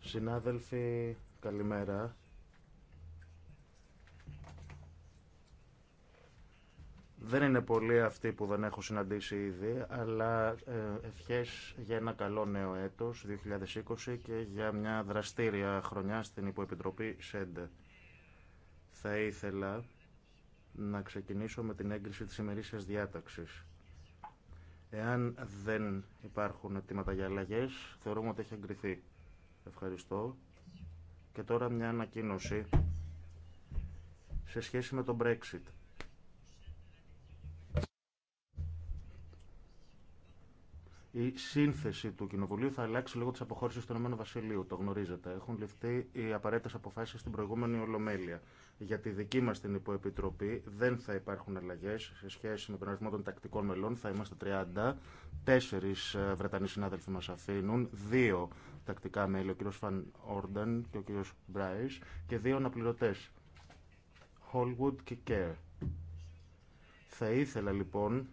Συνάδελφοι, καλημέρα. Δεν είναι πολλοί αυτοί που δεν έχω συναντήσει ήδη, αλλά ε, ευχές για ένα καλό νέο έτος, 2020, και για μια δραστήρια χρονιά στην Υποεπιτροπή ΣΕΝΤΕ. Θα ήθελα να ξεκινήσω με την έγκριση της ημερήσιας διάταξης. Εάν δεν υπάρχουν αιτήματα για αλλαγέ, θεωρούμε ότι έχει εγκριθεί. Ευχαριστώ. Και τώρα μια ανακοίνωση σε σχέση με το Brexit. η σύνθεση του Κοινοβουλίου θα αλλάξει λόγω τη αποχώρηση του ΕΒ. Βασιλείου. Το γνωρίζετε. Έχουν ληφθεί οι απαραίτητε αποφάσει στην προηγούμενη Ολομέλεια. Για τη δική μα την υποεπιτροπή δεν θα υπάρχουν αλλαγέ σε σχέση με τον αριθμό των τακτικών μελών. Θα είμαστε 30. Τέσσερι ε, Βρετανοί συνάδελφοι μα αφήνουν. Δύο τακτικά μέλη, ο κ. Φαν Όρνταν και ο κ. Μπράι. Και δύο αναπληρωτέ. Hollywood και Θα ήθελα λοιπόν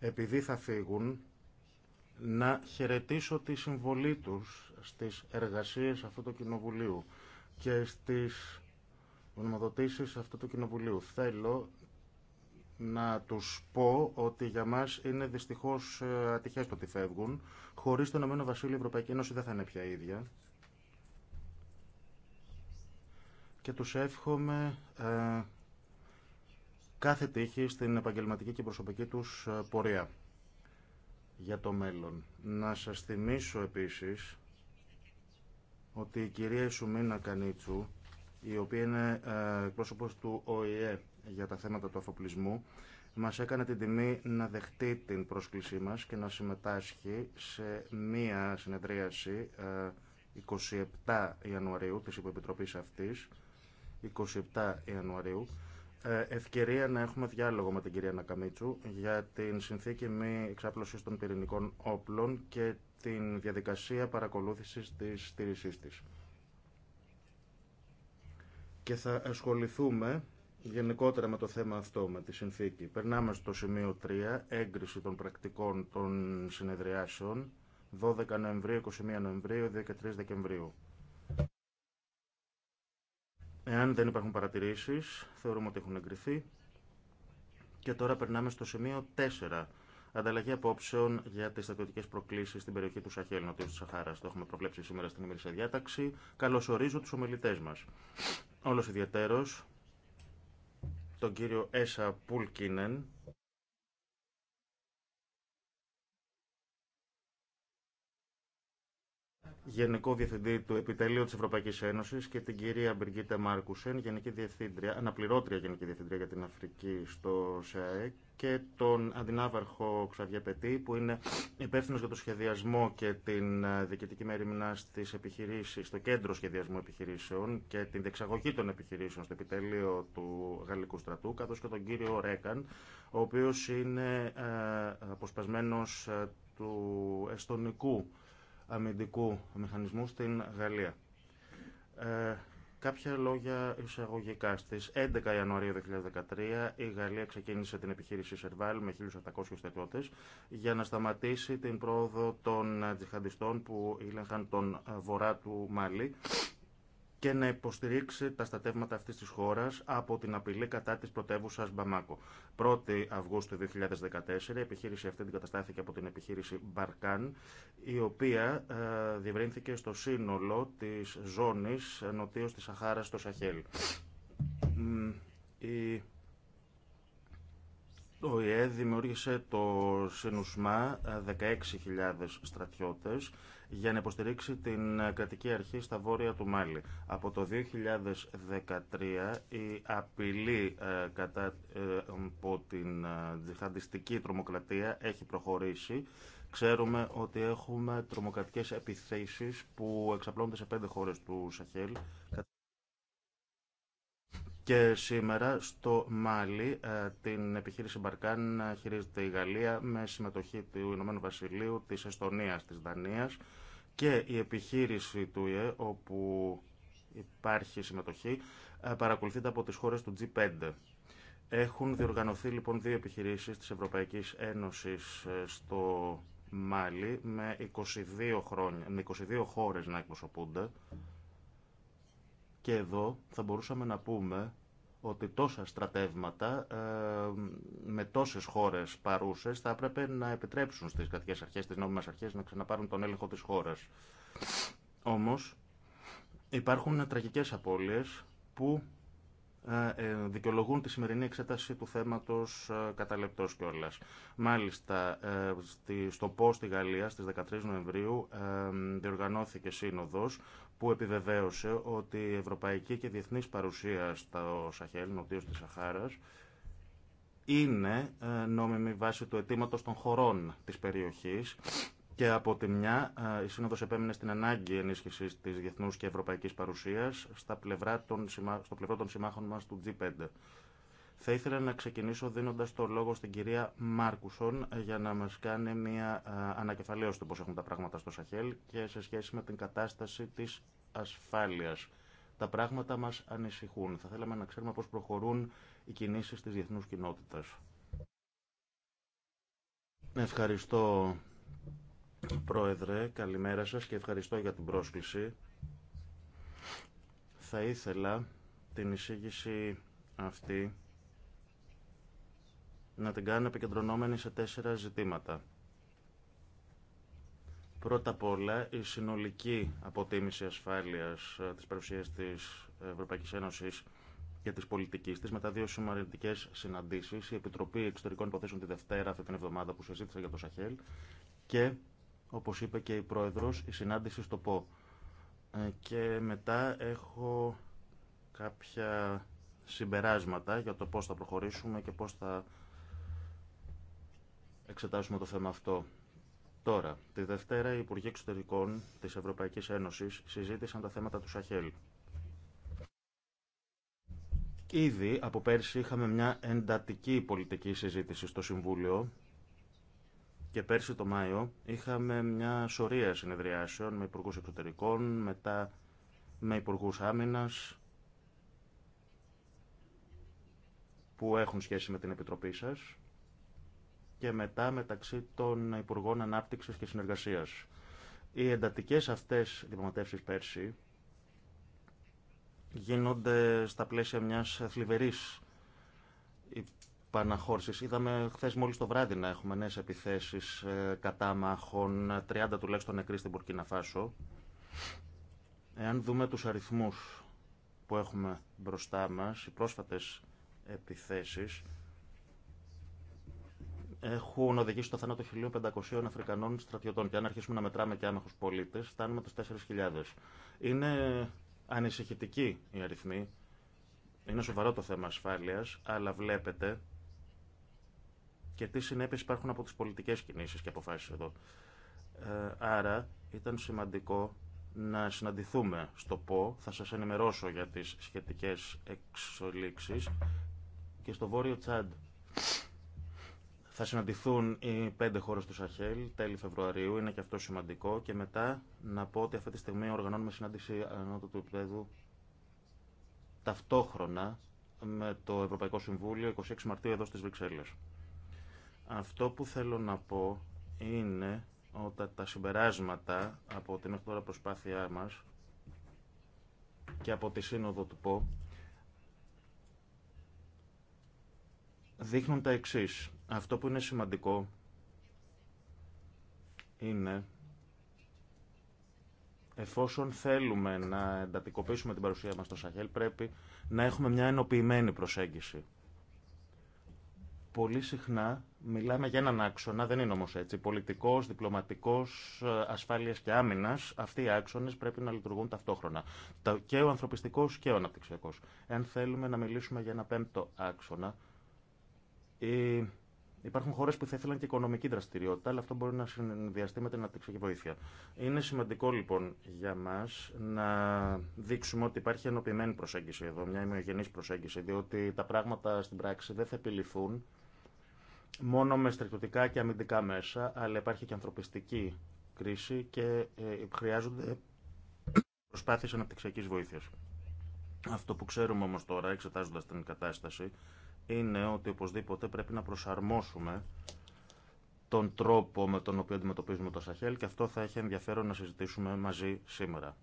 επειδή θα φύγουν, να χαιρετήσω τη συμβολή τους στις εργασίες αυτού του Κοινοβουλίου και στις ονοματοτήσεις αυτού του Κοινοβουλίου. Θέλω να τους πω ότι για μας είναι δυστυχώς ε, ατυχές το ότι φεύγουν. Χωρίς το Ηνωμένο Βασίλειο η Ευρωπαϊκή Ένωση δεν θα είναι πια ίδια. Και τους εύχομαι ε, κάθε τύχη στην επαγγελματική και προσωπική τους ε, πορεία για το μέλλον. Να σας θυμίσω επίσης ότι η κυρία Ισουμίνα Κανίτσου, η οποία είναι ε, εκπρόσωπος του ΟΗΕ για τα θέματα του αφοπλισμού, μας έκανε την τιμή να δεχτεί την πρόσκλησή μας και να συμμετάσχει σε μία συνεδρίαση 27 ε, Ιανουαρίου της Υποεπιτροπής αυτής, 27 Ιανουαρίου, ε, ευκαιρία να έχουμε διάλογο με την κυρία Νακαμίτσου για την συνθήκη μη εξάπλωση των πυρηνικών όπλων και την διαδικασία παρακολούθησης της στήρισής της. Και θα ασχοληθούμε γενικότερα με το θέμα αυτό, με τη συνθήκη. Περνάμε στο σημείο 3, έγκριση των πρακτικών των συνεδριάσεων, 12 Νοεμβρίου, 21 Νοεμβρίου, 2 και 3 Δεκεμβρίου. Εάν δεν υπάρχουν παρατηρήσεις, θεωρούμε ότι έχουν εγκριθεί. Και τώρα περνάμε στο σημείο 4. Ανταλλαγή απόψεων για τι στρατιωτικέ προκλήσει στην περιοχή του Σαχέλ, νοτιό τη Σαχάρα. Το έχουμε προβλέψει σήμερα στην ημερήσια διάταξη. Καλωσορίζω του ομιλητέ μα. Όλο ιδιαίτερο τον κύριο Έσα Πουλκίνεν, Γενικό Διευθυντή του Επιτελείου της Ευρωπαϊκής Ένωσης και την κυρία Μπριγκίτα Μάρκουσεν, Γενική Διευθύντρια, αναπληρώτρια Γενική Διευθύντρια για την Αφρική στο ΣΕΑΕ και τον αντινάβαρχο Ξαβιέ Πετή, που είναι υπεύθυνο για το σχεδιασμό και την ε, διοικητική μερίμνα στι επιχειρήσει, στο κέντρο σχεδιασμού επιχειρήσεων και την διεξαγωγή των επιχειρήσεων στο επιτελείο του Γαλλικού στρατού, καθώ και τον κύριο Ρέκαν, ο οποίο είναι ε, αποσπασμένο ε, του Εστονικού αμυντικού μηχανισμού στην Γαλλία. Ε, κάποια λόγια εισαγωγικά. Στις 11 Ιανουαρίου 2013 η Γαλλία ξεκίνησε την επιχείρηση Σερβάλ με 1.800 στρατιώτες για να σταματήσει την πρόοδο των τζιχαντιστών που ήλεγχαν τον βορρά του Μάλι και να υποστηρίξει τα στατεύματα αυτής της χώρας από την απειλή κατά της πρωτεύουσα Μπαμάκο. 1η Αυγούστου 2014 η επιχείρηση αυτή καταστάθηκε από την επιχείρηση Μπαρκάν, η οποία ε, διευρύνθηκε στο σύνολο της ζώνης νοτίως της Σαχάρας στο Σαχέλ. Η... Ο ΙΕ δημιούργησε το ΣΥΝΟΣΜΑ ε, 16.000 στρατιώτες για να υποστηρίξει την ε, κρατική αρχή στα βόρεια του Μάλι. Από το 2013 η απειλή ε, κατά ε, από την διχαντιστική τρομοκρατία έχει προχωρήσει. Ξέρουμε ότι έχουμε τρομοκρατικές επιθέσεις που εξαπλώνονται σε πέντε χώρες του Σαχέλ. Και σήμερα στο Μάλι ε, την επιχείρηση Μπαρκάν ε, χειρίζεται η Γαλλία με συμμετοχή του Ηνωμένου Βασιλείου, της Εστονίας, της Δανίας και η επιχείρηση του ΙΕ όπου υπάρχει συμμετοχή ε, παρακολουθείται από τις χώρες του G5. Έχουν διοργανωθεί λοιπόν δύο επιχειρήσεις της Ευρωπαϊκής Ένωσης στο Μάλι με 22, χρόνια, με 22 χώρες να εκπροσωπούνται και εδώ θα μπορούσαμε να πούμε ότι τόσα στρατεύματα ε, με τόσες χώρες παρούσες θα έπρεπε να επιτρέψουν στις καθηγές αρχές, στις νόμιμες αρχές να ξαναπάρουν τον έλεγχο της χώρας. Όμως υπάρχουν τραγικές απώλειες που ε, ε, δικαιολογούν τη σημερινή εξέταση του θέματος ε, καταλεπτός κιόλας. Μάλιστα, στο ΠΟ στη Γαλλία στις 13 Νοεμβρίου διοργανώθηκε σύνοδος που επιβεβαίωσε ότι η ευρωπαϊκή και διεθνής παρουσία στο Σαχέλ, νοτίος της Σαχάρας, είναι νόμιμη βάση του αιτήματο των χωρών της περιοχής και από τη μια, ε, η σύνοδο επέμεινε στην ανάγκη ενίσχυσης της Διεθνού και ευρωπαϊκής παρουσίας στα πλευρά στο πλευρό των συμμάχων μας του G5. Θα ήθελα να ξεκινήσω δίνοντας το λόγο στην κυρία Μάρκουσον ε, για να μας κάνει μια ε, ανακεφαλαίωση του πώς έχουν τα πράγματα στο Σαχέλ και σε σχέση με την κατάσταση της ασφάλειας. Τα πράγματα μα ανησυχούν. Θα θέλαμε να ξέρουμε πώ προχωρούν οι κινήσει τη διεθνού κοινότητα. Ευχαριστώ Πρόεδρε, καλημέρα σας και ευχαριστώ για την πρόσκληση. Θα ήθελα την εισήγηση αυτή να την κάνω επικεντρωνόμενη σε τέσσερα ζητήματα. Πρώτα απ' όλα, η συνολική αποτίμηση ασφάλειας ε, της παρουσίας της Ευρωπαϊκής Ένωσης και της πολιτικής της μετά δύο σομαριτικές συναντήσεις, η Επιτροπή Εξωτερικών Υποθέσεων τη Δευτέρα αυτή την εβδομάδα που συζήτησα για το Σαχέλ και όπως είπε και η Πρόεδρος, η συνάντηση στο ΠΟ. Ε, και μετά έχω κάποια συμπεράσματα για το πώς θα προχωρήσουμε και πώς θα εξετάσουμε το θέμα αυτό. Τώρα, τη Δευτέρα οι Υπουργοί Εξωτερικών της Ευρωπαϊκής Ένωσης συζήτησαν τα θέματα του Σαχέλ. Ήδη από πέρσι είχαμε μια εντατική πολιτική συζήτηση στο Συμβούλιο και πέρσι το Μάιο είχαμε μια σωρία συνεδριάσεων με υπουργού εξωτερικών, μετά με υπουργού άμυνα που έχουν σχέση με την Επιτροπή σα και μετά μεταξύ των Υπουργών Ανάπτυξης και Συνεργασίας. Οι εντατικές αυτές διαπραγματεύσεις πέρσι γίνονται στα πλαίσια μιας θλιβερής παναχώρηση. Είδαμε χθε μόλις το βράδυ να έχουμε νέες επιθέσεις ε, κατάμαχων, 30 τουλάχιστον νεκροί στην Πουρκίνα Φάσο. Εάν δούμε τους αριθμούς που έχουμε μπροστά μας, οι πρόσφατες επιθέσεις έχουν οδηγήσει στο θάνατο 1.500 Αφρικανών στρατιωτών και αν αρχίσουμε να μετράμε και άμεχου πολίτε, φτάνουμε του 4.000. Είναι ανησυχητική η αριθμή, είναι σοβαρό το θέμα ασφάλεια, αλλά βλέπετε και τι συνέπειε υπάρχουν από τι πολιτικέ κινήσει και αποφάσει εδώ. Ε, άρα ήταν σημαντικό να συναντηθούμε στο ΠΟ, θα σας ενημερώσω για τις σχετικές εξολήξεις και στο Βόρειο Τσάντ. Θα συναντηθούν οι πέντε χώρες του Σαχέλ τέλη Φεβρουαρίου, είναι και αυτό σημαντικό και μετά να πω ότι αυτή τη στιγμή οργανώνουμε συνάντηση ανώτου του επίπεδου ταυτόχρονα με το Ευρωπαϊκό Συμβούλιο 26 Μαρτίου εδώ στις Βρυξέλλες. Αυτό που θέλω να πω είναι ότι τα συμπεράσματα από την τώρα προσπάθειά μας και από τη σύνοδο του ΠΟ δείχνουν τα εξής. Αυτό που είναι σημαντικό είναι εφόσον θέλουμε να εντατικοποιήσουμε την παρουσία μας στο Σαχέλ πρέπει να έχουμε μια ενοποιημένη προσέγγιση πολύ συχνά μιλάμε για έναν άξονα, δεν είναι όμως έτσι. Πολιτικός, διπλωματικός, ε, ασφάλειας και άμυνας, αυτοί οι άξονες πρέπει να λειτουργούν ταυτόχρονα. Και ο ανθρωπιστικός και ο αναπτυξιακό. Εάν θέλουμε να μιλήσουμε για ένα πέμπτο άξονα, Υπάρχουν χώρε που θα ήθελαν και οικονομική δραστηριότητα, αλλά αυτό μπορεί να συνδυαστεί με την αναπτυξιακή βοήθεια. Είναι σημαντικό λοιπόν για μα να δείξουμε ότι υπάρχει ενωπημένη προσέγγιση εδώ, μια ημιογενή προσέγγιση, διότι τα πράγματα στην πράξη δεν θα επιληθούν μόνο με στρατιωτικά και αμυντικά μέσα, αλλά υπάρχει και ανθρωπιστική κρίση και ε, χρειάζονται προσπάθειε αναπτυξιακή βοήθεια. Αυτό που ξέρουμε όμω τώρα, εξετάζοντα την κατάσταση, είναι ότι οπωσδήποτε πρέπει να προσαρμόσουμε τον τρόπο με τον οποίο αντιμετωπίζουμε το Σαχέλ και αυτό θα έχει ενδιαφέρον να συζητήσουμε μαζί σήμερα.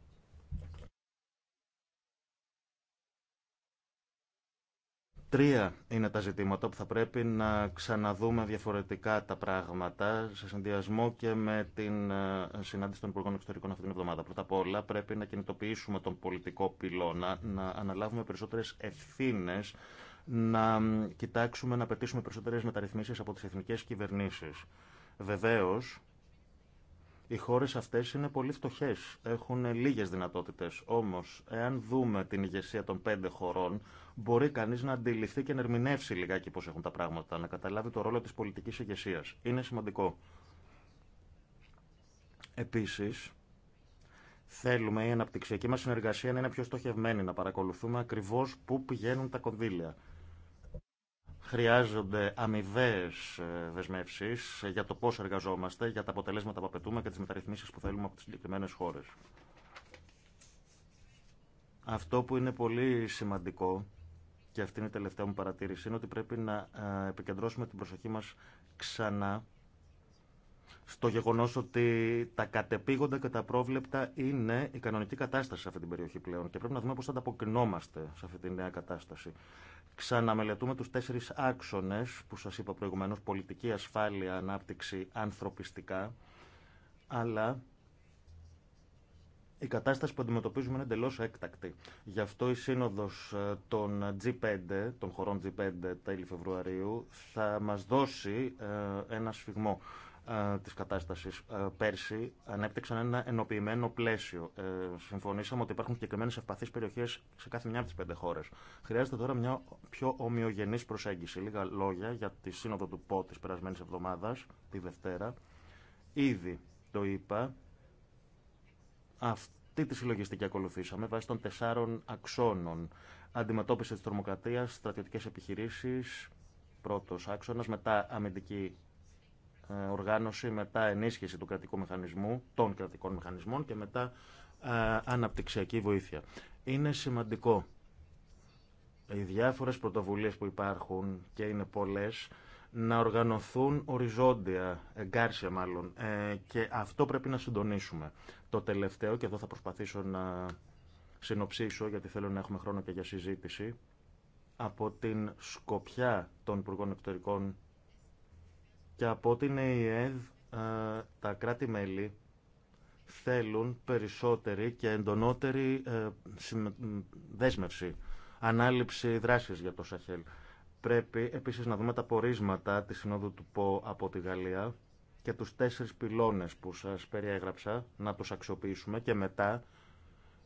Τρία είναι τα ζητήματα που θα πρέπει να ξαναδούμε διαφορετικά τα πράγματα σε συνδυασμό και με την ε, συνάντηση των Υπουργών Εξωτερικών αυτή την εβδομάδα. Πρώτα απ' όλα πρέπει να κινητοποιήσουμε τον πολιτικό πυλώνα, να αναλάβουμε περισσότερες ευθύνες να κοιτάξουμε να πετύσουμε περισσότερες μεταρρυθμίσεις από τις εθνικές κυβερνήσεις. Βεβαίως, οι χώρες αυτές είναι πολύ φτωχές, έχουν λίγες δυνατότητες. Όμως, εάν δούμε την ηγεσία των πέντε χωρών, μπορεί κανείς να αντιληφθεί και να ερμηνεύσει λιγάκι πώς έχουν τα πράγματα, να καταλάβει το ρόλο της πολιτικής ηγεσία. Είναι σημαντικό. Επίσης, θέλουμε η αναπτυξιακή μας συνεργασία να είναι πιο στοχευμένη, να παρακολουθούμε ακριβώ πού πηγαίνουν τα κονδύλια χρειάζονται αμοιβαίε δεσμεύσει για το πώ εργαζόμαστε, για τα αποτελέσματα που απαιτούμε και τι μεταρρυθμίσει που θέλουμε από τι συγκεκριμένε χώρε. Αυτό που είναι πολύ σημαντικό και αυτή είναι η τελευταία μου παρατήρηση, είναι ότι πρέπει να ε, επικεντρώσουμε την προσοχή μας ξανά στο γεγονός ότι τα κατεπήγοντα και τα πρόβλεπτα είναι η κανονική κατάσταση σε αυτή την περιοχή πλέον και πρέπει να δούμε πώς θα ανταποκρινόμαστε σε αυτή τη νέα κατάσταση. Ξαναμελετούμε τους τέσσερις άξονες που σας είπα προηγουμένως, πολιτική, ασφάλεια, ανάπτυξη, ανθρωπιστικά, αλλά η κατάσταση που αντιμετωπίζουμε είναι εντελώ έκτακτη. Γι' αυτό η σύνοδος ε, των G5, των χωρών G5 τέλη Φεβρουαρίου, θα μας δώσει ε, ένα σφιγμό. Ε, τη κατάσταση ε, πέρσι ανέπτυξαν ένα ενοποιημένο πλαίσιο. Ε, συμφωνήσαμε ότι υπάρχουν συγκεκριμένε ευπαθεί περιοχέ σε κάθε μια από τι πέντε χώρε. Χρειάζεται τώρα μια πιο ομοιογενή προσέγγιση. Λίγα λόγια για τη σύνοδο του ΠΟ τη περασμένη εβδομάδα, τη Δευτέρα. Ήδη το είπα, αυτή τη συλλογιστική ακολουθήσαμε βάσει των τεσσάρων αξώνων. Αντιμετώπιση τη τρομοκρατία, στρατιωτικέ επιχειρήσει, πρώτο άξονα μετά αμυντική ε, οργάνωση, μετά ενίσχυση του κρατικού μηχανισμού, των κρατικών μηχανισμών και μετά ε, αναπτυξιακή βοήθεια. Είναι σημαντικό οι διάφορες πρωτοβουλίες που υπάρχουν και είναι πολλές να οργανωθούν οριζόντια, εγκάρσια μάλλον, ε, και αυτό πρέπει να συντονίσουμε. Το τελευταίο, και εδώ θα προσπαθήσω να συνοψίσω, γιατί θέλω να έχουμε χρόνο και για συζήτηση, από την σκοπιά των Υπουργών Εκτορικών και από την ΕΕ τα κράτη-μέλη θέλουν περισσότερη και εντονότερη ε, δέσμευση, ανάληψη δράσης για το Σαχέλ. Πρέπει επίσης να δούμε τα πορίσματα της Συνόδου του ΠΟ από τη Γαλλία και τους τέσσερις πυλώνες που σας περιέγραψα, να τους αξιοποιήσουμε και μετά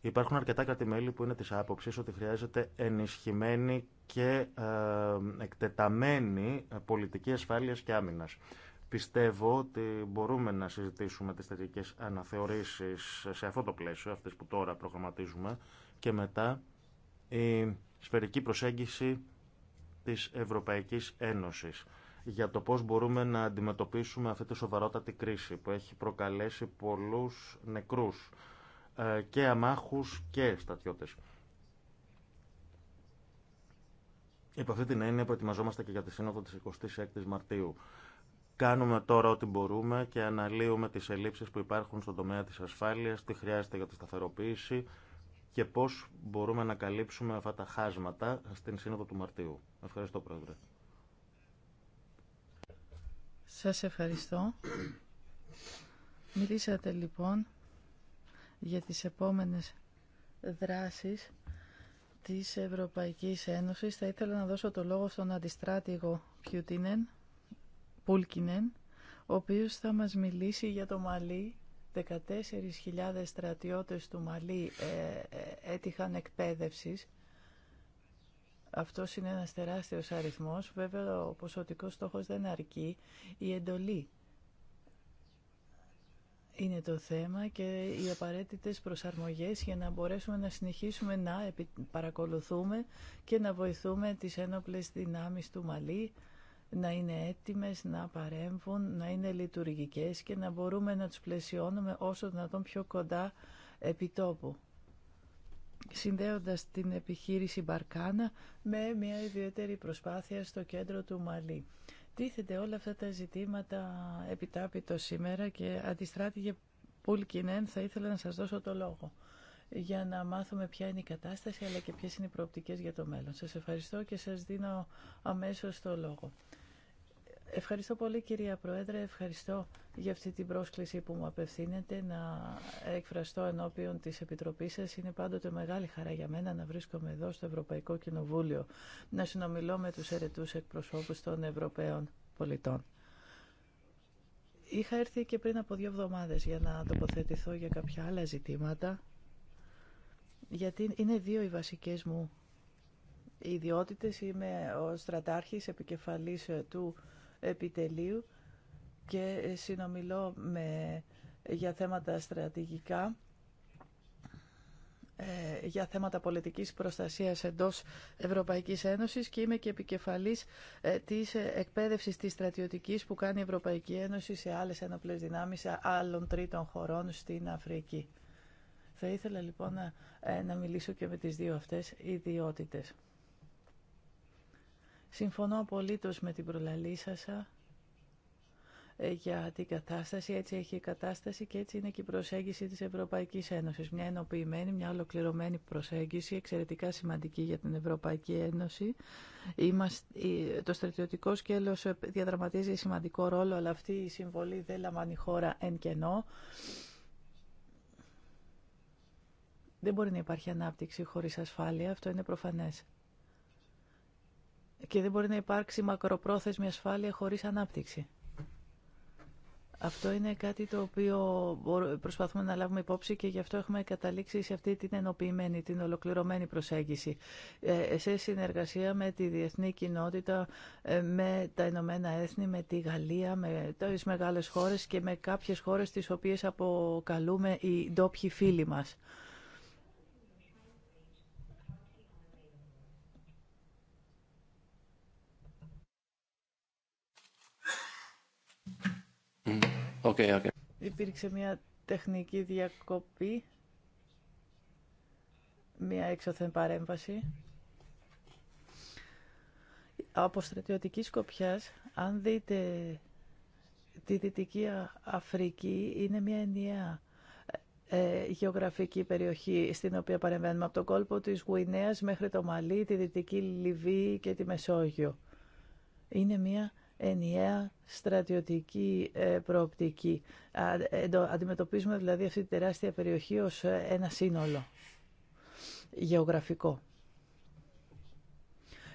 Υπάρχουν αρκετά κρατημέλη που είναι τη άποψη ότι χρειάζεται ενισχυμένη και ε, εκτεταμένη πολιτική ασφάλεια και άμυνας. Πιστεύω ότι μπορούμε να συζητήσουμε τις θετικέ αναθεωρήσεις σε αυτό το πλαίσιο, αυτές που τώρα προγραμματίζουμε, και μετά η σφαιρική προσέγγιση της Ευρωπαϊκής Ένωσης για το πώς μπορούμε να αντιμετωπίσουμε αυτή τη σοβαρότατη κρίση που έχει προκαλέσει πολλούς νεκρούς ε, και αμάχους και στατιώτες. Υπό αυτή την έννοια προετοιμαζόμαστε και για τη σύνοδο της 26ης Μαρτίου. Κάνουμε τώρα ό,τι μπορούμε και αναλύουμε τις ελλείψεις που υπάρχουν στον τομέα της ασφάλειας, τι χρειάζεται για τη σταθεροποίηση και πώς μπορούμε να καλύψουμε αυτά τα χάσματα στην Σύνοδο του Μαρτίου. Ευχαριστώ, Πρόεδρε. Σας ευχαριστώ. Μιλήσατε λοιπόν για τις επόμενες δράσεις της Ευρωπαϊκής Ένωσης. Θα ήθελα να δώσω το λόγο στον αντιστράτηγο Πιουτίνεν, Πούλκινεν, ο οποίος θα μας μιλήσει για το μαλή 14.000 στρατιώτες του Μαλί ε, ε, έτυχαν εκπαίδευσης. Αυτό είναι ένας τεράστιος αριθμός. Βέβαια, ο ποσοτικός στόχος δεν αρκεί. Η εντολή είναι το θέμα και οι απαραίτητες προσαρμογές για να μπορέσουμε να συνεχίσουμε να παρακολουθούμε και να βοηθούμε τις ένοπλες δυνάμεις του Μαλή να είναι έτοιμες, να παρέμβουν, να είναι λειτουργικές και να μπορούμε να τους πλαισιώνουμε όσο δυνατόν πιο κοντά επιτόπου. Συνδέοντας την επιχείρηση Μπαρκάνα με μια ιδιαίτερη προσπάθεια στο κέντρο του Μαλή τίθεται όλα αυτά τα ζητήματα επιτάπητο σήμερα και αντιστράτηγε κοινέν θα ήθελα να σας δώσω το λόγο για να μάθουμε ποια είναι η κατάσταση αλλά και ποιες είναι οι προοπτικές για το μέλλον. Σας ευχαριστώ και σας δίνω αμέσως το λόγο. Ευχαριστώ πολύ κυρία Πρόεδρε, ευχαριστώ για αυτή την πρόσκληση που μου απευθύνεται να εκφραστώ ενώπιον της Επιτροπής σας. Είναι πάντοτε μεγάλη χαρά για μένα να βρίσκομαι εδώ στο Ευρωπαϊκό Κοινοβούλιο, να συνομιλώ με τους αιρετούς εκπροσώπους των Ευρωπαίων πολιτών. Είχα έρθει και πριν από δύο εβδομάδες για να τοποθετηθώ για κάποια άλλα ζητήματα, γιατί είναι δύο οι βασικές μου ιδιότητες. Είμαι ο στρατάρχης επικεφαλής του επιτελείου και ε, συνομιλώ με, ε, για θέματα στρατηγικά ε, για θέματα πολιτικής προστασίας εντός Ευρωπαϊκής Ένωσης και είμαι και επικεφαλής της εκπαίδευσης της στρατιωτικής που κάνει η Ευρωπαϊκή Ένωση σε άλλες ενοπλές δυνάμεις άλλων τρίτων χωρών στην Αφρική. Θα ήθελα λοιπόν να, να μιλήσω και με τις δύο αυτές ιδιότητες. Συμφωνώ απολύτως με την προλαλήσασα ε, για την κατάσταση. Έτσι έχει η κατάσταση και έτσι είναι και η προσέγγιση της Ευρωπαϊκής Ένωσης. Μια ενοποιημένη, μια ολοκληρωμένη προσέγγιση, εξαιρετικά σημαντική για την Ευρωπαϊκή Ένωση. Είμαστε, ε, το στρατιωτικό σκέλος ε, διαδραματίζει σημαντικό ρόλο, αλλά αυτή η συμβολή δεν λαμβάνει χώρα εν κενό. Δεν μπορεί να υπάρχει ανάπτυξη χωρίς ασφάλεια, αυτό είναι προφανές και δεν μπορεί να υπάρξει μακροπρόθεσμη ασφάλεια χωρίς ανάπτυξη. Αυτό είναι κάτι το οποίο προσπαθούμε να λάβουμε υπόψη και γι' αυτό έχουμε καταλήξει σε αυτή την ενοποιημένη, την ολοκληρωμένη προσέγγιση ε, σε συνεργασία με τη διεθνή κοινότητα, ε, με τα Ηνωμένα Έθνη, με τη Γαλλία, με τις μεγάλες χώρες και με κάποιες χώρες τις οποίες αποκαλούμε οι ντόπιοι φίλοι μας. Okay, Υπήρξε μια τεχνική διακοπή, μια έξωθεν παρέμβαση. Από στρατιωτική σκοπιά, αν δείτε τη Δυτική Αφρική, είναι μια ενιαία ε, γεωγραφική περιοχή στην οποία παρεμβαίνουμε από τον κόλπο της Γουινέας μέχρι το Μαλί, τη Δυτική Λιβύη και τη Μεσόγειο. Είναι μια ενιαία στρατιωτική ε, προοπτική. Αντιμετωπίζουμε δηλαδή αυτή τη τεράστια περιοχή ως ε, ένα σύνολο γεωγραφικό.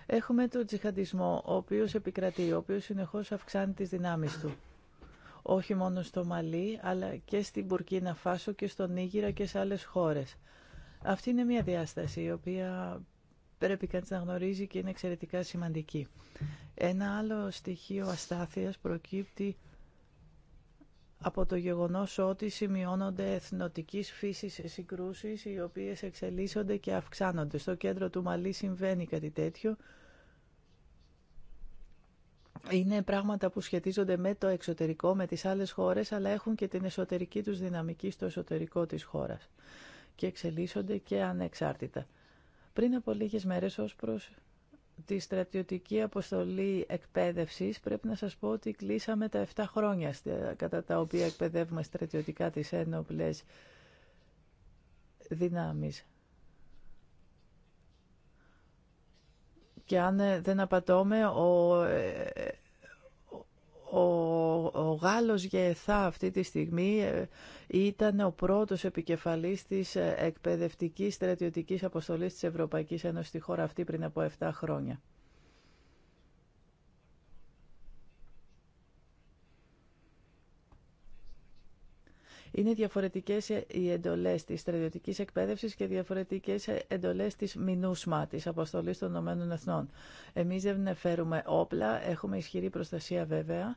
Έχουμε τον τζιχαντισμό, ο οποίος επικρατεί, ο οποίος συνεχώς αυξάνει τις δυνάμεις του. Όχι μόνο στο Μαλί, αλλά και στην Μπουρκίνα Φάσο και στον Νίγηρα και σε άλλες χώρες. Αυτή είναι μια διάσταση η οποία πρέπει κάτι να γνωρίζει και είναι εξαιρετικά σημαντική. Ένα άλλο στοιχείο αστάθειας προκύπτει από το γεγονός ότι σημειώνονται εθνοτικής φύσης συγκρούσεις οι οποίες εξελίσσονται και αυξάνονται. Στο κέντρο του Μαλή συμβαίνει κάτι τέτοιο. Είναι πράγματα που σχετίζονται με το εξωτερικό, με τις άλλες χώρες, αλλά έχουν και την εσωτερική τους δυναμική στο εσωτερικό της χώρας και εξελίσσονται και ανεξάρτητα. Πριν από λίγε μέρε ως προς τη στρατιωτική αποστολή εκπαίδευση. πρέπει να σας πω ότι κλείσαμε τα 7 χρόνια κατά τα οποία εκπαιδεύουμε στρατιωτικά τις ενόπλε δυνάμει. Και αν ε, δεν απατώμε, ο ε, ο, ο Γάλλος Γεθά αυτή τη στιγμή ε, ήταν ο πρώτος επικεφαλής της ε, εκπαιδευτικής στρατιωτικής αποστολής της Ευρωπαϊκής Ένωσης στη χώρα αυτή πριν από 7 χρόνια. Είναι διαφορετικές ε, οι εντολές της στρατιωτικής εκπαίδευσης και διαφορετικές εντολές της μηνούσμα, της αποστολής των Ηνωμένων Εθνών. Εμείς δεν φέρουμε όπλα, έχουμε ισχυρή προστασία βέβαια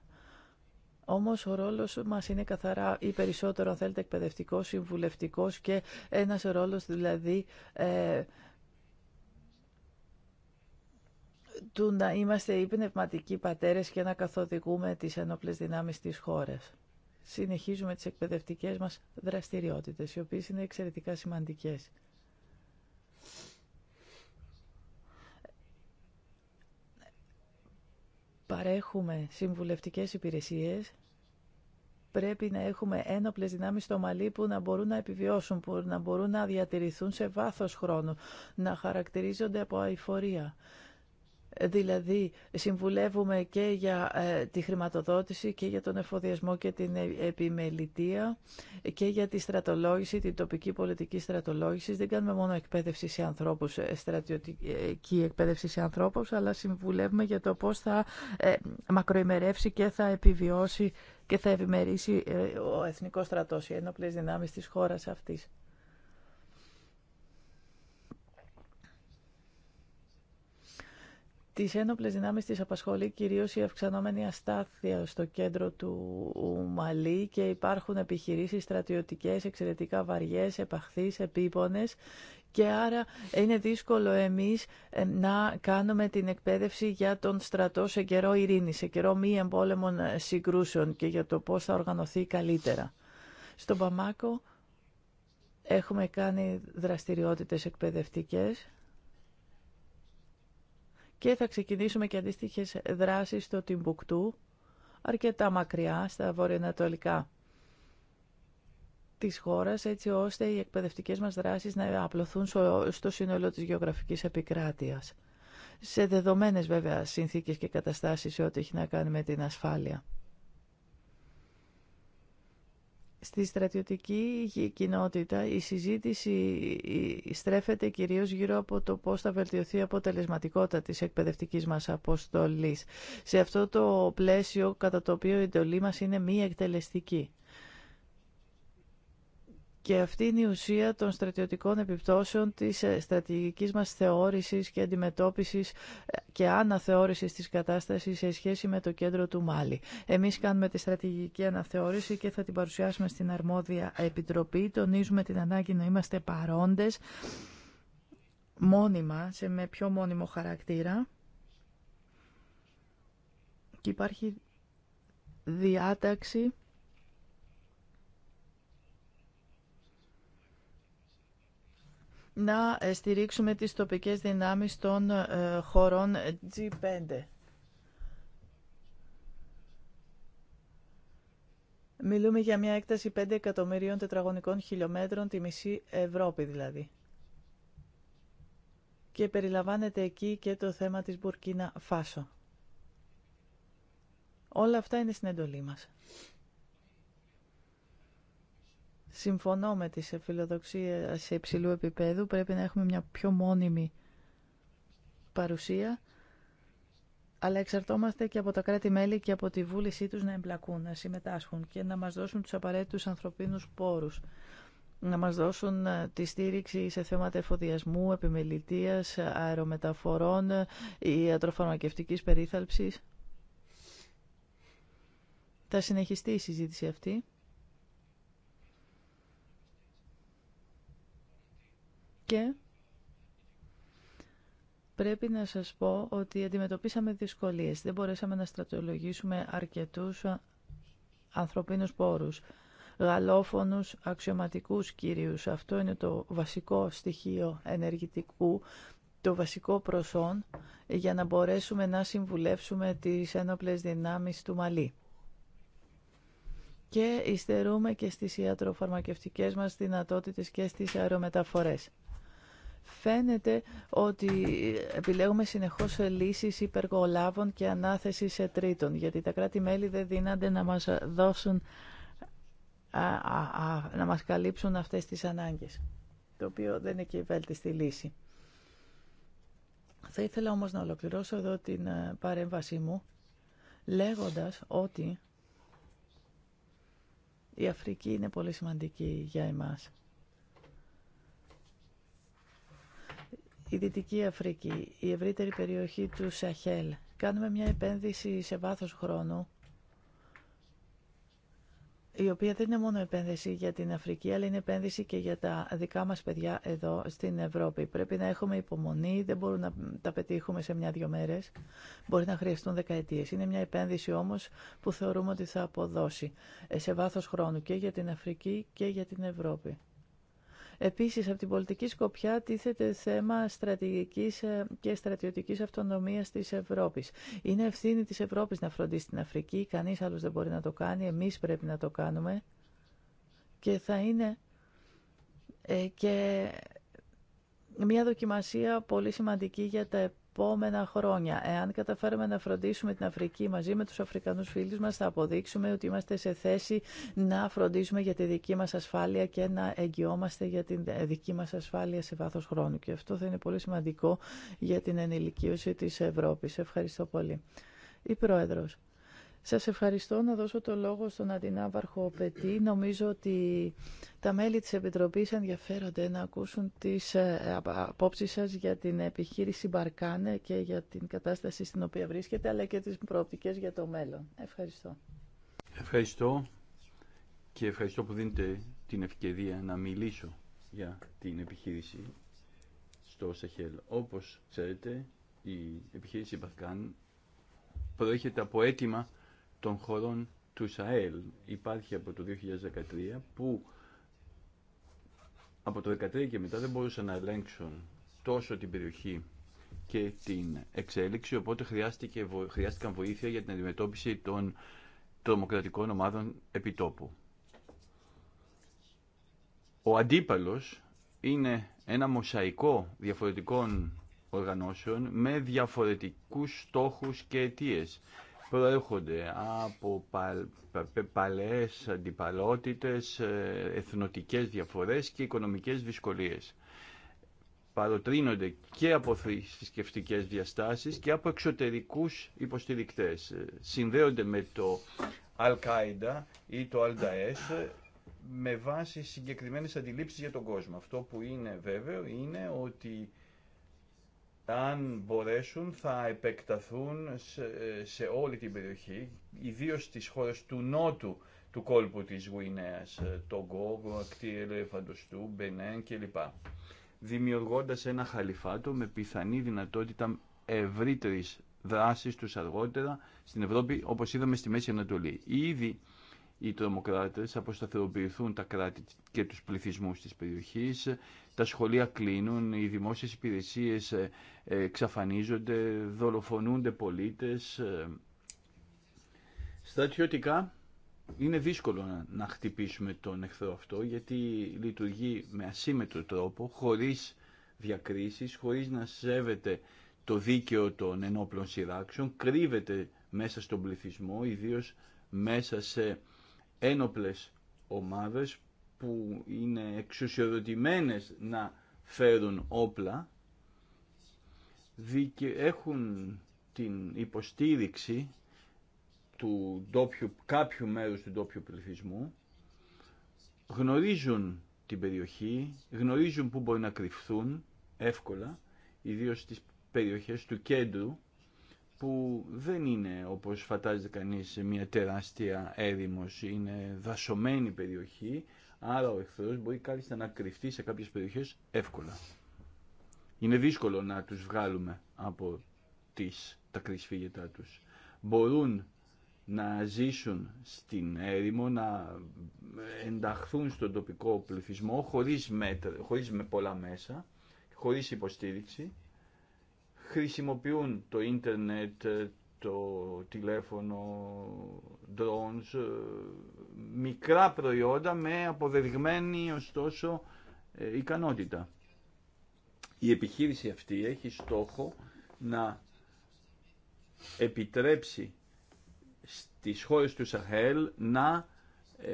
όμως ο ρόλος μας είναι καθαρά ή περισσότερο, αν θέλετε, εκπαιδευτικός, συμβουλευτικός και ένας ρόλος δηλαδή ε, του να είμαστε οι πνευματικοί πατέρες και να καθοδηγούμε τις ενόπλες δυνάμεις της χώρας. Συνεχίζουμε τις εκπαιδευτικές μας δραστηριότητες, οι οποίες είναι εξαιρετικά σημαντικές. παρέχουμε συμβουλευτικές υπηρεσίες, πρέπει να έχουμε ένοπλες δυνάμεις στο Μαλί που να μπορούν να επιβιώσουν, που να μπορούν να διατηρηθούν σε βάθος χρόνου, να χαρακτηρίζονται από αηφορία δηλαδή συμβουλεύουμε και για ε, τη χρηματοδότηση και για τον εφοδιασμό και την ε, επιμελητεία και για τη στρατολόγηση, την τοπική πολιτική στρατολόγηση. Δεν κάνουμε μόνο εκπαίδευση σε ανθρώπους, ε, στρατιωτική εκπαίδευση σε ανθρώπους, αλλά συμβουλεύουμε για το πώς θα μακροημερεύσει και θα επιβιώσει και θα ευημερήσει ο Εθνικός Στρατός, οι ενόπλες δυνάμεις της χώρας αυτής. Τις ένοπλες δυνάμει της απασχολεί κυρίως η αυξανόμενη αστάθεια στο κέντρο του Μαλή και υπάρχουν επιχειρήσεις στρατιωτικέ, εξαιρετικά βαριέ, επαχθεί, επίπονες και άρα είναι δύσκολο εμείς ε, να κάνουμε την εκπαίδευση για τον στρατό σε καιρό ειρήνη, σε καιρό μη εμπόλεμων ε, συγκρούσεων και για το πώς θα οργανωθεί καλύτερα. Στον Παμάκο έχουμε κάνει δραστηριότητες εκπαιδευτικές και θα ξεκινήσουμε και αντίστοιχες δράσεις στο Τιμπουκτού, αρκετά μακριά, στα βορειοανατολικά της χώρας, έτσι ώστε οι εκπαιδευτικές μας δράσεις να απλωθούν στο σύνολο της γεωγραφικής επικράτειας. Σε δεδομένες βέβαια συνθήκες και καταστάσεις σε ό,τι έχει να κάνει με την ασφάλεια. Στη στρατιωτική κοινότητα η συζήτηση στρέφεται κυρίως γύρω από το πώς θα βελτιωθεί η αποτελεσματικότητα της εκπαιδευτικής μας αποστολής. Σε αυτό το πλαίσιο κατά το οποίο η εντολή μας είναι μη εκτελεστική. Και αυτή είναι η ουσία των στρατιωτικών επιπτώσεων της ε, στρατηγικής μας θεώρησης και αντιμετώπισης ε, και αναθεώρησης της κατάστασης σε σχέση με το κέντρο του Μάλι. Εμείς κάνουμε τη στρατηγική αναθεώρηση και θα την παρουσιάσουμε στην αρμόδια επιτροπή. Τονίζουμε την ανάγκη να είμαστε παρόντες μόνιμα, σε με πιο μόνιμο χαρακτήρα. Και υπάρχει διάταξη να ε, στηρίξουμε τις τοπικές δυνάμεις των ε, χωρών ε, G5. Μιλούμε για μια έκταση 5 εκατομμυρίων τετραγωνικών χιλιόμετρων, τη μισή Ευρώπη δηλαδή. Και περιλαμβάνεται εκεί και το θέμα της Μπουρκίνα Φάσο. Όλα αυτά είναι στην εντολή μας. Συμφωνώ με τις φιλοδοξίες σε υψηλού επίπεδου. Πρέπει να έχουμε μια πιο μόνιμη παρουσία, αλλά εξαρτώμαστε και από τα κράτη-μέλη και από τη βούλησή τους να εμπλακούν, να συμμετάσχουν και να μας δώσουν τους απαραίτητους ανθρωπίνους πόρους να μας δώσουν ε, τη στήριξη σε θέματα εφοδιασμού, επιμελητίας, αερομεταφορών, η ε, ατροφαρμακευτικης περίθαλψης. Θα συνεχιστεί η συζήτηση αυτή. και πρέπει να σας πω ότι αντιμετωπίσαμε δυσκολίες. Δεν μπορέσαμε να στρατολογήσουμε αρκετούς ανθρωπίνους πόρους, γαλλόφωνους, αξιωματικούς κυρίους. Αυτό είναι το βασικό στοιχείο ενεργητικού, το βασικό προσόν για να μπορέσουμε να συμβουλεύσουμε τις ένοπλες δυνάμεις του Μαλή. Και υστερούμε και στις ιατροφαρμακευτικές μας δυνατότητες και στις αερομεταφορές. Φαίνεται ότι επιλέγουμε συνεχώς λύσεις υπεργολάβων και ανάθεση σε τρίτον, γιατί τα κράτη-μέλη δεν δίνανται να μας δώσουν, να μας καλύψουν αυτές τις ανάγκες, το οποίο δεν είναι και βέλτιστη λύση. Θα ήθελα όμως να ολοκληρώσω εδώ την ε, παρέμβασή μου, λέγοντας ότι η Αφρική είναι πολύ σημαντική για εμάς. η Δυτική Αφρική, η ευρύτερη περιοχή του Σαχέλ. Κάνουμε μια επένδυση σε βάθος χρόνου, η οποία δεν είναι μόνο επένδυση για την Αφρική, αλλά είναι επένδυση και για τα δικά μας παιδιά εδώ στην Ευρώπη. Πρέπει να έχουμε υπομονή, δεν μπορούμε να τα πετύχουμε σε μια-δυο μέρες. Μπορεί να χρειαστούν δεκαετίες. Είναι μια επένδυση όμως που θεωρούμε ότι θα αποδώσει ε, σε βάθος χρόνου και για την Αφρική και για την Ευρώπη. Επίσης, από την πολιτική σκοπιά τίθεται θέμα στρατηγικής ε, και στρατιωτικής αυτονομίας της Ευρώπης. Είναι ευθύνη της Ευρώπης να φροντίσει την Αφρική, κανείς άλλος δεν μπορεί να το κάνει, εμείς πρέπει να το κάνουμε και θα είναι ε, και μια δοκιμασία πολύ σημαντική για τα επόμενα χρόνια. Εάν καταφέρουμε να φροντίσουμε την Αφρική μαζί με τους Αφρικανούς φίλους μας, θα αποδείξουμε ότι είμαστε σε θέση να φροντίσουμε για τη δική μας ασφάλεια και να εγγυόμαστε για τη δική μας ασφάλεια σε βάθος χρόνου. Και αυτό θα είναι πολύ σημαντικό για την ενηλικίωση της Ευρώπης. Ευχαριστώ πολύ. Η Πρόεδρος. Σας ευχαριστώ να δώσω το λόγο στον Αντινάβαρχο Πετή. Νομίζω ότι τα μέλη της Επιτροπής ενδιαφέρονται να ακούσουν τις ε, απόψεις σας για την επιχείρηση Μπαρκάνε και για την κατάσταση στην οποία βρίσκεται, αλλά και τις προοπτικές για το μέλλον. Ευχαριστώ. Ευχαριστώ και ευχαριστώ που δίνετε την ευκαιρία να μιλήσω για την επιχείρηση στο Σαχέλ. Όπως ξέρετε, η επιχείρηση Μπαρκάνε προέρχεται από αίτημα των χωρών του Σαέλ υπάρχει από το 2013 που από το 2013 και μετά δεν μπορούσαν να ελέγξουν τόσο την περιοχή και την εξέλιξη, οπότε χρειάστηκε, χρειάστηκαν βοήθεια για την αντιμετώπιση των τρομοκρατικών ομάδων επιτόπου. Ο αντίπαλος είναι ένα μοσαϊκό διαφορετικών οργανώσεων με διαφορετικούς στόχους και αιτίες προέρχονται από παλαιές αντιπαλότητες, ε, εθνοτικές διαφορές και οικονομικές δυσκολίες. Παροτρύνονται και από θρησκευτικέ διαστάσεις και από εξωτερικούς υποστηρικτές. Συνδέονται με το al ή το al με βάση συγκεκριμένες αντιλήψεις για τον κόσμο. Αυτό που είναι βέβαιο είναι ότι αν μπορέσουν θα επεκταθούν σε, όλη την περιοχή, ιδίως στις χώρες του νότου του κόλπου της Γουινέας, ε, Κόγκο, Ακτή, Φαντοστού, Μπενέν κλπ. Δημιουργώντας ένα χαλιφάτο με πιθανή δυνατότητα ευρύτερη δράσης τους αργότερα στην Ευρώπη, όπως είδαμε στη Μέση Ανατολή. Ήδη οι τρομοκράτες αποσταθεροποιηθούν τα κράτη και τους πληθυσμούς της περιοχής, τα σχολεία κλείνουν, οι δημόσιες υπηρεσίες ε, ε, εξαφανίζονται, δολοφονούνται πολίτες. Ε. Στρατιωτικά είναι δύσκολο να χτυπήσουμε τον εχθρό αυτό γιατί λειτουργεί με ασύμετρο τρόπο, χωρίς διακρίσεις, χωρίς να σέβεται το δίκαιο των ενόπλων σειράξεων, κρύβεται μέσα στον πληθυσμό, ιδίως μέσα σε ένοπλες ομάδες που είναι εξουσιοδοτημένες να φέρουν όπλα έχουν την υποστήριξη του ντόπιου, κάποιου μέρους του ντόπιου πληθυσμού γνωρίζουν την περιοχή, γνωρίζουν πού μπορεί να κρυφθούν εύκολα, ιδίως στις περιοχές του κέντρου, που δεν είναι όπως φαντάζεται κανείς μια τεράστια έρημος, είναι δασωμένη περιοχή, Άρα ο εχθρό μπορεί κάλλιστα να κρυφτεί σε κάποιες περιοχές εύκολα. Είναι δύσκολο να τους βγάλουμε από τις, τα κρυσφύγετά τους. Μπορούν να ζήσουν στην έρημο, να ενταχθούν στον τοπικό πληθυσμό χωρίς, μέτρα, χωρίς με πολλά μέσα, χωρίς υποστήριξη. Χρησιμοποιούν το ίντερνετ, το τηλέφωνο drones, ε, μικρά προϊόντα με αποδεδειγμένη ωστόσο ε, ικανότητα. Η επιχείρηση αυτή έχει στόχο να επιτρέψει στις χώρες του Σαχέλ να ε,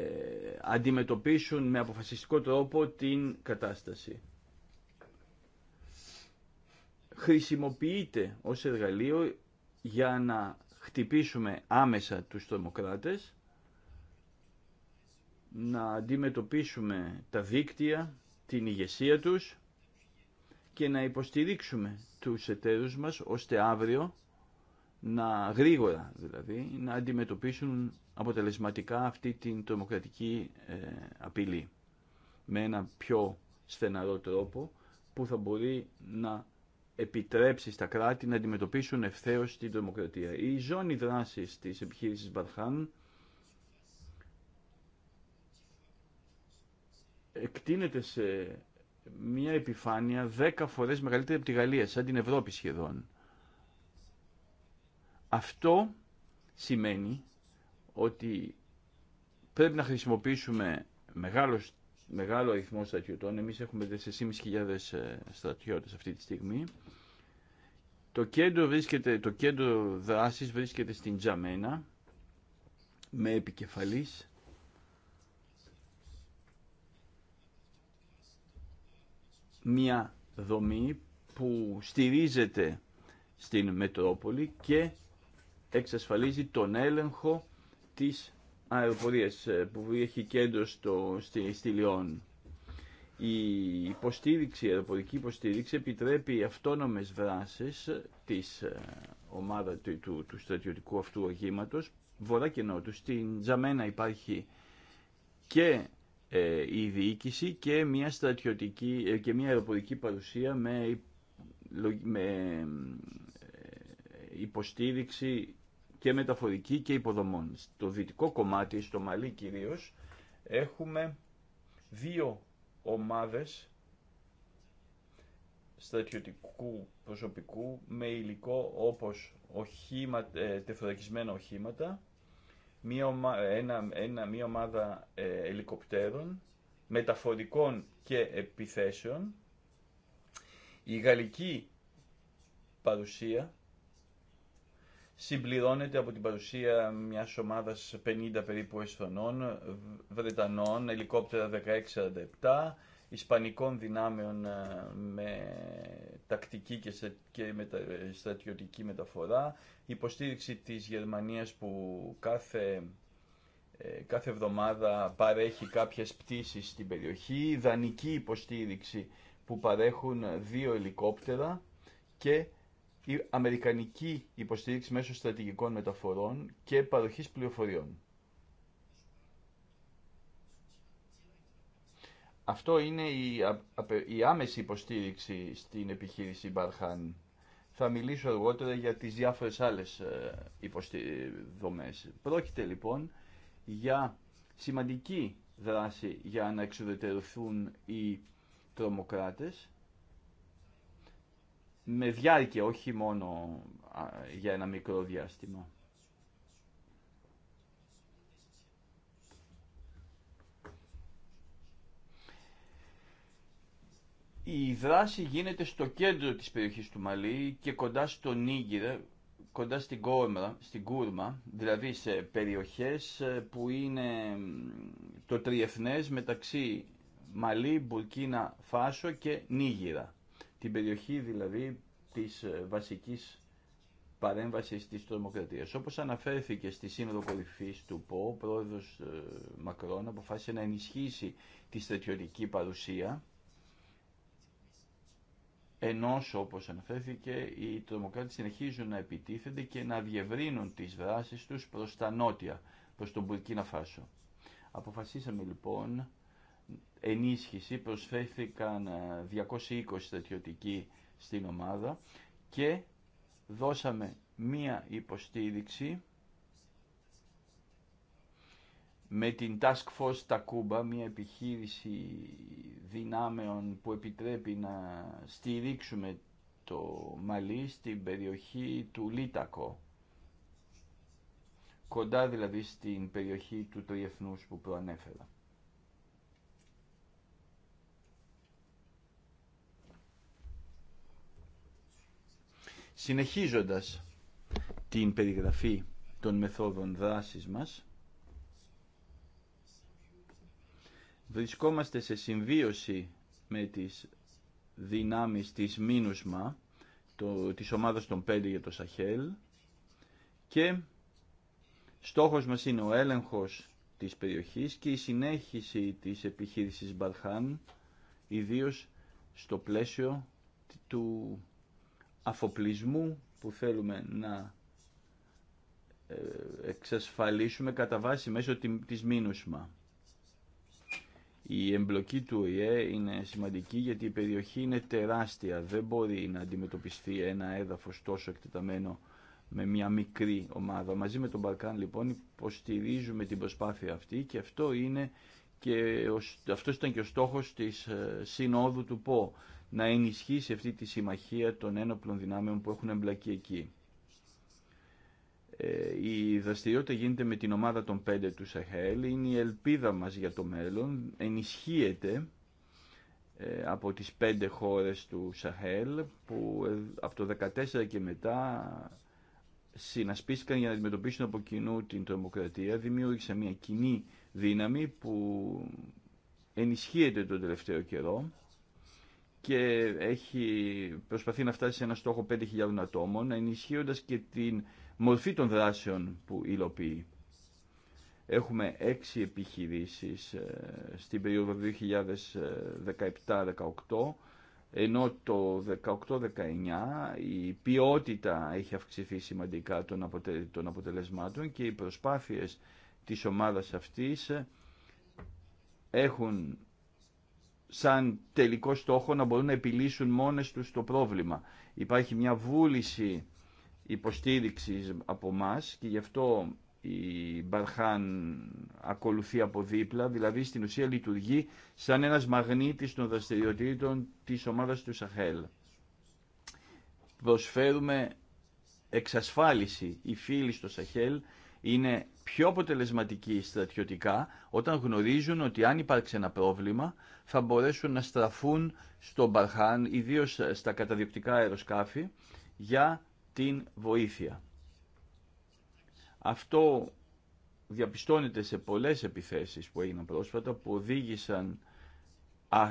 αντιμετωπίσουν με αποφασιστικό τρόπο την κατάσταση. Χρησιμοποιείται ως εργαλείο για να χτυπήσουμε άμεσα τους τρομοκράτες, να αντιμετωπίσουμε τα δίκτυα, την ηγεσία τους και να υποστηρίξουμε τους εταίρους μας ώστε αύριο να γρήγορα δηλαδή να αντιμετωπίσουν αποτελεσματικά αυτή την τρομοκρατική ε, απειλή με ένα πιο στεναρό τρόπο που θα μπορεί να επιτρέψει στα κράτη να αντιμετωπίσουν ευθέως την τρομοκρατία. Η ζώνη δράσης της επιχείρησης Μπαρχάν εκτείνεται σε μια επιφάνεια 10 φορές μεγαλύτερη από τη Γαλλία, σαν την Ευρώπη σχεδόν. Αυτό σημαίνει ότι πρέπει να χρησιμοποιήσουμε μεγάλος μεγάλο αριθμό στρατιωτών. Εμείς έχουμε 4.500 ε, στρατιώτες αυτή τη στιγμή. Το κέντρο, βρίσκεται, το κέντρο δράσης βρίσκεται στην Τζαμένα με επικεφαλής μια δομή που στηρίζεται στην Μετρόπολη και εξασφαλίζει τον έλεγχο της αεροπορίας ε, που έχει κέντρο στο, στη, στη Λιόν. Η υποστήριξη, η αεροπορική υποστήριξη επιτρέπει αυτόνομες βράσεις της ε, ομάδα του, του, του στρατιωτικού αυτού οχήματος βορρά και νότου. Στην Τζαμένα υπάρχει και ε, η διοίκηση και μια στρατιωτική και μια αεροπορική παρουσία με, με υποστήριξη και μεταφορική και υποδομών. Στο δυτικό κομμάτι, στο Μαλί κυρίως, έχουμε δύο ομάδες στρατιωτικού προσωπικού με υλικό όπως οχήμα, ε, οχήματα, μία, ένα, μία ομάδα ε, ελικοπτέρων, μεταφορικών και επιθέσεων. Η γαλλική παρουσία συμπληρώνεται από την παρουσία μιας ομάδα 50 περίπου Εσθονών, Βρετανών, ελικόπτερα 1647, Ισπανικών δυνάμεων ε, με τακτική και, ε, στρατιωτική μεταφορά, υποστήριξη της Γερμανίας που κάθε, ε, κάθε εβδομάδα παρέχει κάποιες πτήσεις στην περιοχή, δανική υποστήριξη που παρέχουν δύο ελικόπτερα και η αμερικανική υποστήριξη μέσω στρατηγικών μεταφορών και παροχής πληροφοριών. Αυτό είναι η, άμεση υποστήριξη στην επιχείρηση Μπαρχάν. Θα μιλήσω αργότερα για τις διάφορες άλλες ε, Πρόκειται λοιπόν για σημαντική δράση για να εξουδετερωθούν οι τρομοκράτες με διάρκεια, όχι μόνο για ένα μικρό διάστημα. Η δράση γίνεται στο κέντρο της περιοχής του Μαλή και κοντά στο Νίγηρα, κοντά στην Κόρμα, στην Κούρμα, δηλαδή σε περιοχές ε, που είναι το τριεθνές μεταξύ Μαλή, Μπουρκίνα, Φάσο και Νίγηρα την περιοχή δηλαδή της ε, βασικής παρέμβασης της τρομοκρατίας. Όπως αναφέρθηκε στη Σύνοδο Κορυφής του ΠΟ, ο πρόεδρος ε, Μακρόν αποφάσισε να ενισχύσει τη στρατιωτική παρουσία ενώ όπως αναφέρθηκε οι τρομοκράτες συνεχίζουν να επιτίθενται και να διευρύνουν τις δράσεις τους προς τα νότια, προς τον Μπουρκίνα Φάσο. Αποφασίσαμε λοιπόν ενίσχυση προσφέρθηκαν 220 ε, στρατιωτικοί στην ομάδα και δώσαμε μία υποστήριξη με την Task Force Takuba, μια επιχείρηση δυνάμεων που επιτρέπει να στηρίξουμε το Μαλί στην περιοχή του Λίτακο, κοντά δηλαδή στην περιοχή του Τριεθνούς που προανέφερα. Συνεχίζοντας την περιγραφή των μεθόδων δράσης μας, βρισκόμαστε σε συμβίωση με τις δυνάμεις της Μίνουσμα, το, της ομάδας των πέντε για το Σαχέλ και στόχος μας είναι ο έλεγχος της περιοχής και η συνέχιση της επιχείρησης Μπαρχάν, ιδίως στο πλαίσιο του αφοπλισμού που θέλουμε να ε, εξασφαλίσουμε κατά βάση μέσω της μήνουσμα. Η εμπλοκή του ΟΗΕ είναι σημαντική γιατί η περιοχή είναι τεράστια. Δεν μπορεί να αντιμετωπιστεί ένα έδαφος τόσο εκτεταμένο με μια μικρή ομάδα. Μαζί με τον Μπαλκάν λοιπόν υποστηρίζουμε την προσπάθεια αυτή και αυτό είναι και αυτός ήταν και ο στόχος της ε, συνόδου του ΠΟ να ενισχύσει αυτή τη συμμαχία των ένοπλων δυνάμεων που έχουν εμπλακεί εκεί. Ε, η δραστηριότητα γίνεται με την ομάδα των πέντε του Σαχέλ, είναι η ελπίδα μας για το μέλλον, ενισχύεται ε, από τις πέντε χώρες του Σαχέλ που ε, από το 2014 και μετά συνασπίστηκαν για να αντιμετωπίσουν από κοινού την τρομοκρατία, δημιούργησε μια κοινή δύναμη που ενισχύεται τον τελευταίο καιρό και έχει προσπαθεί να φτάσει σε ένα στόχο 5.000 ατόμων, ενισχύοντας και τη μορφή των δράσεων που υλοποιεί. Έχουμε έξι επιχειρήσεις ε, στην περίοδο 2017-2018 ενώ το 18-19 η ποιότητα έχει αυξηθεί σημαντικά των, των αποτελεσμάτων και οι προσπάθειες της ομάδας αυτής έχουν σαν τελικό στόχο να μπορούν να επιλύσουν μόνες τους το πρόβλημα. Υπάρχει μια βούληση υποστήριξης από μας και γι' αυτό η Μπαρχάν ακολουθεί από δίπλα, δηλαδή στην ουσία λειτουργεί σαν ένας μαγνήτης των δραστηριοτήτων της ομάδας του Σαχέλ. Προσφέρουμε εξασφάλιση. Οι φίλοι στο Σαχέλ είναι πιο αποτελεσματικοί στρατιωτικά όταν γνωρίζουν ότι αν υπάρξει ένα πρόβλημα θα μπορέσουν να στραφούν στον Μπαρχάν, ιδίως στα καταδιοκτικά αεροσκάφη, για την βοήθεια. Αυτό διαπιστώνεται σε πολλές επιθέσεις που έγιναν πρόσφατα που οδήγησαν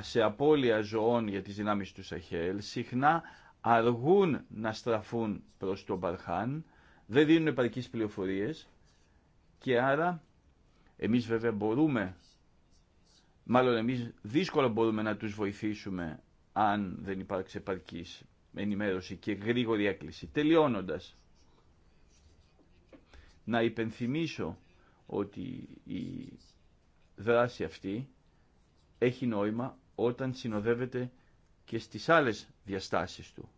σε απώλεια ζωών για τις δυνάμεις του Σαχέλ, συχνά αργούν να στραφούν προς τον Μπαρχάν, δεν δίνουν επαρκείς πληροφορίες και άρα εμείς βέβαια μπορούμε, μάλλον εμείς δύσκολα μπορούμε να τους βοηθήσουμε αν δεν υπάρξει επαρκής ενημέρωση και γρήγορη έκκληση. Τελειώνοντας, να υπενθυμίσω ότι η δράση αυτή έχει νόημα όταν συνοδεύεται και στις άλλες διαστάσεις του.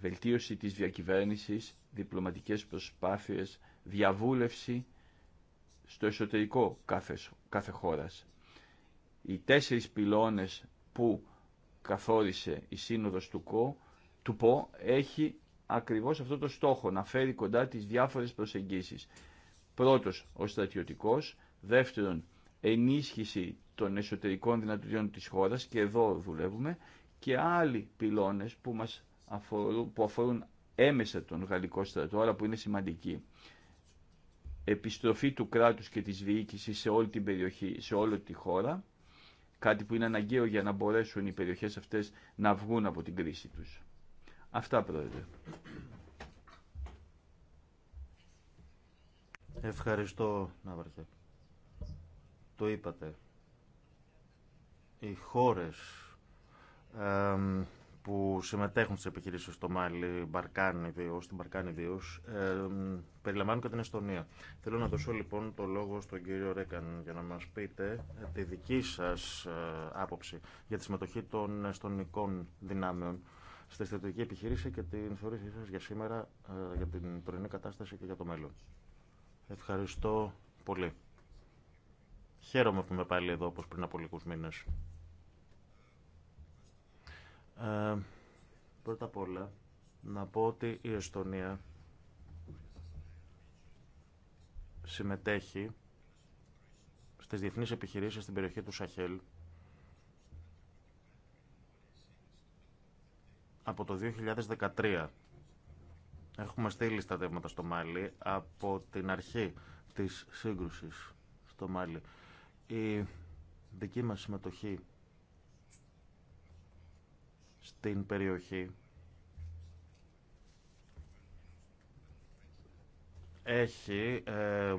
Βελτίωση της διακυβέρνησης, διπλωματικές προσπάθειες, διαβούλευση στο εσωτερικό κάθε, κάθε χώρας. Οι τέσσερις πυλώνες που καθόρισε η σύνοδος του, ΚΟ, του ΠΟ έχει ακριβώς αυτό το στόχο, να φέρει κοντά τις διάφορες προσεγγίσεις. Πρώτος, ο στρατιωτικός. Δεύτερον, ενίσχυση των εσωτερικών δυνατοτήτων της χώρας και εδώ δουλεύουμε. Και άλλοι πυλώνες που, μας που αφορούν έμεσα τον γαλλικό στρατό, αλλά που είναι σημαντική. Επιστροφή του κράτους και της διοίκησης σε όλη την περιοχή, σε όλη τη χώρα, κάτι που είναι αναγκαίο για να μπορέσουν οι περιοχές αυτές να βγουν από την κρίση τους. Αυτά, Πρόεδρε. Ευχαριστώ, βρεθεί. Το είπατε. Οι χώρες που συμμετέχουν στι επιχειρήσεις στο Μάλι, Μπαρκάνη ιδίω, στην Μπαρκάνι ιδίω, ε, περιλαμβάνουν και την Εστονία. Θέλω να δώσω λοιπόν το λόγο στον κύριο Ρέκαν για να μας πείτε ε, τη δική σας ε, άποψη για τη συμμετοχή των εστονικών δυνάμεων στη στρατηγική επιχειρήση και την θεωρήσή σας για σήμερα, ε, για την τωρινή κατάσταση και για το μέλλον. Ευχαριστώ πολύ. Χαίρομαι που είμαι πάλι εδώ όπως πριν από λίγους μήνες. Ε, πρώτα απ' όλα, να πω ότι η Εστονία συμμετέχει στις διεθνείς επιχειρήσεις στην περιοχή του Σαχέλ από το 2013. Έχουμε στείλει στρατεύματα στο Μάλι από την αρχή της σύγκρουσης στο Μάλι. Η δική μας συμμετοχή στην περιοχή έχει ε,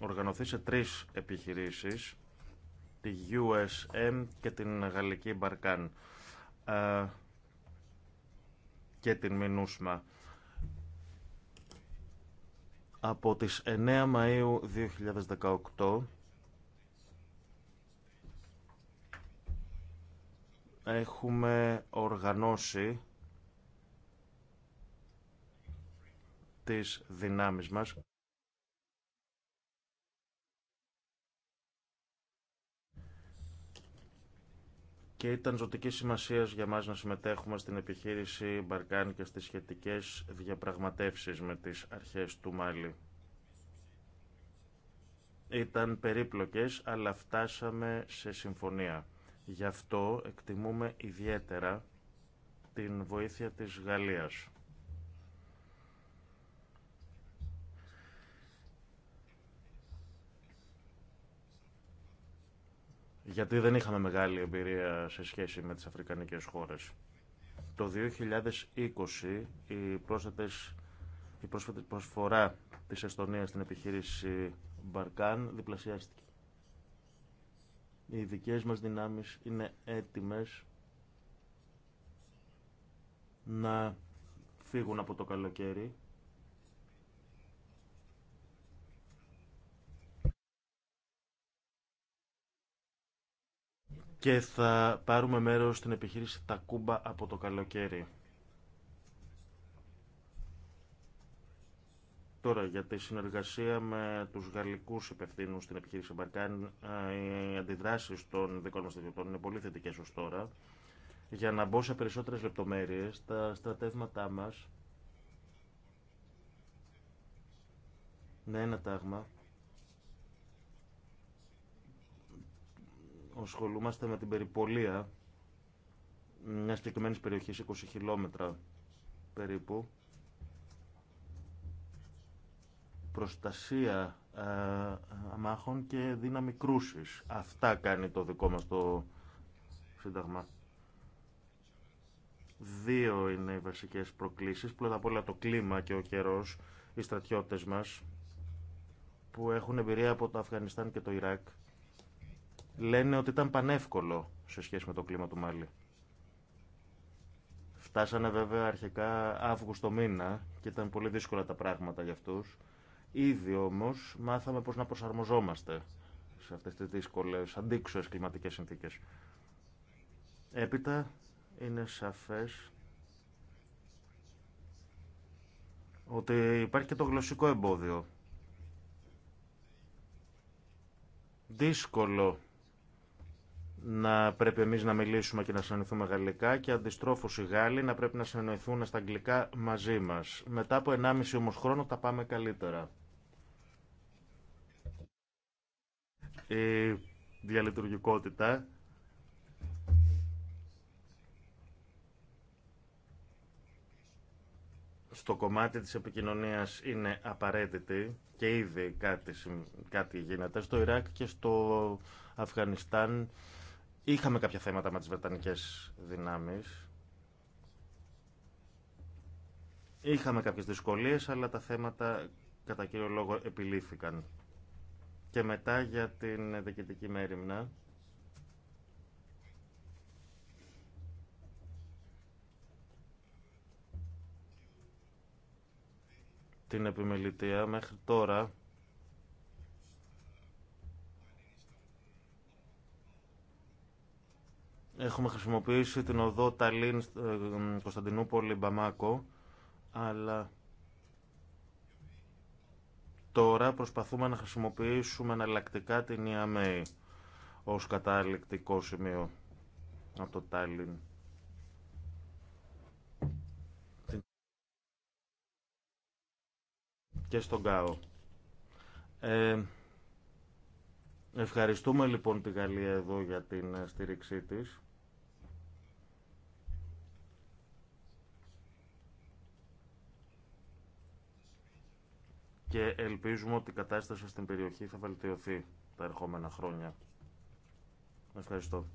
οργανωθεί σε τρεις επιχειρήσεις, τη USM και την Γαλλική Μπαρκάν ε, και την Μινούσμα. Από τις 9 Μαΐου 2018 έχουμε οργανώσει τις δυνάμεις μας και ήταν ζωτική σημασία για μας να συμμετέχουμε στην επιχείρηση Μπαρκάν και στις σχετικές διαπραγματεύσεις με τις αρχές του Μάλι. Ήταν περίπλοκες, αλλά φτάσαμε σε συμφωνία. Γι' αυτό εκτιμούμε ιδιαίτερα την βοήθεια της Γαλλίας. γιατί δεν είχαμε μεγάλη εμπειρία σε σχέση με τις αφρικανικές χώρες. Το 2020 η, η πρόσφατη προσφορά της Εστονίας στην επιχείρηση Μπαρκάν διπλασιάστηκε. Οι δικές μας δυνάμεις είναι έτοιμες να φύγουν από το καλοκαίρι. Και θα πάρουμε μέρος στην επιχείρηση Τακούμπα από το καλοκαίρι. Τώρα για τη συνεργασία με τους γαλλικούς υπευθύνους στην επιχείρηση Μπαρκάν, ε, οι αντιδράσεις των δικών μας στρατιωτών είναι πολύ θετικές ως τώρα. Για να μπω σε περισσότερες λεπτομέρειες, τα στρατεύματά μας με ένα τάγμα ασχολούμαστε με την περιπολία μια συγκεκριμένη περιοχή 20 χιλιόμετρα περίπου προστασία ε, αμάχων και δύναμη κρούσης. Αυτά κάνει το δικό μας το Σύνταγμα. Δύο είναι οι βασικές προκλήσεις. Πρώτα απ' όλα το κλίμα και ο καιρός. Οι στρατιώτες μας που έχουν εμπειρία από το Αφγανιστάν και το Ιράκ λένε ότι ήταν πανεύκολο σε σχέση με το κλίμα του Μάλι. Φτάσανε βέβαια αρχικά Αύγουστο μήνα και ήταν πολύ δύσκολα τα πράγματα για αυτούς. Ήδη όμως μάθαμε πώς να προσαρμοζόμαστε σε αυτές τις δύσκολες αντίξωες κλιματικές συνθήκες. Έπειτα είναι σαφές ότι υπάρχει και το γλωσσικό εμπόδιο. Δύσκολο να πρέπει εμείς να μιλήσουμε και να συνεννοηθούμε γαλλικά και αντιστρόφως, οι Γάλλοι να πρέπει να συνεννοηθούν στα αγγλικά μαζί μας. Μετά από 1,5 όμω χρόνο τα πάμε καλύτερα. η διαλειτουργικότητα στο κομμάτι της επικοινωνίας είναι απαραίτητη και ήδη κάτι, κάτι γίνεται. Στο Ιράκ και στο Αφγανιστάν είχαμε κάποια θέματα με τις Βρετανικές δυνάμεις. Είχαμε κάποιες δυσκολίες, αλλά τα θέματα κατά κύριο λόγο επιλύθηκαν και μετά για την διοικητική μέρημνα. Την επιμελητία μέχρι τώρα Έχουμε χρησιμοποιήσει την οδό Ταλίν ε, ε, Κωνσταντινούπολη Μπαμάκο, αλλά Τώρα προσπαθούμε να χρησιμοποιήσουμε εναλλακτικά την EMA ως καταληκτικό σημείο από το Τάλιν. Και στον ΚΑΟ. Ε, ευχαριστούμε λοιπόν τη Γαλλία εδώ για την στήριξή της. και ελπίζουμε ότι η κατάσταση στην περιοχή θα βελτιωθεί τα ερχόμενα χρόνια. Ευχαριστώ.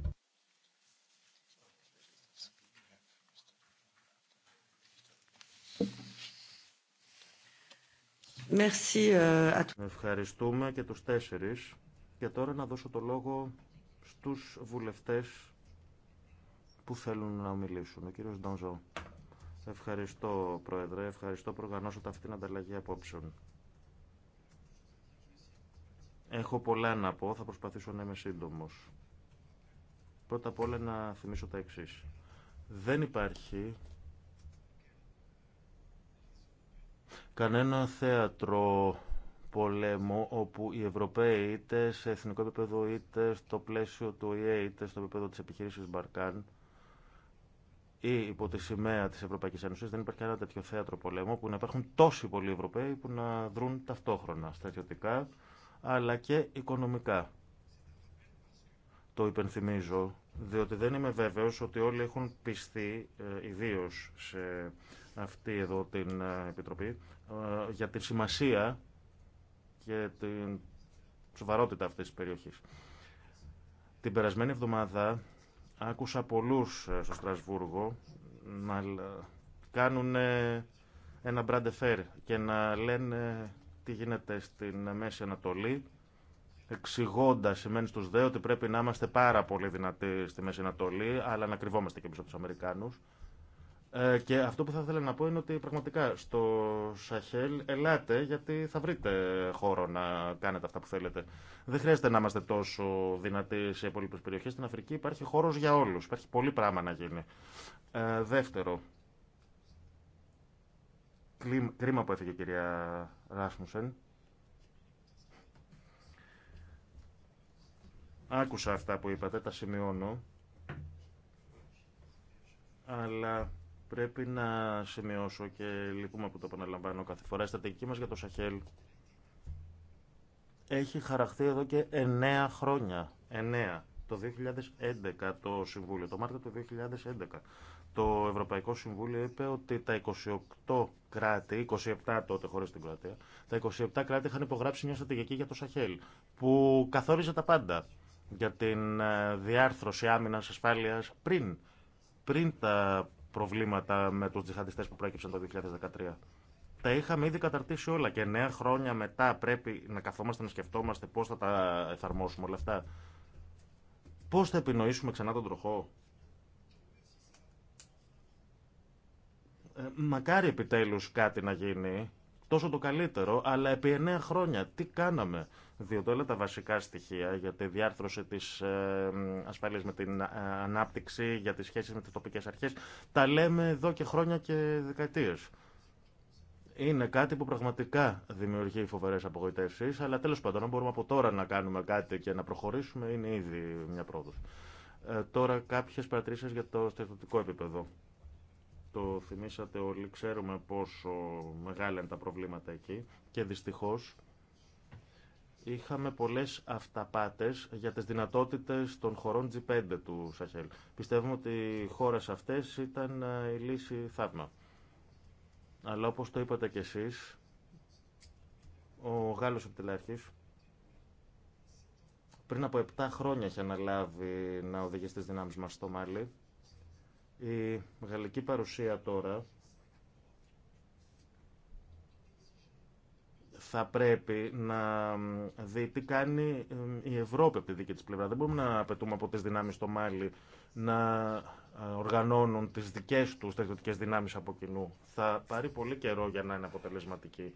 Ε, Ευχαριστούμε και τους τέσσερις. Και τώρα να δώσω το λόγο στους βουλευτές που θέλουν να μιλήσουν. Ο κύριος Ντονζό. Ευχαριστώ, Πρόεδρε. Ευχαριστώ που οργανώσατε αυτήν την ανταλλαγή απόψεων. Έχω πολλά να πω, θα προσπαθήσω να είμαι σύντομο. Πρώτα απ' όλα να θυμίσω τα εξή. Δεν υπάρχει κανένα θέατρο πολέμου όπου οι Ευρωπαίοι είτε σε εθνικό επίπεδο είτε στο πλαίσιο του ΟΗΕ είτε στο επίπεδο της επιχειρήσης Μπαρκάν ή υπό τη σημαία της Ευρωπαϊκής Ένωσης δεν υπάρχει κανένα τέτοιο θέατρο πολέμου που να υπάρχουν τόσοι πολλοί Ευρωπαίοι που να δρούν ταυτόχρονα στρατιωτικά αλλά και οικονομικά. Το υπενθυμίζω, διότι δεν είμαι βέβαιος ότι όλοι έχουν πιστεί, ε, ιδίω σε αυτή εδώ την ε, Επιτροπή, ε, για τη σημασία και την σοβαρότητα αυτής της περιοχής. Την περασμένη εβδομάδα άκουσα πολλούς στο Στρασβούργο να κάνουν ένα μπραντεφέρ και να λένε τι γίνεται στην Μέση Ανατολή, εξηγώντα σημαίνει στου ΔΕ ότι πρέπει να είμαστε πάρα πολύ δυνατοί στη Μέση Ανατολή, αλλά να κρυβόμαστε και πίσω από του Αμερικάνου. Ε, και αυτό που θα ήθελα να πω είναι ότι πραγματικά στο Σαχέλ ελάτε γιατί θα βρείτε χώρο να κάνετε αυτά που θέλετε. Δεν χρειάζεται να είμαστε τόσο δυνατοί σε υπόλοιπε περιοχέ. Στην Αφρική υπάρχει χώρο για όλου. Υπάρχει πολύ πράγμα να γίνει. Ε, δεύτερο, Κρίμα που έφυγε η κυρία Ράσμουσεν. Άκουσα αυτά που είπατε, τα σημειώνω. Αλλά πρέπει να σημειώσω και λυπούμε που το επαναλαμβάνω κάθε φορά. Η στρατηγική μας για το Σαχέλ έχει χαραχθεί εδώ και 9 χρόνια. 9. Το 2011 το Συμβούλιο, το Μάρτιο του 2011 το Ευρωπαϊκό Συμβούλιο είπε ότι τα 28 κράτη, 27 τότε χωρίς την Κροατία, τα 27 κράτη είχαν υπογράψει μια στρατηγική για το Σαχέλ, που καθόριζε τα πάντα για την ε, διάρθρωση άμυνας ασφάλειας πριν, πριν τα προβλήματα με τους τζιχαντιστές που προέκυψαν το 2013. Τα είχαμε ήδη καταρτήσει όλα και 9 χρόνια μετά πρέπει να καθόμαστε να σκεφτόμαστε πώς θα τα εφαρμόσουμε όλα αυτά. Πώς θα επινοήσουμε ξανά τον τροχό Ε, μακάρι επιτέλους κάτι να γίνει, τόσο το καλύτερο, αλλά επί εννέα χρόνια τι κάναμε. Διότι όλα τα βασικά στοιχεία για τη διάρθρωση τη ε, ασφάλεια με την ε, ανάπτυξη, για τι σχέσει με τι τοπικέ αρχέ, τα λέμε εδώ και χρόνια και δεκαετίε. Είναι κάτι που πραγματικά δημιουργεί φοβερέ απογοητεύσει, αλλά τέλο πάντων, αν μπορούμε από τώρα να κάνουμε κάτι και να προχωρήσουμε, είναι ήδη μια πρόοδο. τώρα, κάποιε παρατηρήσει για το στρατιωτικό επίπεδο. Το θυμήσατε όλοι, ξέρουμε πόσο μεγάλα είναι τα προβλήματα εκεί και δυστυχώς είχαμε πολλές αυταπάτες για τις δυνατότητες των χωρών G5 του Σαχέλ. Πιστεύουμε ότι οι χώρες αυτές ήταν ε, η λύση θαύμα. Αλλά όπως το είπατε κι εσείς, ο Γάλλος Επιτελάρχης πριν από 7 χρόνια είχε αναλάβει να οδηγεί τις δυνάμεις μας στο Μάλι η γαλλική παρουσία τώρα θα πρέπει να δει τι κάνει η Ευρώπη από τη δική της πλευρά. Δεν μπορούμε να απαιτούμε από τις δυνάμεις στο Μάλι να ε, οργανώνουν τις δικές τους στρατιωτικές δυνάμεις από κοινού. Θα πάρει πολύ καιρό για να είναι αποτελεσματική.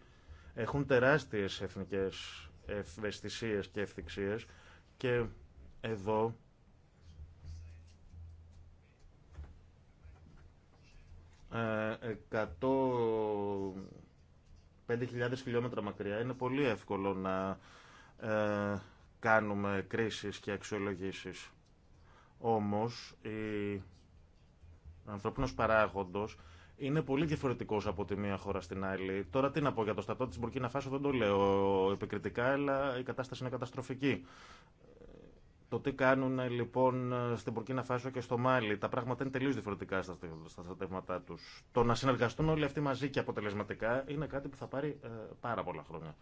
Έχουν τεράστιες εθνικές ευαισθησίες και ευθυξίες και εδώ 105.000 5.000 χιλιόμετρα μακριά είναι πολύ εύκολο να ε, κάνουμε κρίσεις και αξιολογήσεις. Όμως, ο ανθρώπινος παράγοντος είναι πολύ διαφορετικός από τη μία χώρα στην άλλη. Τώρα τι να πω για το στρατό της Μπορκίνα Φάσο, δεν το λέω επικριτικά, αλλά η κατάσταση είναι καταστροφική. Το τι κάνουν ε, λοιπόν ε, στην Πουρκίνα Φάσο και στο Μάλι, τα πράγματα είναι τελείω διαφορετικά στα στρατεύματά του. Το να συνεργαστούν όλοι αυτοί μαζί και αποτελεσματικά είναι κάτι που θα πάρει ε, πάρα πολλά χρόνια.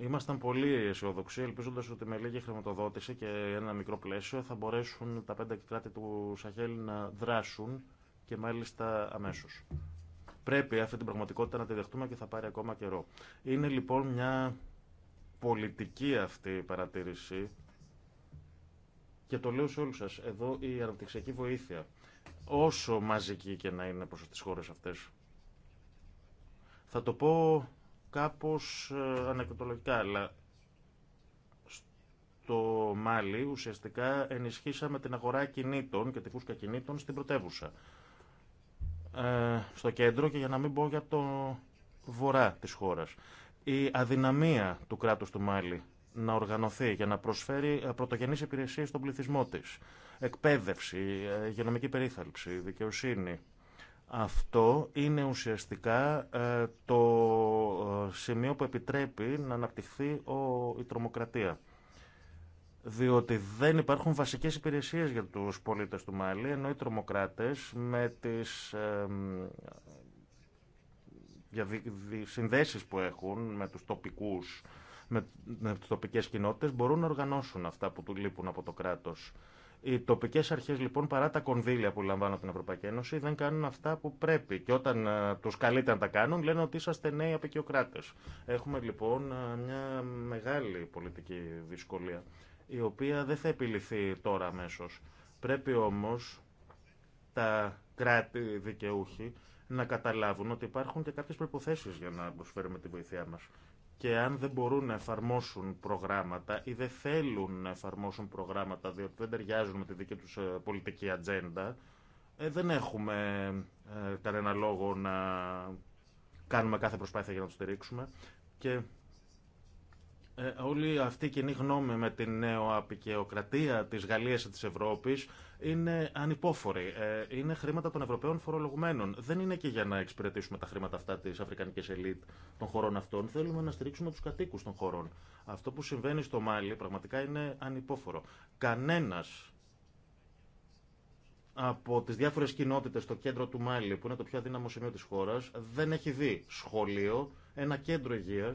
Ήμασταν πολύ αισιοδοξοί, ελπίζοντα ότι με λίγη χρηματοδότηση και ένα μικρό πλαίσιο θα μπορέσουν τα πέντε κράτη του Σαχέλ να δράσουν και μάλιστα αμέσω. Πρέπει αυτή την πραγματικότητα να τη δεχτούμε και θα πάρει ακόμα καιρό. Είναι λοιπόν μια πολιτική αυτή παρατήρηση και το λέω σε όλους σας, εδώ η αναπτυξιακή βοήθεια, όσο μαζική και να είναι προς τις χώρες αυτές, θα το πω κάπως ε, ανακριτολογικά, αλλά στο Μάλι ουσιαστικά ενισχύσαμε την αγορά κινήτων και τη φούσκα κινήτων στην πρωτεύουσα. Ε, στο κέντρο και για να μην πω για το βορρά της χώρας. Η αδυναμία του κράτους του Μάλι να οργανωθεί για να προσφέρει ε, πρωτογενείς υπηρεσίες στον πληθυσμό της. Εκπαίδευση, ε, υγειονομική περίθαλψη, δικαιοσύνη. Αυτό είναι ουσιαστικά ε, το σημείο που επιτρέπει να αναπτυχθεί η τρομοκρατία. Διότι δεν υπάρχουν βασικές υπηρεσίες για τους πολίτες του Μάλι, ενώ οι τρομοκράτες με τις για συνδέσεις που έχουν με τους τοπικούς με, με τις τοπικές κοινότητες μπορούν να οργανώσουν αυτά που του λείπουν από το κράτο. Οι τοπικέ αρχέ, λοιπόν, παρά τα κονδύλια που λαμβάνουν την Ευρωπαϊκή Ένωση, δεν κάνουν αυτά που πρέπει. Και όταν ε, του καλείται να τα κάνουν, λένε ότι είσαστε νέοι απεικιοκράτε. Έχουμε, λοιπόν, ε, μια μεγάλη πολιτική δυσκολία, η οποία δεν θα επιληθεί τώρα αμέσω. Πρέπει όμω τα κράτη δικαιούχοι να καταλάβουν ότι υπάρχουν και κάποιε προποθέσει για να προσφέρουμε τη βοήθειά μα και αν δεν μπορούν να εφαρμόσουν προγράμματα ή δεν θέλουν να εφαρμόσουν προγράμματα διότι δεν ταιριάζουν με τη δική τους ε, πολιτική ατζέντα, ε, δεν έχουμε ε, κανένα λόγο να κάνουμε κάθε προσπάθεια για να τους στηρίξουμε. Και ε, όλη αυτή η κοινή γνώμη με την νέο απεικαιοκρατία της Γαλλίας και τη Ευρώπη είναι ανυπόφορη. Ε, είναι χρήματα των Ευρωπαίων φορολογουμένων. Δεν είναι και για να εξυπηρετήσουμε τα χρήματα αυτά τη Αφρικανική ελίτ των χωρών αυτών. Θέλουμε να στηρίξουμε του κατοίκου των χωρών. Αυτό που συμβαίνει στο Μάλι πραγματικά είναι ανυπόφορο. Κανένα από τι διάφορε κοινότητε στο κέντρο του Μάλι, που είναι το πιο αδύναμο σημείο τη χώρα, δεν έχει δει σχολείο, ένα κέντρο υγεία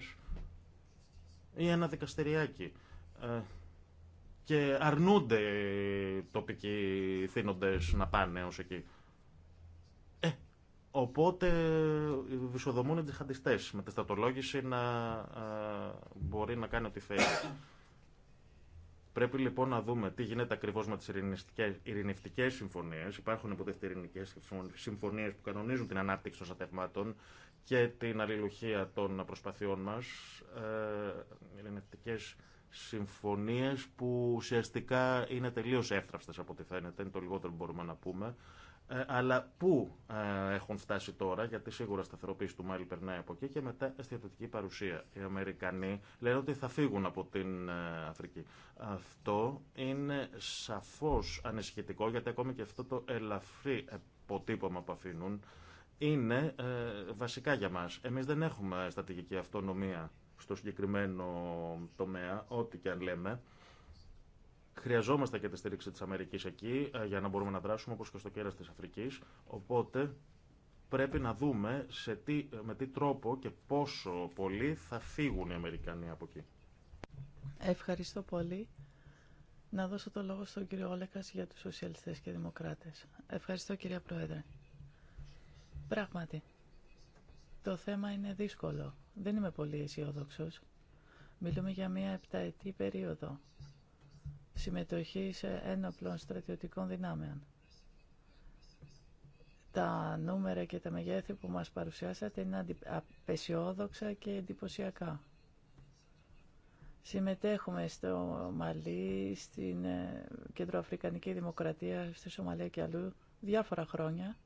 ή ένα δικαστηριάκι. Ε, και αρνούνται οι τοπικοί θύνοντες να πάνε ως εκεί. Ε, οπότε βυσοδομούν οι τζιχαντιστές με τη στρατολόγηση να ε, μπορεί να κάνει ό,τι θέλει. Πρέπει λοιπόν να δούμε τι γίνεται ακριβώ με τι ειρηνευτικέ συμφωνίε. Υπάρχουν υποτίθεται ειρηνικέ συμφωνίε που κανονίζουν την ανάπτυξη των στρατευμάτων και την αλληλουχία των προσπαθειών μα. Ε, ειρηνευτικέ συμφωνίε που ουσιαστικά είναι τελείω εύθραυστε από ό,τι φαίνεται. Είναι το λιγότερο που μπορούμε να πούμε. Ε, αλλά πού ε, έχουν φτάσει τώρα, γιατί σίγουρα σταθεροποίηση του Μάλι περνάει από εκεί και μετά αισθητοτικη παρουσία. Οι Αμερικανοί λένε ότι θα φύγουν από την ε, Αφρική. Αυτό είναι σαφώς ανησυχητικό, γιατί ακόμη και αυτό το ελαφρύ αποτύπωμα που αφήνουν είναι βασικά για μας. Εμείς δεν έχουμε στρατηγική αυτονομία στο συγκεκριμένο τομέα, ό,τι και αν λέμε. Χρειαζόμαστε και τη στήριξη της Αμερικής εκεί ε, για να μπορούμε να δράσουμε όπως και στο κέρας της Αφρικής. Οπότε πρέπει να δούμε σε τι, ε, με τι τρόπο και πόσο πολύ θα φύγουν οι Αμερικανοί από εκεί. Ευχαριστώ πολύ. Να δώσω το λόγο στον κύριο Όλεκας για τους σοσιαλιστές και δημοκράτες. Ευχαριστώ κυρία Πρόεδρε. Πράγματι, το θέμα είναι δύσκολο. Δεν είμαι πολύ αισιόδοξο. Μιλούμε για μια επταετή περίοδο. Συμμετοχή σε ένοπλων στρατιωτικών δυνάμεων. Τα νούμερα και τα μεγέθη που μας παρουσιάσατε είναι απεσιόδοξα και εντυπωσιακά. Συμμετέχουμε στο Μαλί, στην ε, Κεντροαφρικανική Δημοκρατία, στη Σομαλία και αλλού διάφορα χρόνια.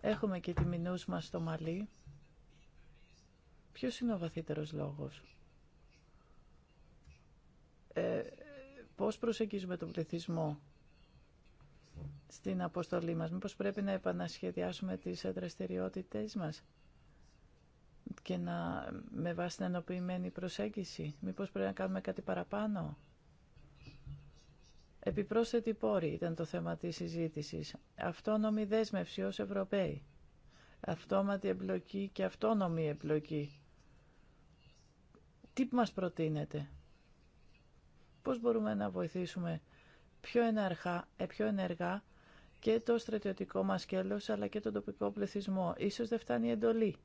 Έχουμε και τη μηνούς μας στο Μαλί. Ποιος είναι ο βαθύτερος λόγος ε, πώς προσεγγίζουμε τον πληθυσμό στην αποστολή μας. Μήπως πρέπει να επανασχεδιάσουμε τις δραστηριότητε μας και να με βάση την ενοποιημένη προσέγγιση. Μήπως πρέπει να κάνουμε κάτι παραπάνω. Επιπρόσθετη πόρη ήταν το θέμα της συζήτησης. Αυτόνομη δέσμευση ως Ευρωπαίοι. Αυτόματη εμπλοκή και αυτόνομη εμπλοκή. Τι μας προτείνεται πώς μπορούμε να βοηθήσουμε πιο, ενεργά, ε, πιο ενεργά και το στρατιωτικό μας σκέλος αλλά και τον τοπικό πληθυσμό. Ίσως δεν φτάνει η εντολή.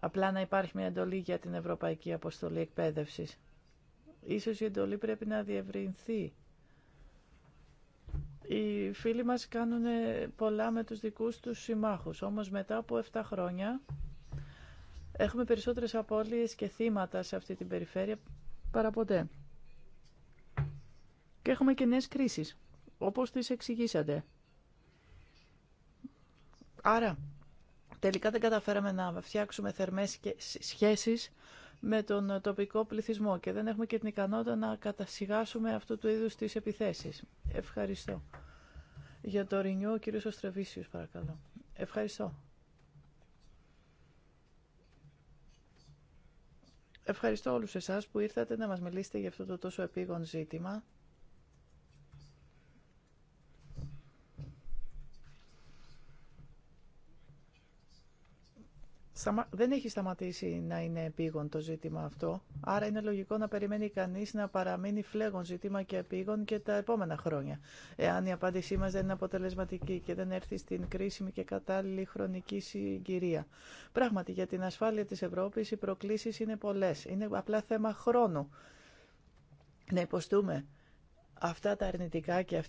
Απλά να υπάρχει μια εντολή για την Ευρωπαϊκή Αποστολή Εκπαίδευσης. Ίσως η εντολή πρέπει να διευρυνθεί. Οι φίλοι μας κάνουν ε, πολλά με τους δικούς τους συμμάχους, όμως μετά από 7 χρόνια έχουμε περισσότερες απώλειες και θύματα σε αυτή την περιφέρεια παρά ποτέ. Και έχουμε και νέες κρίσεις, όπως τις εξηγήσατε. Άρα, τελικά δεν καταφέραμε να φτιάξουμε θερμές σχέσεις με τον τοπικό πληθυσμό και δεν έχουμε και την ικανότητα να κατασυγάσουμε αυτού του είδους τις επιθέσεις. Ευχαριστώ. Για το ΡΙΝΙΟ, ο κύριος Οστρεβίσιος, παρακαλώ. Ευχαριστώ. Ευχαριστώ όλους εσάς που ήρθατε να μας μιλήσετε για αυτό το τόσο επίγον ζήτημα. Δεν έχει σταματήσει να είναι επίγον το ζήτημα αυτό, άρα είναι λογικό να περιμένει κανεί να παραμείνει φλέγον ζήτημα και επίγον και τα επόμενα χρόνια. Εάν η απάντησή μα δεν είναι αποτελεσματική και δεν έρθει στην κρίσιμη και κατάλληλη χρονική συγκυρία. Πράγματι, για την ασφάλεια τη Ευρώπη οι προκλήσει είναι πολλέ. Είναι απλά θέμα χρόνου να υποστούμε αυτά τα αρνητικά και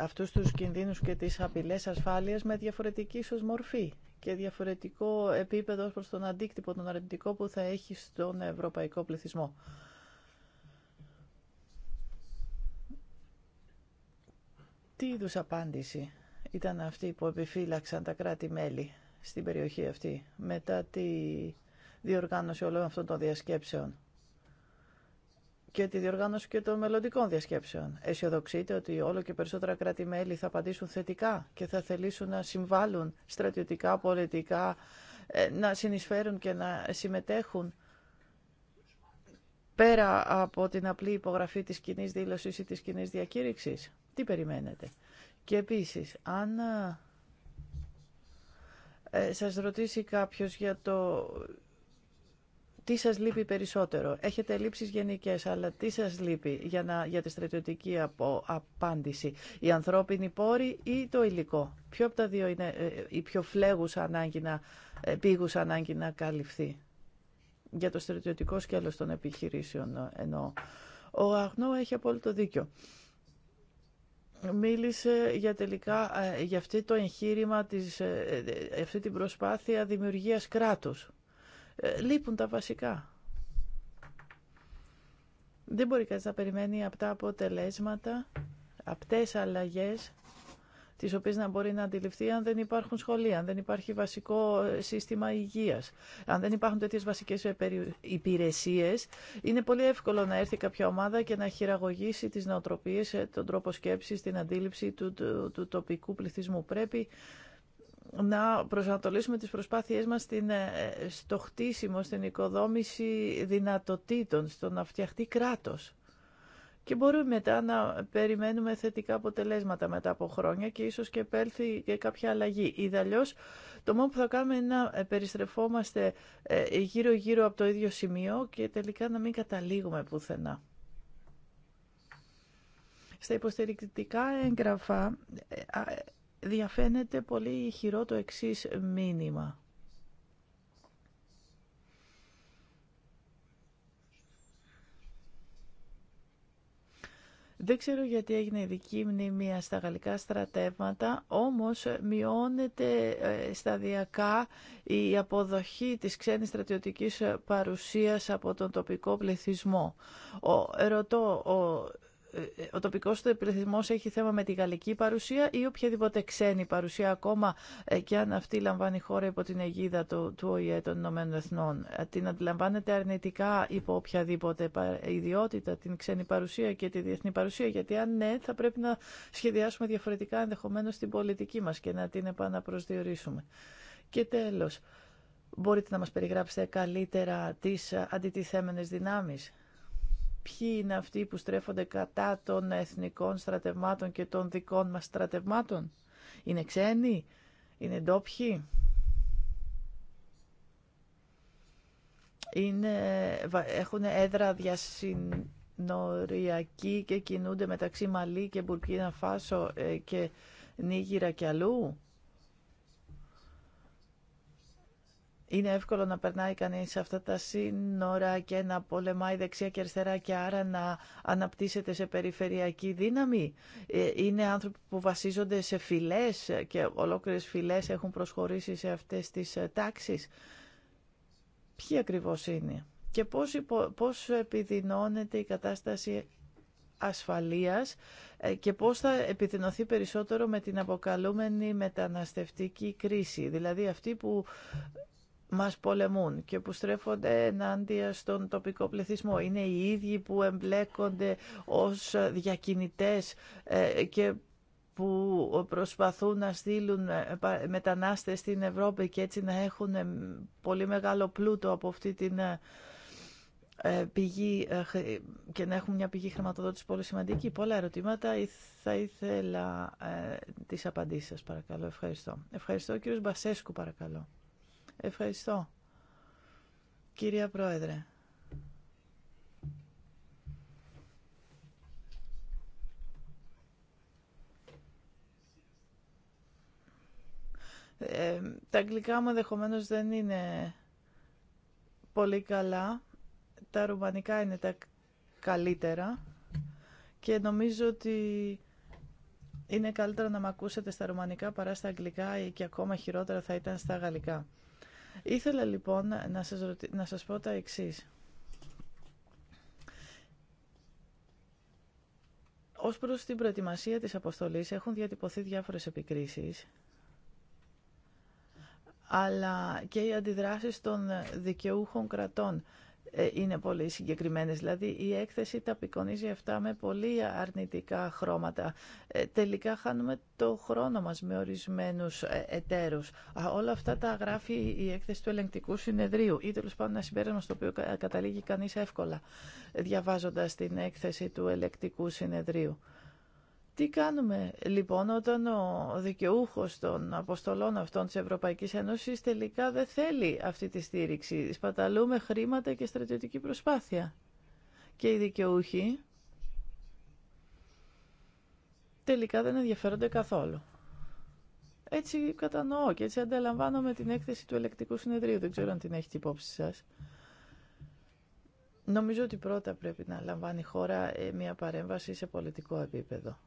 αυτούς τους κινδύνους και τις απειλές ασφάλειας με διαφορετική ίσως μορφή και διαφορετικό επίπεδο προς τον αντίκτυπο, τον αρνητικό που θα έχει στον ευρωπαϊκό πληθυσμό. Τι είδου απάντηση ήταν αυτή που επιφύλαξαν τα κράτη-μέλη στην περιοχή αυτή μετά τη διοργάνωση όλων αυτών των διασκέψεων και τη διοργάνωση και των μελλοντικών διασκέψεων. Αισιοδοξείτε ότι όλο και περισσότερα κράτη-μέλη θα απαντήσουν θετικά και θα θελήσουν να συμβάλλουν στρατιωτικά, πολιτικά, ε, να συνεισφέρουν και να συμμετέχουν πέρα από την απλή υπογραφή της κοινή δήλωσης ή της κοινή διακήρυξης. Τι περιμένετε. Και επίσης, αν ε, ε, σας ρωτήσει κάποιος για το τι σας λείπει περισσότερο. Έχετε λήψεις γενικές, αλλά τι σας λείπει για, τη στρατιωτική απο, απάντηση. Η ανθρώπινη πόρη ή το υλικό. Ποιο από τα δύο είναι ε, η πιο φλέγουσα ανάγκη να, ε, ανάγκη να καλυφθεί. Για το στρατιωτικό σκέλος των επιχειρήσεων ε, ενώ. Ο Αγνώ έχει απόλυτο δίκιο μίλησε για τελικά για αυτή το εγχείρημα, της, αυτή την προσπάθεια δημιουργίας κράτους. Ε, λείπουν τα βασικά. Δεν μπορεί κανείς να περιμένει από τα αποτελέσματα, τις αλλαγές, τις οποίες να μπορεί να αντιληφθεί αν δεν υπάρχουν σχολεία, αν δεν υπάρχει βασικό ε, σύστημα υγείας, αν δεν υπάρχουν τέτοιες βασικές ε, υπηρεσίες, είναι πολύ εύκολο να έρθει κάποια ομάδα και να χειραγωγήσει τις νοοτροπίες, τον τρόπο σκέψης, την αντίληψη του, του τοπικού πληθυσμού. Πρέπει να προσανατολίσουμε τις προσπάθειές μας στην, ε, στο χτίσιμο, στην οικοδόμηση δυνατοτήτων, στο να φτιαχτεί κράτος. Και μπορούμε μετά να περιμένουμε θετικά αποτελέσματα μετά από χρόνια και ίσως και επέλθει και κάποια αλλαγή. αλλιώς, το μόνο που θα κάνουμε είναι να ε, περιστρεφόμαστε ε, γύρω-γύρω από το ίδιο σημείο και τελικά να μην καταλήγουμε πουθενά. Στα υποστηρικτικά έγγραφα διαφαίνεται πολύ χειρό το εξής μήνυμα. Δεν ξέρω γιατί έγινε ειδική μνημεία στα γαλλικά στρατεύματα, όμως μειώνεται ε, σταδιακά η αποδοχή της ξένης στρατιωτικής παρουσίας από τον τοπικό πληθυσμό. Ο, ρωτώ, ο ο τοπικό του πληθυσμός έχει θέμα με τη γαλλική παρουσία ή οποιαδήποτε ξένη παρουσία ακόμα ε, και αν αυτή λαμβάνει χώρα υπό την αιγίδα του, του ΟΗΕ των Ηνωμένων Εθνών. Ε, την αντιλαμβάνεται αρνητικά υπό οποιαδήποτε ιδιότητα, την ξένη παρουσία και τη διεθνή παρουσία, γιατί αν ναι θα πρέπει να σχεδιάσουμε διαφορετικά ενδεχομένω την πολιτική μα και να την επαναπροσδιορίσουμε. Και τέλο, μπορείτε να μας περιγράψετε καλύτερα τις ε, αντιτιθέμενες δυνάμεις ποιοι είναι αυτοί που στρέφονται κατά των εθνικών στρατευμάτων και των δικών μας στρατευμάτων. Είναι ξένοι, είναι ντόπιοι. Είναι, έχουν έδρα διασυνοριακή και κινούνται μεταξύ Μαλή και Μπουρκίνα Φάσο ε, και Νίγηρα και αλλού. είναι εύκολο να περνάει κανείς σε αυτά τα σύνορα και να πολεμάει δεξιά και αριστερά και άρα να αναπτύσσεται σε περιφερειακή δύναμη. Ε, είναι άνθρωποι που βασίζονται σε φυλές και ολόκληρες φυλές έχουν προσχωρήσει σε αυτές τις ε, τάξεις. Ποιοι ακριβώς είναι και πώς, επιδεινώνεται η κατάσταση ασφαλείας ε, και πώς θα επιδεινωθεί περισσότερο με την αποκαλούμενη μεταναστευτική κρίση. Δηλαδή αυτοί που μας πολεμούν και που στρέφονται ενάντια στον τοπικό πληθυσμό. Είναι οι ίδιοι που εμπλέκονται ως διακινητές ε, και που προσπαθούν να στείλουν ε, μετανάστες στην Ευρώπη και έτσι να έχουν ε, πολύ μεγάλο πλούτο από αυτή την πηγή και να έχουν μια πηγή χρηματοδότηση πολύ σημαντική. Πολλά ερωτήματα. Θα ήθελα τις απαντήσεις σας παρακαλώ. Ευχαριστώ. Ευχαριστώ. Ο κύριος Μπασέσκου παρακαλώ. Ευχαριστώ. Κυρία Πρόεδρε. Ε, τα αγγλικά μου ενδεχομένω δεν είναι πολύ καλά. Τα ρουμανικά είναι τα καλύτερα. Και νομίζω ότι είναι καλύτερα να με ακούσετε στα ρουμανικά παρά στα αγγλικά ή και ακόμα χειρότερα θα ήταν στα γαλλικά. Ήθελα λοιπόν να σας, να σας πω τα εξής. Ως προς την προετοιμασία της αποστολής έχουν διατυπωθεί διάφορες επικρίσεις αλλά και οι αντιδράσεις των δικαιούχων κρατών είναι πολύ συγκεκριμένες. Δηλαδή η έκθεση τα απεικονίζει αυτά με πολύ αρνητικά χρώματα. Ε, τελικά χάνουμε το χρόνο μας με ορισμένους ε, εταίρους. όλα αυτά τα γράφει η έκθεση του ελεγκτικού συνεδρίου ή τέλο πάντων ένα συμπέρασμα στο οποίο καταλήγει κανείς εύκολα ε, διαβάζοντας την έκθεση του ελεγκτικού συνεδρίου. Τι κάνουμε λοιπόν όταν ο δικαιούχος των αποστολών αυτών της Ευρωπαϊκής Ένωσης τελικά δεν θέλει αυτή τη στήριξη. Σπαταλούμε χρήματα και στρατιωτική προσπάθεια. Και οι δικαιούχοι τελικά δεν ενδιαφέρονται καθόλου. Έτσι κατανοώ και έτσι ανταλαμβάνομαι την έκθεση του ελεκτικού συνεδρίου. Δεν ξέρω αν την έχετε υπόψη σας. Νομίζω ότι πρώτα πρέπει να λαμβάνει η χώρα ε, μια παρέμβαση σε πολιτικό επίπεδο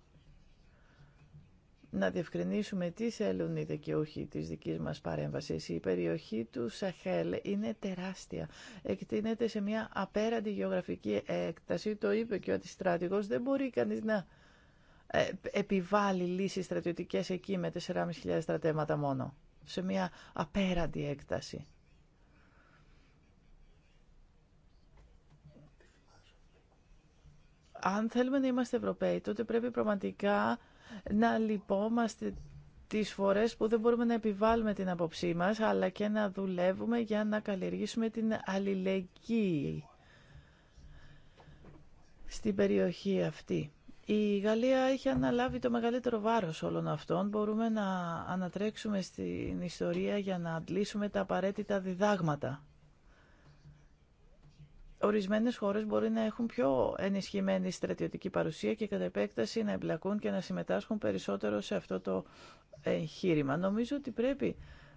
να διευκρινίσουμε τι θέλουν οι δικαιούχοι της δικής μας παρέμβασης. Η περιοχή του Σαχέλ είναι τεράστια. Εκτείνεται σε μια απέραντη γεωγραφική έκταση. Το είπε και ο αντιστράτηγος. Δεν μπορεί κανείς να ε, επιβάλλει λύσεις στρατιωτικές εκεί με 4.500 στρατέματα μόνο. Σε μια απέραντη έκταση. Αν θέλουμε να είμαστε Ευρωπαίοι, τότε πρέπει πραγματικά να λυπόμαστε τις φορές που δεν μπορούμε να επιβάλλουμε την απόψή μας, αλλά και να δουλεύουμε για να καλλιεργήσουμε την αλληλεγγύη στην περιοχή αυτή. Η Γαλλία έχει αναλάβει το μεγαλύτερο βάρος όλων αυτών. Μπορούμε να ανατρέξουμε στην ιστορία για να αντλήσουμε τα απαραίτητα διδάγματα Ορισμένες χώρες μπορεί να έχουν πιο ενισχυμένη στρατιωτική παρουσία και κατά επέκταση να εμπλακούν και να συμμετάσχουν περισσότερο σε αυτό το εγχείρημα. Νομίζω ότι πρέπει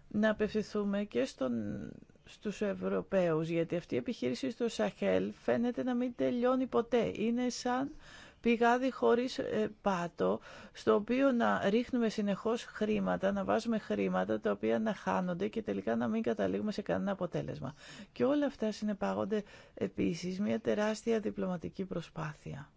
να απευθυνθούμε και στον, στους Ευρωπαίους, γιατί αυτή η επιχείρηση στο Σαχέλ φαίνεται να μην τελειώνει ποτέ. Είναι σαν πηγάδι χωρίς ε, πάτο, στο οποίο να ρίχνουμε συνεχώς χρήματα, να βάζουμε χρήματα τα οποία να χάνονται και τελικά να μην καταλήγουμε σε κανένα αποτέλεσμα. Και όλα αυτά συνεπάγονται επίσης μια τεράστια διπλωματική προσπάθεια.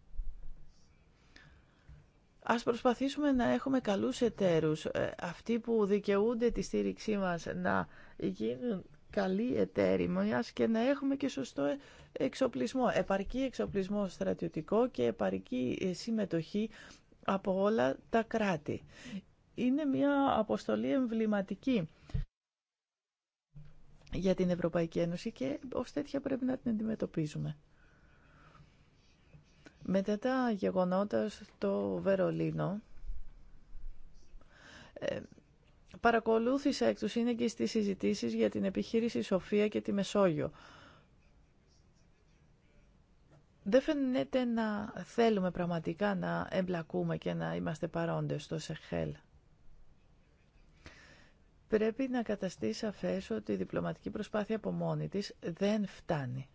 Ας προσπαθήσουμε να έχουμε καλούς εταίρους, ε, αυτοί που δικαιούνται τη στήριξή μας να γίνουν καλή εταίρημο, μας και να έχουμε και σωστό εξοπλισμό, επαρκή εξοπλισμό στρατιωτικό και επαρκή ε, συμμετοχή από όλα τα κράτη. Είναι μια αποστολή εμβληματική για την Ευρωπαϊκή Ένωση και ως τέτοια πρέπει να την αντιμετωπίζουμε. Μετά τα γεγονότα στο Βερολίνο, ε, Παρακολούθησα εκ του σύνεγγυς τις συζητήσεις για την επιχείρηση Σοφία και τη Μεσόγειο. Δεν φαίνεται να θέλουμε πραγματικά να εμπλακούμε και να είμαστε παρόντες στο ΣΕΧΕΛ. Πρέπει να καταστεί σαφές ότι η διπλωματική προσπάθεια από μόνη της δεν φτάνει.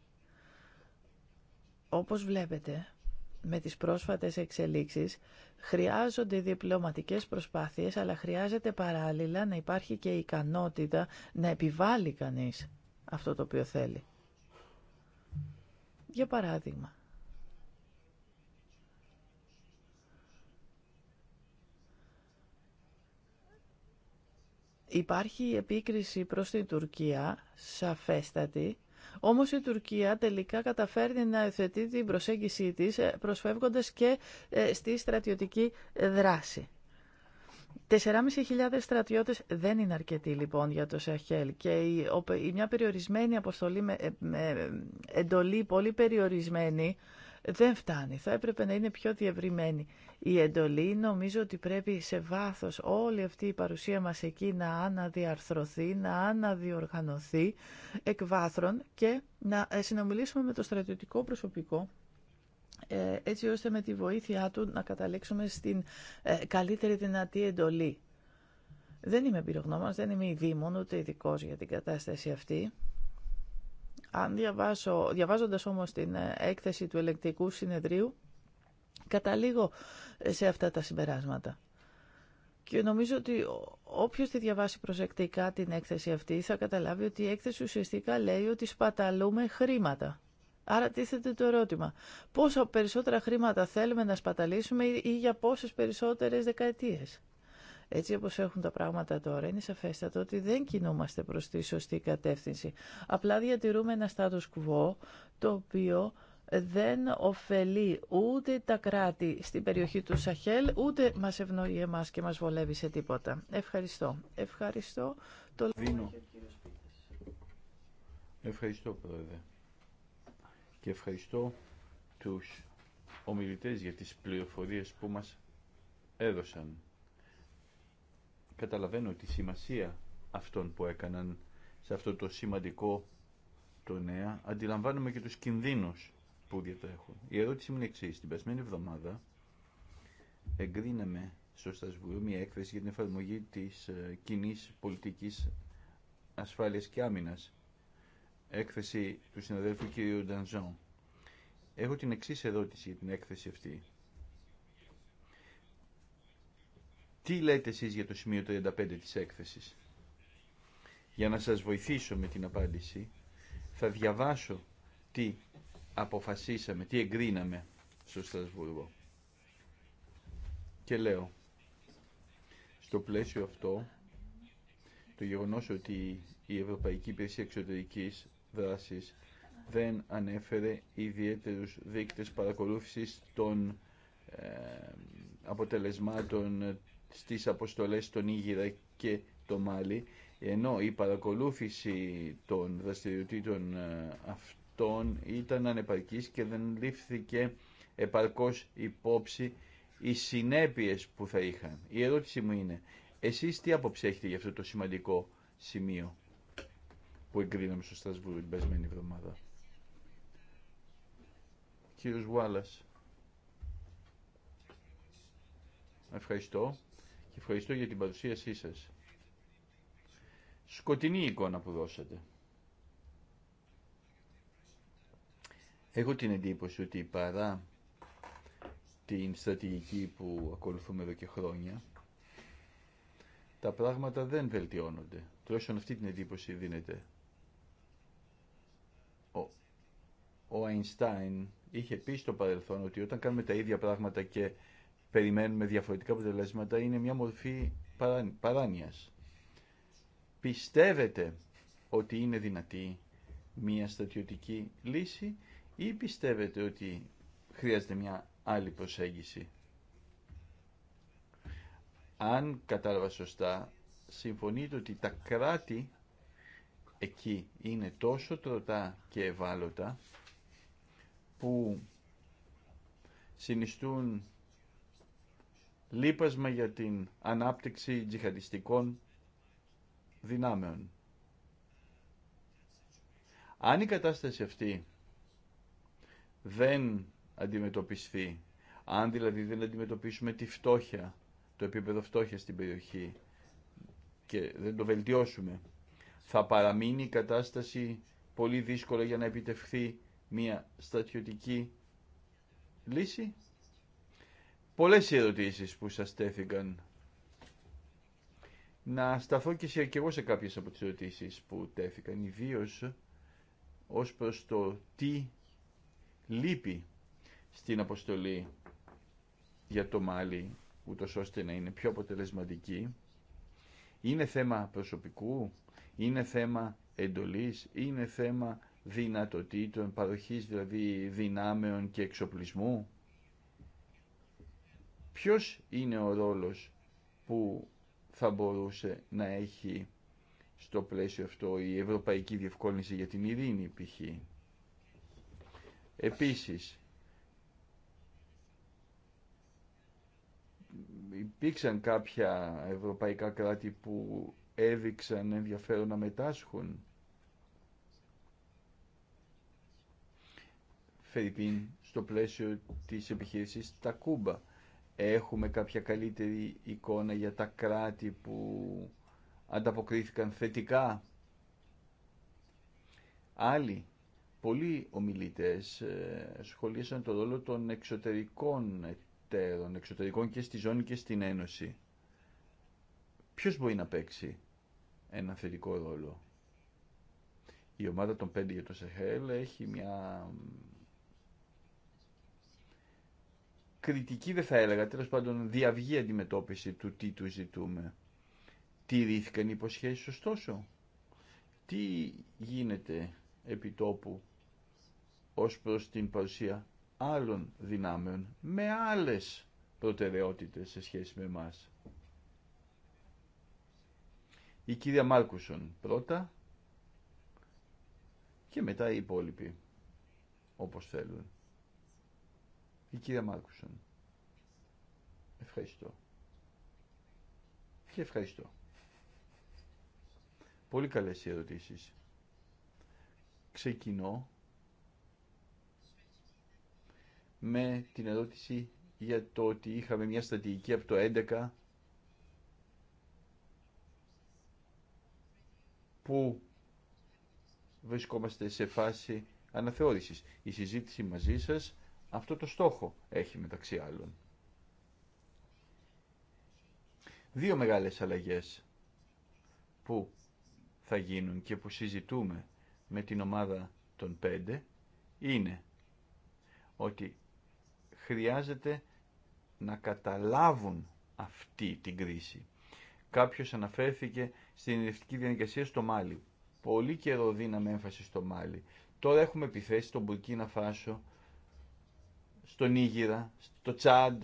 Όπως βλέπετε, με τις πρόσφατες εξελίξεις χρειάζονται διπλωματικές προσπάθειες αλλά χρειάζεται παράλληλα να υπάρχει και η ικανότητα να επιβάλλει κανείς αυτό το οποίο θέλει. Για παράδειγμα, υπάρχει επίκριση προς την Τουρκία σαφέστατη όμως η Τουρκία τελικά καταφέρνει να υιοθετεί την προσέγγιση της ε, προσφεύγοντα και ε, στη στρατιωτική δράση. 4.500 στρατιώτες δεν είναι αρκετοί λοιπόν για το Σαχέλ και η, μια περιορισμένη αποστολή με ε, εντολή πολύ περιορισμένη δεν φτάνει. Θα έπρεπε να είναι πιο διευρυμένη η εντολή. Νομίζω ότι πρέπει σε βάθος όλη αυτή η παρουσία μας εκεί να αναδιαρθρωθεί, να αναδιοργανωθεί εκ βάθρων και να ε, συνομιλήσουμε με το στρατιωτικό προσωπικό ε, έτσι ώστε με τη βοήθειά του να καταλήξουμε στην ε, καλύτερη δυνατή εντολή. Δεν είμαι εμπειρογνώμας, δεν είμαι ειδήμων ούτε ειδικό για την κατάσταση αυτή. Αν διαβάζω, διαβάζοντας όμως την ε, έκθεση του ελεκτικού συνεδρίου, καταλήγω ε, σε αυτά τα συμπεράσματα. Και νομίζω ότι όποιος τη διαβάσει προσεκτικά την έκθεση αυτή θα καταλάβει ότι η έκθεση ουσιαστικά λέει ότι σπαταλούμε χρήματα. Άρα τίθεται το ερώτημα, πόσα περισσότερα χρήματα θέλουμε να σπαταλήσουμε ή για πόσες περισσότερες δεκαετίες. Έτσι όπως έχουν τα πράγματα τώρα, είναι σαφέστατο ότι δεν κινούμαστε προς τη σωστή κατεύθυνση. Απλά διατηρούμε ένα status quo, το οποίο δεν ωφελεί ούτε τα κράτη στην περιοχή του Σαχέλ, ούτε μας ευνοεί εμάς και μας βολεύει σε τίποτα. Ευχαριστώ. Ευχαριστώ. Το... Δίνω. Ευχαριστώ, Πρόεδρε. Και ευχαριστώ τους ομιλητές για τις πληροφορίες που μας έδωσαν καταλαβαίνω τη σημασία αυτών που έκαναν σε αυτό το σημαντικό τομέα, αντιλαμβάνομαι και τους κινδύνους που διατρέχουν. Η ερώτηση μου είναι εξή. Την περσμένη εβδομάδα εγκρίναμε στο Στασβούργο μια έκθεση για την εφαρμογή της ε, κοινή πολιτικής ασφάλειας και άμυνας. Έκθεση του συναδέλφου κ. Ντανζόν. Έχω την εξή ερώτηση για την έκθεση αυτή. Τι λέτε εσείς για το σημείο 35 της έκθεσης. Για να σας βοηθήσω με την απάντηση, θα διαβάσω τι αποφασίσαμε, τι εγκρίναμε στο Στρασβούργο. Και λέω, στο πλαίσιο αυτό, το γεγονός ότι η Ευρωπαϊκή Υπηρεσία Εξωτερικής Δράσης δεν ανέφερε ιδιαίτερους δείκτες παρακολούθησης των ε, αποτελεσμάτων στις αποστολές στον Ήγηρα και το Μάλι, ενώ η παρακολούθηση των δραστηριοτήτων ε, αυτών ήταν ανεπαρκής και δεν λήφθηκε επαρκώς υπόψη οι συνέπειες που θα είχαν. Η ερώτηση μου είναι, εσείς τι άποψη έχετε για αυτό το σημαντικό σημείο που εγκρίναμε στο Στρασβούργο την περσμένη εβδομάδα. Κύριος Γουάλλας. Ευχαριστώ. Ευχαριστώ για την παρουσίασή σας. Σκοτεινή εικόνα που δώσατε. Έχω την εντύπωση ότι παρά την στρατηγική που ακολουθούμε εδώ και χρόνια, τα πράγματα δεν βελτιώνονται. Τουλάχιστον αυτή την εντύπωση δίνεται. Ο, Αϊνστάιν είχε πει στο παρελθόν ότι όταν κάνουμε τα ίδια πράγματα και περιμένουμε διαφορετικά αποτελέσματα είναι μια μορφή παράνοιας. Πιστεύετε ότι είναι δυνατή μια στρατιωτική λύση ή πιστεύετε ότι χρειάζεται μια άλλη προσέγγιση. Αν κατάλαβα σωστά, συμφωνείτε ότι τα κράτη εκεί είναι τόσο τροτά και ευάλωτα που συνιστούν λείπασμα για την ανάπτυξη τζιχαντιστικών δυνάμεων. Αν η κατάσταση αυτή δεν αντιμετωπιστεί, αν δηλαδή δεν αντιμετωπίσουμε τη φτώχεια, το επίπεδο φτώχεια στην περιοχή και δεν το βελτιώσουμε, θα παραμείνει η κατάσταση πολύ δύσκολα για να επιτευχθεί μια στρατιωτική λύση. Πολλές οι ερωτήσεις που σας τέθηκαν. Να σταθώ και, εγώ σε κάποιες από τις ερωτήσεις που τέθηκαν, ιδίω ως προς το τι λείπει στην αποστολή για το Μάλι, ούτω ώστε να είναι πιο αποτελεσματική. Είναι θέμα προσωπικού, είναι θέμα εντολής, είναι θέμα δυνατοτήτων, παροχής δηλαδή δυνάμεων και εξοπλισμού ποιος είναι ο ρόλος που θα μπορούσε να έχει στο πλαίσιο αυτό η Ευρωπαϊκή Διευκόλυνση για την Ειρήνη π.χ. Επίσης, υπήρξαν κάποια ευρωπαϊκά κράτη που έδειξαν ενδιαφέρον να μετάσχουν. Φερρυπίν στο πλαίσιο της επιχείρησης Τακούμπα Έχουμε κάποια καλύτερη εικόνα για τα κράτη που ανταποκρίθηκαν θετικά. Άλλοι πολλοί ομιλητές ε, σχολίασαν το ρόλο των εξωτερικών εταίρων, εξωτερικών και στη ζώνη και στην Ένωση. Ποιος μπορεί να παίξει ένα θετικό ρόλο. Η ομάδα των 5 για το ΣΕΧΕΛ έχει μια κριτική δεν θα έλεγα, τέλο πάντων διαυγή αντιμετώπιση του τι του ζητούμε. Τηρήθηκαν οι υποσχέσεις ωστόσο. Τι γίνεται επί τόπου ως προς την παρουσία άλλων δυνάμεων με άλλες προτεραιότητες σε σχέση με εμάς. Η κυρία Μάρκουσον πρώτα και μετά οι υπόλοιποι όπως θέλουν. Η κυρία Μάρκουσον. Ευχαριστώ. Και ευχαριστώ. Πολύ καλές οι ερωτήσεις. Ξεκινώ με την ερώτηση για το ότι είχαμε μια στρατηγική από το 11 που βρισκόμαστε σε φάση αναθεώρησης. Η συζήτηση μαζί σας αυτό το στόχο έχει μεταξύ άλλων. Δύο μεγάλες αλλαγές που θα γίνουν και που συζητούμε με την ομάδα των πέντε είναι ότι χρειάζεται να καταλάβουν αυτή την κρίση. Κάποιος αναφέρθηκε στην ειρηνευτική διαδικασία στο Μάλι. Πολύ καιρό δίναμε έμφαση στο Μάλι. Τώρα έχουμε επιθέσει τον Μπουρκίνα Φάσο, στο Νίγηρα, στο Τσάντ,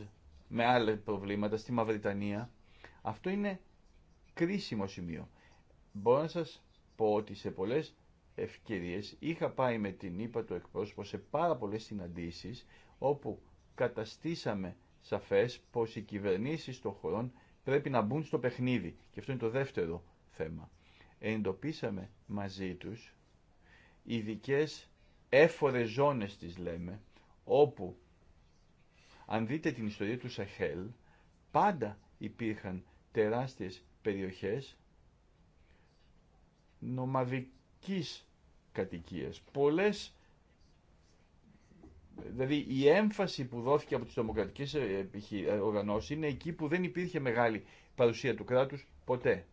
με άλλα προβλήματα, στη Μαυριτανία. Αυτό είναι κρίσιμο σημείο. Μπορώ να σας πω ότι σε πολλές ευκαιρίες είχα πάει με την ύπα του εκπρόσωπο σε πάρα πολλές συναντήσεις όπου καταστήσαμε σαφές πως οι κυβερνήσεις των χωρών πρέπει να μπουν στο παιχνίδι. Και αυτό είναι το δεύτερο θέμα. Εντοπίσαμε μαζί τους ειδικέ έφορες ζώνες τις λέμε, όπου αν δείτε την ιστορία του Σαχέλ, πάντα υπήρχαν τεράστιες περιοχές νομαδικής κατοικίας. Πολλές, δηλαδή η έμφαση που δόθηκε από τις δημοκρατικές οργανώσεις είναι εκεί που δεν υπήρχε μεγάλη παρουσία του κράτους ποτέ.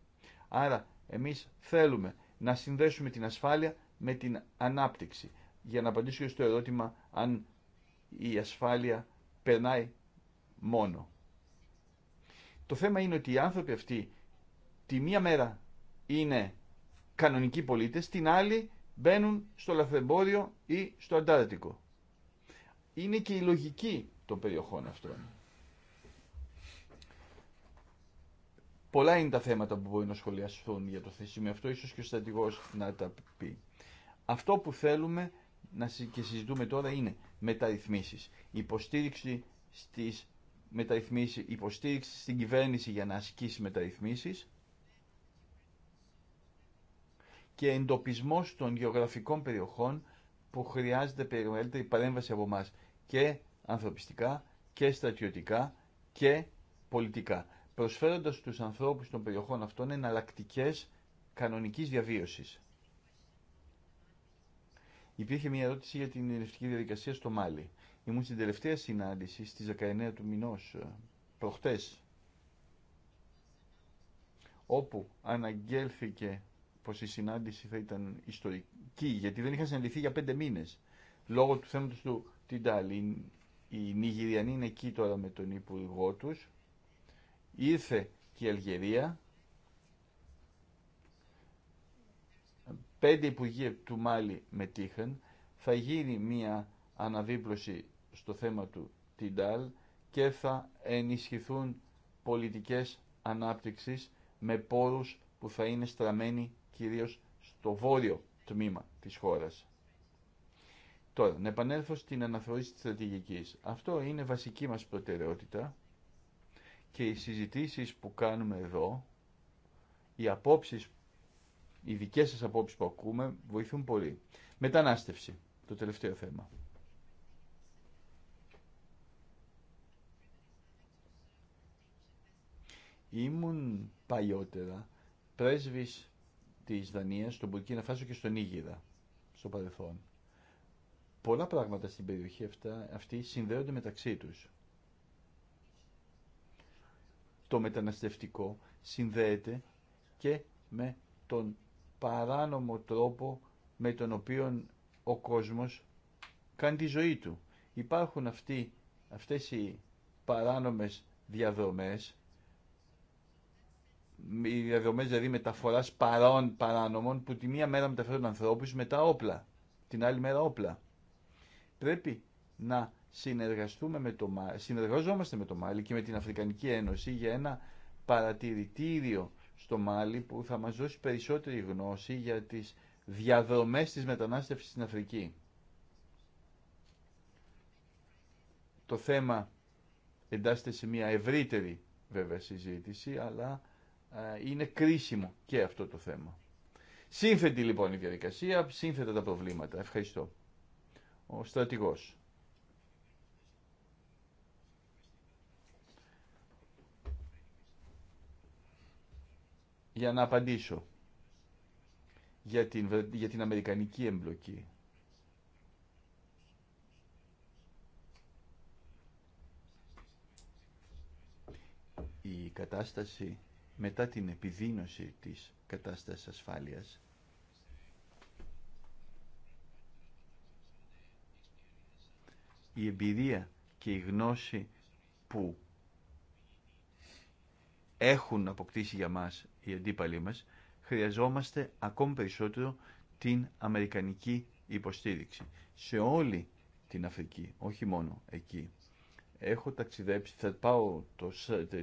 Άρα εμείς θέλουμε να συνδέσουμε την ασφάλεια με την ανάπτυξη. Για να απαντήσω στο ερώτημα αν η ασφάλεια περνάει μόνο. Το θέμα είναι ότι οι άνθρωποι αυτοί τη μία μέρα είναι κανονικοί πολίτες, την άλλη μπαίνουν στο λαθρεμπόριο ή στο αντάρτικο. Είναι και η λογική των περιοχών αυτών. Πολλά είναι τα θέματα που μπορεί να σχολιαστούν για το θέσιμο. αυτό, ίσως και ο στρατηγός να τα πει. Αυτό που θέλουμε να και συζητούμε τώρα είναι μεταρρυθμίσεις. Υποστήριξη στις μεταρρυθμίσεις, υποστήριξη στην κυβέρνηση για να ασκήσει μεταρρυθμίσεις και εντοπισμός των γεωγραφικών περιοχών που χρειάζεται η παρέμβαση από μας και ανθρωπιστικά και στρατιωτικά και πολιτικά, προσφέροντας στους ανθρώπους των περιοχών αυτών εναλλακτικέ κανονικής διαβίωσης. Υπήρχε μια ερώτηση για την ελευθερική διαδικασία στο Μάλι. Ήμουν στην τελευταία συνάντηση στις 19 του μηνός, ε, προχτές, όπου αναγγέλθηκε πως η συνάντηση θα ήταν ιστορική, γιατί δεν είχαν συναντηθεί για πέντε μήνες, λόγω του θέματος του Τιντάλη. Οι Νιγηριανοί είναι εκεί τώρα με τον Υπουργό τους. Ήρθε και η Αλγερία, πέντε υπουργοί του Μάλι μετήχαν, θα γίνει μια αναδίπλωση στο θέμα του Τιντάλ και θα ενισχυθούν πολιτικές ανάπτυξης με πόρους που θα είναι στραμμένοι κυρίως στο βόρειο τμήμα της χώρας. Τώρα, να επανέλθω στην αναθεώρηση της στρατηγικής. Αυτό είναι βασική μας προτεραιότητα και οι συζητήσεις που κάνουμε εδώ, οι απόψεις οι δικές σας απόψεις που ακούμε βοηθούν πολύ. Μετανάστευση, το τελευταίο θέμα. Ήμουν παλιότερα πρέσβης της Δανίας, στον Μπουρκίνα Φάσο και στον Ήγηρα, στο παρελθόν. Πολλά πράγματα στην περιοχή αυτά, αυτή συνδέονται μεταξύ τους. Το μεταναστευτικό συνδέεται και με τον παράνομο τρόπο με τον οποίο ο κόσμος κάνει τη ζωή του. Υπάρχουν αυτοί, αυτές οι παράνομες διαδρομές, οι διαδρομές δηλαδή μεταφοράς παρών παράνομων που τη μία μέρα μεταφέρουν ανθρώπους τα όπλα, την άλλη μέρα όπλα. Πρέπει να συνεργαστούμε με το, συνεργαζόμαστε με το Μάλι και με την Αφρικανική Ένωση για ένα παρατηρητήριο στο Μάλι που θα μας δώσει περισσότερη γνώση για τις διαδρομές της μετανάστευσης στην Αφρική. Το θέμα εντάσσεται σε μια ευρύτερη βέβαια συζήτηση, αλλά ε, είναι κρίσιμο και αυτό το θέμα. Σύνθετη λοιπόν η διαδικασία, σύνθετα τα προβλήματα. Ευχαριστώ. Ο στρατηγός. για να απαντήσω για την, για Αμερικανική εμπλοκή. Η κατάσταση μετά την επιδείνωση της κατάστασης ασφάλειας η εμπειρία και η γνώση που έχουν αποκτήσει για μας οι αντίπαλοι μας, χρειαζόμαστε ακόμη περισσότερο την αμερικανική υποστήριξη. Σε όλη την Αφρική, όχι μόνο εκεί. Έχω ταξιδέψει, θα πάω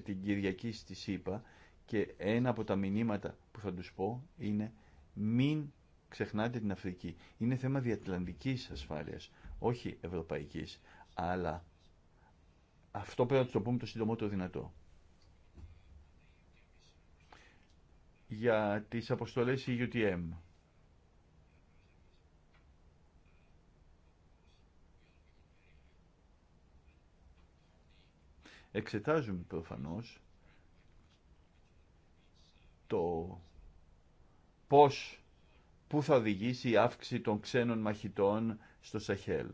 την Κυριακή στη ΣΥΠΑ και ένα από τα μηνύματα που θα τους πω είναι μην ξεχνάτε την Αφρική. Είναι θέμα διατλαντικής ασφάλειας, όχι ευρωπαϊκής, αλλά αυτό πρέπει να το πούμε το συντομότερο δυνατό. για τις αποστολές e UTM. Εξετάζουμε προφανώς το πώς, πού θα οδηγήσει η αύξηση των ξένων μαχητών στο Σαχέλ.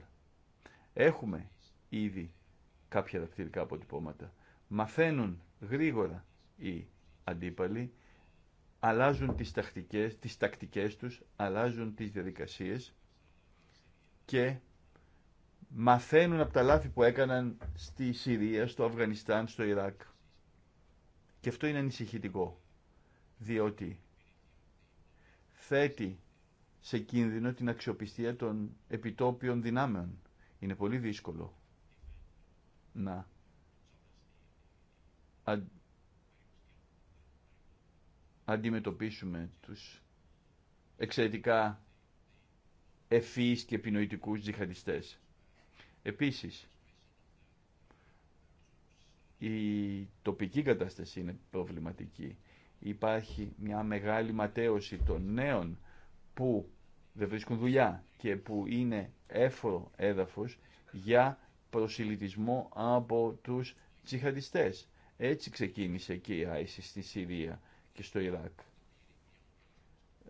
Έχουμε ήδη κάποια δακτυλικά αποτυπώματα. Μαθαίνουν γρήγορα οι αντίπαλοι αλλάζουν τις τακτικές, τις τακτικές τους, αλλάζουν τις διαδικασίες και μαθαίνουν από τα λάθη που έκαναν στη Συρία, στο Αφγανιστάν, στο Ιράκ. Και αυτό είναι ανησυχητικό, διότι θέτει σε κίνδυνο την αξιοπιστία των επιτόπιων δυνάμεων. Είναι πολύ δύσκολο να αντιμετωπίσουμε τους εξαιρετικά ευφύης και επινοητικούς τζιχαντιστές. Επίσης, η τοπική κατάσταση είναι προβληματική. Υπάρχει μια μεγάλη ματέωση των νέων που δεν βρίσκουν δουλειά και που είναι έφορο έδαφος για προσιλητισμό από τους τσιχαντιστές. Έτσι ξεκίνησε και η ISIS στη Συρία και στο Ιράκ.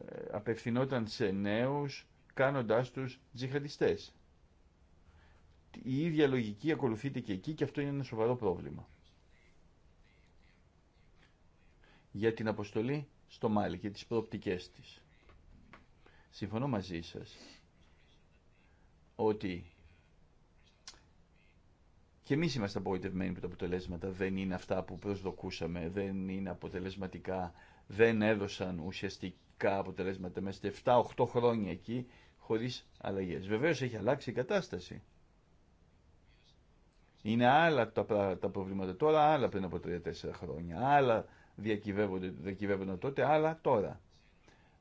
Ε, απευθυνόταν σε νέους κάνοντάς τους τζιχαντιστές. Η ίδια λογική ακολουθείται και εκεί και αυτό είναι ένα σοβαρό πρόβλημα. Για την αποστολή στο Μάλι και τις προοπτικές της. Συμφωνώ μαζί σας ότι και εμεί είμαστε απογοητευμένοι που τα αποτελέσματα δεν είναι αυτά που προσδοκούσαμε, δεν είναι αποτελεσματικά, δεν έδωσαν ουσιαστικά αποτελέσματα μέσα σε 7-8 χρόνια εκεί χωρίς αλλαγές. Βεβαίω έχει αλλάξει η κατάσταση. Είναι άλλα τα, τα προβλήματα τώρα, άλλα πριν από 3-4 χρόνια. Άλλα διακυβεύονται τότε, άλλα τώρα.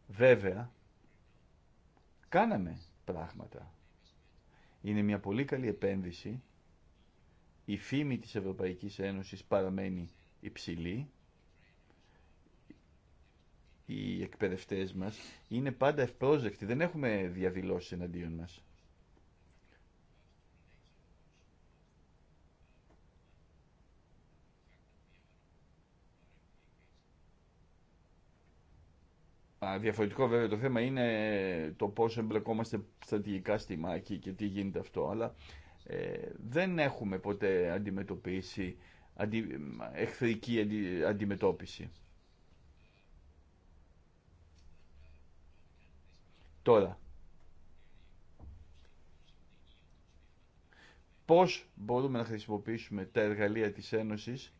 Βέβαια, κάναμε πράγματα. Είναι μια πολύ καλή επένδυση η φήμη της Ευρωπαϊκής Ένωσης παραμένει υψηλή. Οι εκπαιδευτές μας είναι πάντα ευπρόζεκτοι, δεν έχουμε διαδηλώσει εναντίον μας. Διαφορετικό βέβαια το θέμα είναι το πώς εμπλεκόμαστε στρατηγικά στη μάχη και τι γίνεται αυτό, αλλά ε, δεν έχουμε ποτέ αντιμετωπίσει αντι, εχθρική αντιμετώπιση. Τώρα, πώς μπορούμε να χρησιμοποιήσουμε τα εργαλεία της Ένωσης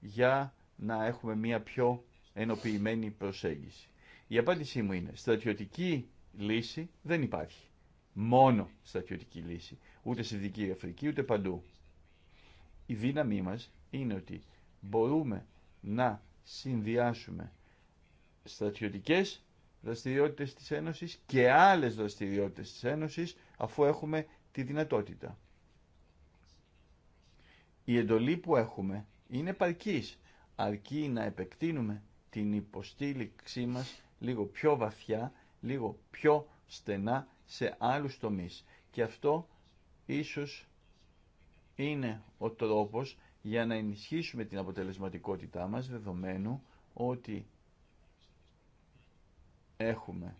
για να έχουμε μια πιο ενοποιημένη προσέγγιση. Η απάντησή μου είναι στρατιωτική λύση δεν υπάρχει μόνο στρατιωτική λύση. Ούτε στη δική Αφρική, ούτε παντού. Η δύναμή μας είναι ότι μπορούμε να συνδυάσουμε στρατιωτικές δραστηριότητες της Ένωσης και άλλες δραστηριότητες της Ένωσης αφού έχουμε τη δυνατότητα. Η εντολή που έχουμε είναι παρκής, αρκεί να επεκτείνουμε την υποστήριξή μας λίγο πιο βαθιά, λίγο πιο στενά σε άλλους τομείς. Και αυτό ίσως είναι ο τρόπος για να ενισχύσουμε την αποτελεσματικότητά μας δεδομένου ότι έχουμε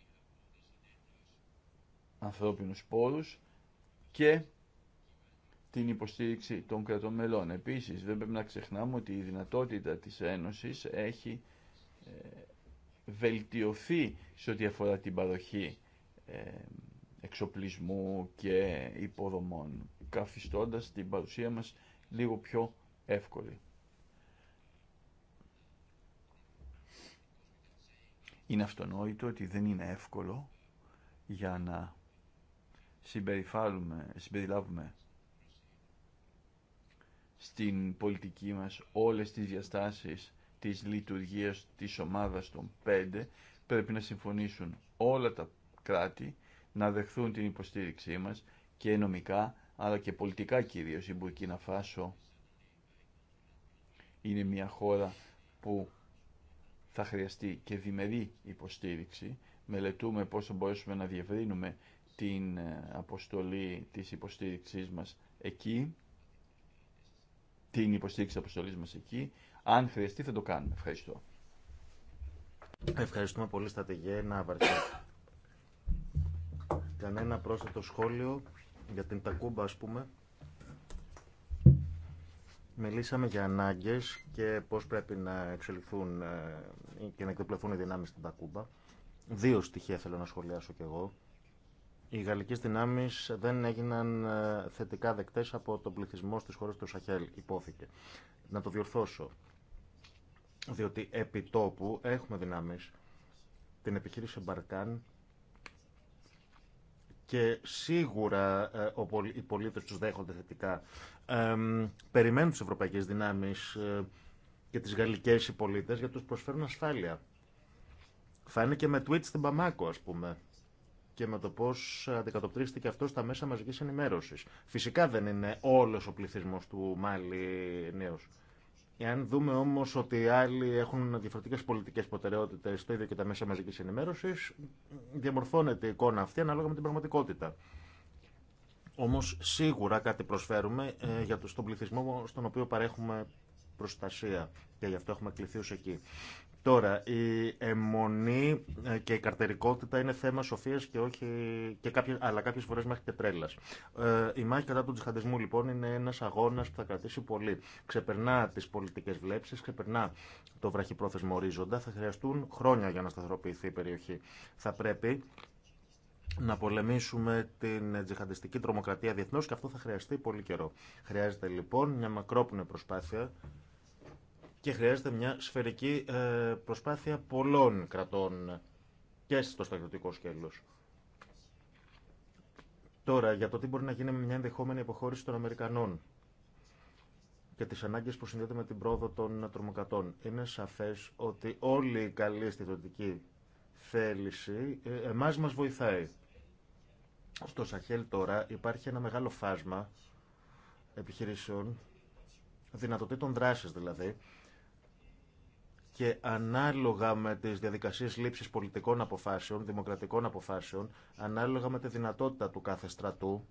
ανθρώπινους πόρους και την υποστήριξη των κρατών μελών. Επίσης δεν πρέπει να ξεχνάμε ότι η δυνατότητα της Ένωσης έχει ε, βελτιωθεί σε ό,τι αφορά την παροχή ε, εξοπλισμού και υποδομών, καθιστώντας την παρουσία μας λίγο πιο εύκολη. Είναι αυτονόητο ότι δεν είναι εύκολο για να συμπεριλάβουμε στην πολιτική μας όλες τις διαστάσεις της λειτουργίας της ομάδας των πέντε πρέπει να συμφωνήσουν όλα τα κράτη να δεχθούν την υποστήριξή μας και νομικά αλλά και πολιτικά κυρίως. Η Μπουρκίνα Φάσο είναι μια χώρα που θα χρειαστεί και διμερή υποστήριξη. Μελετούμε πώς θα μπορέσουμε να διευρύνουμε την ε, αποστολή της υποστήριξής μας εκεί, την υποστήριξη της αποστολής μας εκεί. Αν χρειαστεί θα το κάνουμε. Ευχαριστώ. Ευχαριστούμε πολύ στα να Κανένα πρόσθετο σχόλιο για την Τακούμπα, ας πούμε. Μιλήσαμε για ανάγκες και πώς πρέπει να εξελιχθούν ε, και να εκτεπλεθούν οι δυνάμεις στην Τακούμπα. Δύο στοιχεία θέλω να σχολιάσω κι εγώ. Οι γαλλικέ δυνάμεις δεν έγιναν ε, θετικά δεκτέ από τον πληθυσμό στι χώρες του Σαχέλ, υπόθηκε. Να το διορθώσω. Διότι επί τόπου έχουμε δυνάμει. Την επιχείρηση Μπαρκάν και σίγουρα ε, οι πολίτες τους δέχονται θετικά. περιμένουν τις ευρωπαϊκές δυνάμεις ε, και τις γαλλικές οι πολίτες γιατί τους προσφέρουν ασφάλεια. και με tweets στην Παμάκο ας πούμε και με το πώς αντικατοπτρίστηκε αυτό στα μέσα μαζικής ενημέρωσης. Φυσικά δεν είναι όλος ο πληθυσμός του Μάλι νέος. Εάν δούμε όμω ότι άλλοι έχουν διαφορετικέ πολιτικέ προτεραιότητε, το ίδιο και τα μέσα μαζική ενημέρωση, διαμορφώνεται η εικόνα αυτή ανάλογα με την πραγματικότητα. Όμω σίγουρα κάτι προσφέρουμε ε, για τον πληθυσμό στον οποίο παρέχουμε προστασία και γι' αυτό έχουμε κληθεί ω εκεί. Τώρα, η αιμονή ε, και η καρτερικότητα είναι θέμα σοφία και όχι. Και κάποιες, αλλά κάποιε φορέ μέχρι και τρέλα. Ε, η μάχη κατά του τζιχαντισμού, λοιπόν, είναι ένα αγώνα που θα κρατήσει πολύ. Ξεπερνά τι πολιτικέ βλέψει, ξεπερνά το βραχυπρόθεσμο ορίζοντα. Θα χρειαστούν χρόνια για να σταθεροποιηθεί η περιοχή. Θα πρέπει να πολεμήσουμε την τζιχαντιστική τρομοκρατία διεθνώ και αυτό θα χρειαστεί πολύ καιρό. Χρειάζεται λοιπόν μια μακρόπνοη προσπάθεια και χρειάζεται μια σφαιρική ε, προσπάθεια πολλών κρατών και στο στρατιωτικό σκέλος. Τώρα, για το τι μπορεί να γίνει με μια ενδεχόμενη υποχώρηση των Αμερικανών και τις ανάγκες που συνδέονται με την πρόοδο των τρομοκρατών. Είναι σαφές ότι όλη η καλή αισθητοτική θέληση ε, εμάς μας βοηθάει. Στο Σαχέλ τώρα υπάρχει ένα μεγάλο φάσμα επιχειρήσεων, δυνατοτήτων δράσης δηλαδή, και ανάλογα με τις διαδικασίες λήψης πολιτικών αποφάσεων, δημοκρατικών αποφάσεων, ανάλογα με τη δυνατότητα του κάθε στρατού,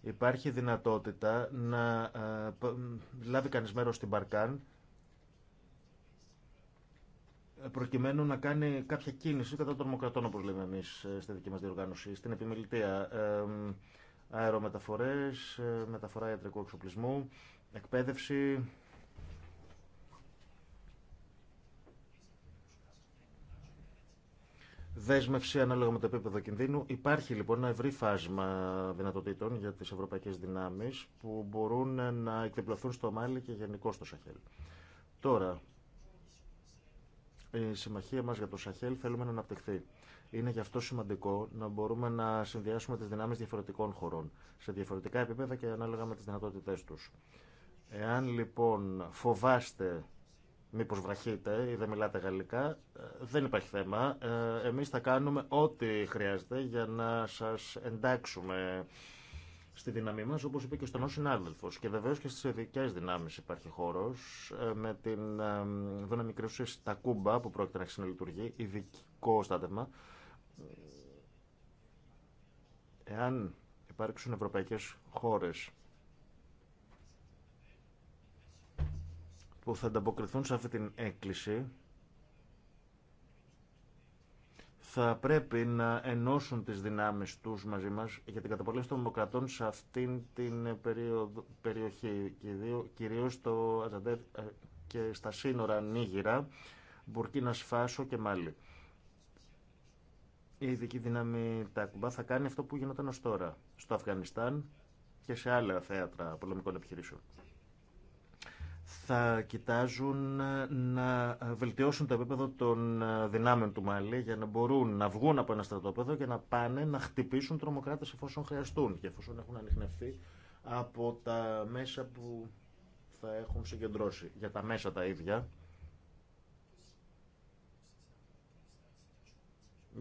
υπάρχει δυνατότητα να ε, λάβει κανείς μέρος στην Παρκάν προκειμένου να κάνει κάποια κίνηση κατά των τρομοκρατών, όπως λέμε εμείς ε, στη δική μας διοργάνωση, στην επιμελητεία. Ε, αερομεταφορές, μεταφορά ιατρικού εξοπλισμού, εκπαίδευση, δέσμευση ανάλογα με το επίπεδο κινδύνου. Υπάρχει λοιπόν ένα ευρύ φάσμα δυνατοτήτων για τι ευρωπαϊκέ δυνάμει που μπορούν να εκτεπλωθούν στο Μάλι και γενικώ στο Σαχέλ. Τώρα, η συμμαχία μα για το Σαχέλ θέλουμε να αναπτυχθεί. Είναι γι' αυτό σημαντικό να μπορούμε να συνδυάσουμε τι δυνάμεις διαφορετικών χωρών σε διαφορετικά επίπεδα και ανάλογα με τι δυνατότητε του. Εάν λοιπόν φοβάστε μήπως βραχείτε ή δεν μιλάτε γαλλικά, ε, δεν υπάρχει θέμα. Ε, εμείς θα κάνουμε ό,τι χρειάζεται για να σας εντάξουμε στη δύναμή μας, όπως είπε και ο στενός συνάδελφος. Και βεβαίως και στις ειδικές δυνάμεις υπάρχει χώρος, ε, με την δόνα μικρή στα κούμπα που πρόκειται να ξενολειτουργεί, ειδικό στάτευμα. Εάν υπάρξουν ευρωπαϊκές χώρες που θα ανταποκριθούν σε αυτή την έκκληση θα πρέπει να ενώσουν τις δυνάμεις τους μαζί μας για την καταπολέμηση των δημοκρατών σε αυτήν την περίοδο, περιοχή, κυρίως στο ε, και στα σύνορα Νίγηρα, Μπουρκίνα σφάσω και Μάλι. Η ειδική δύναμη Τάκουμπα θα κάνει αυτό που γινόταν ως τώρα, στο Αφγανιστάν και σε άλλα θέατρα πολεμικών επιχειρήσεων θα κοιτάζουν ε, να βελτιώσουν το επίπεδο των ε, δυνάμεων του Μάλι για να μπορούν να βγουν από ένα στρατόπεδο και να πάνε να χτυπήσουν τρομοκράτες εφόσον χρειαστούν και εφόσον έχουν ανοιχνευτεί από τα μέσα που θα έχουν συγκεντρώσει. Για τα μέσα τα ίδια,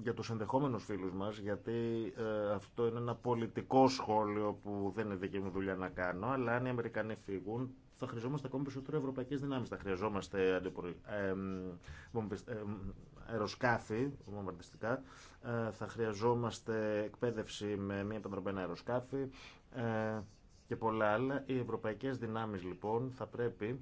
για τους ενδεχόμενους φίλους μας, γιατί ε, αυτό είναι ένα πολιτικό σχόλιο που δεν είναι δική μου δουλειά να κάνω, αλλά αν οι Αμερικανοί φύγουν, θα χρειαζόμαστε ακόμη περισσότερο ευρωπαϊκέ δυνάμει. Θα χρειαζόμαστε αεροσκάφη, βομβαρδιστικά. Ε, θα χρειαζόμαστε εκπαίδευση με μια επανδρομένα αεροσκάφη ε, και πολλά άλλα. Οι ευρωπαϊκέ δυνάμει λοιπόν θα πρέπει.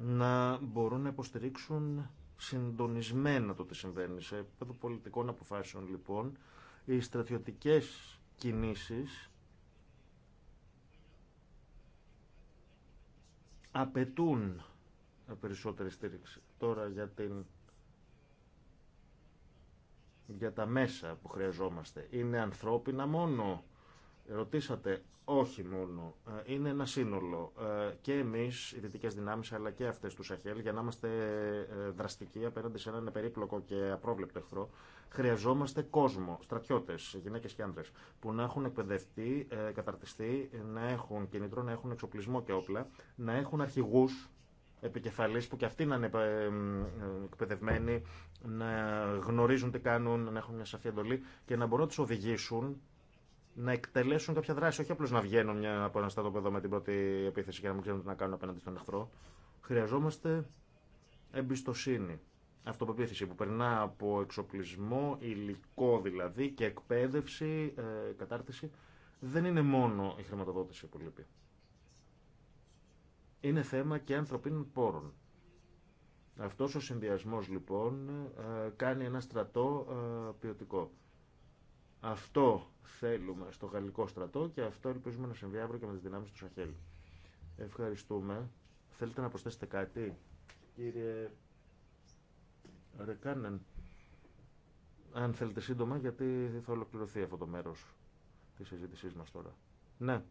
να μπορούν να υποστηρίξουν συντονισμένα το τι συμβαίνει. Σε επίπεδο πολιτικών αποφάσεων, λοιπόν, οι στρατιωτικές κινήσεις απαιτούν περισσότερη στήριξη. Τώρα για, την... για τα μέσα που χρειαζόμαστε. Είναι ανθρώπινα μόνο. Ρωτήσατε, όχι μόνο. Ε, είναι ένα σύνολο. Ε, και εμείς, οι δυτικές δυνάμεις, αλλά και αυτές του Σαχέλ, για να είμαστε ε, δραστικοί απέναντι σε έναν περίπλοκο και απρόβλεπτο εχθρό, Χρειαζόμαστε κόσμο, στρατιώτε, γυναίκε και άντρε, που να έχουν εκπαιδευτεί, ε, καταρτιστεί, να έχουν κινητρό, να έχουν εξοπλισμό και όπλα, να έχουν αρχηγού επικεφαλής που και αυτοί να είναι ε, ε, εκπαιδευμένοι, να γνωρίζουν τι κάνουν, να έχουν μια σαφή εντολή και να μπορούν να του οδηγήσουν να εκτελέσουν κάποια δράση, όχι απλώ να βγαίνουν μια, από ένα εδώ με την πρώτη επίθεση και να μην ξέρουν τι να κάνουν απέναντι στον εχθρό. Χρειαζόμαστε εμπιστοσύνη αυτοπεποίθηση που περνά από εξοπλισμό, υλικό δηλαδή και εκπαίδευση, ε, κατάρτιση, δεν είναι μόνο η χρηματοδότηση που λείπει. Είναι θέμα και ανθρωπίνων πόρων. Αυτός ο συνδυασμός λοιπόν ε, κάνει ένα στρατό ε, ποιοτικό. Αυτό θέλουμε στο γαλλικό στρατό και αυτό ελπίζουμε να συμβεί αύριο και με τις δυνάμεις του Σαχέλ. Ευχαριστούμε. Θέλετε να προσθέσετε κάτι, κύριε Ρεκάνεν. Αν θέλετε σύντομα, γιατί θα ολοκληρωθεί αυτό το μέρος της συζήτησής μας τώρα. Ναι.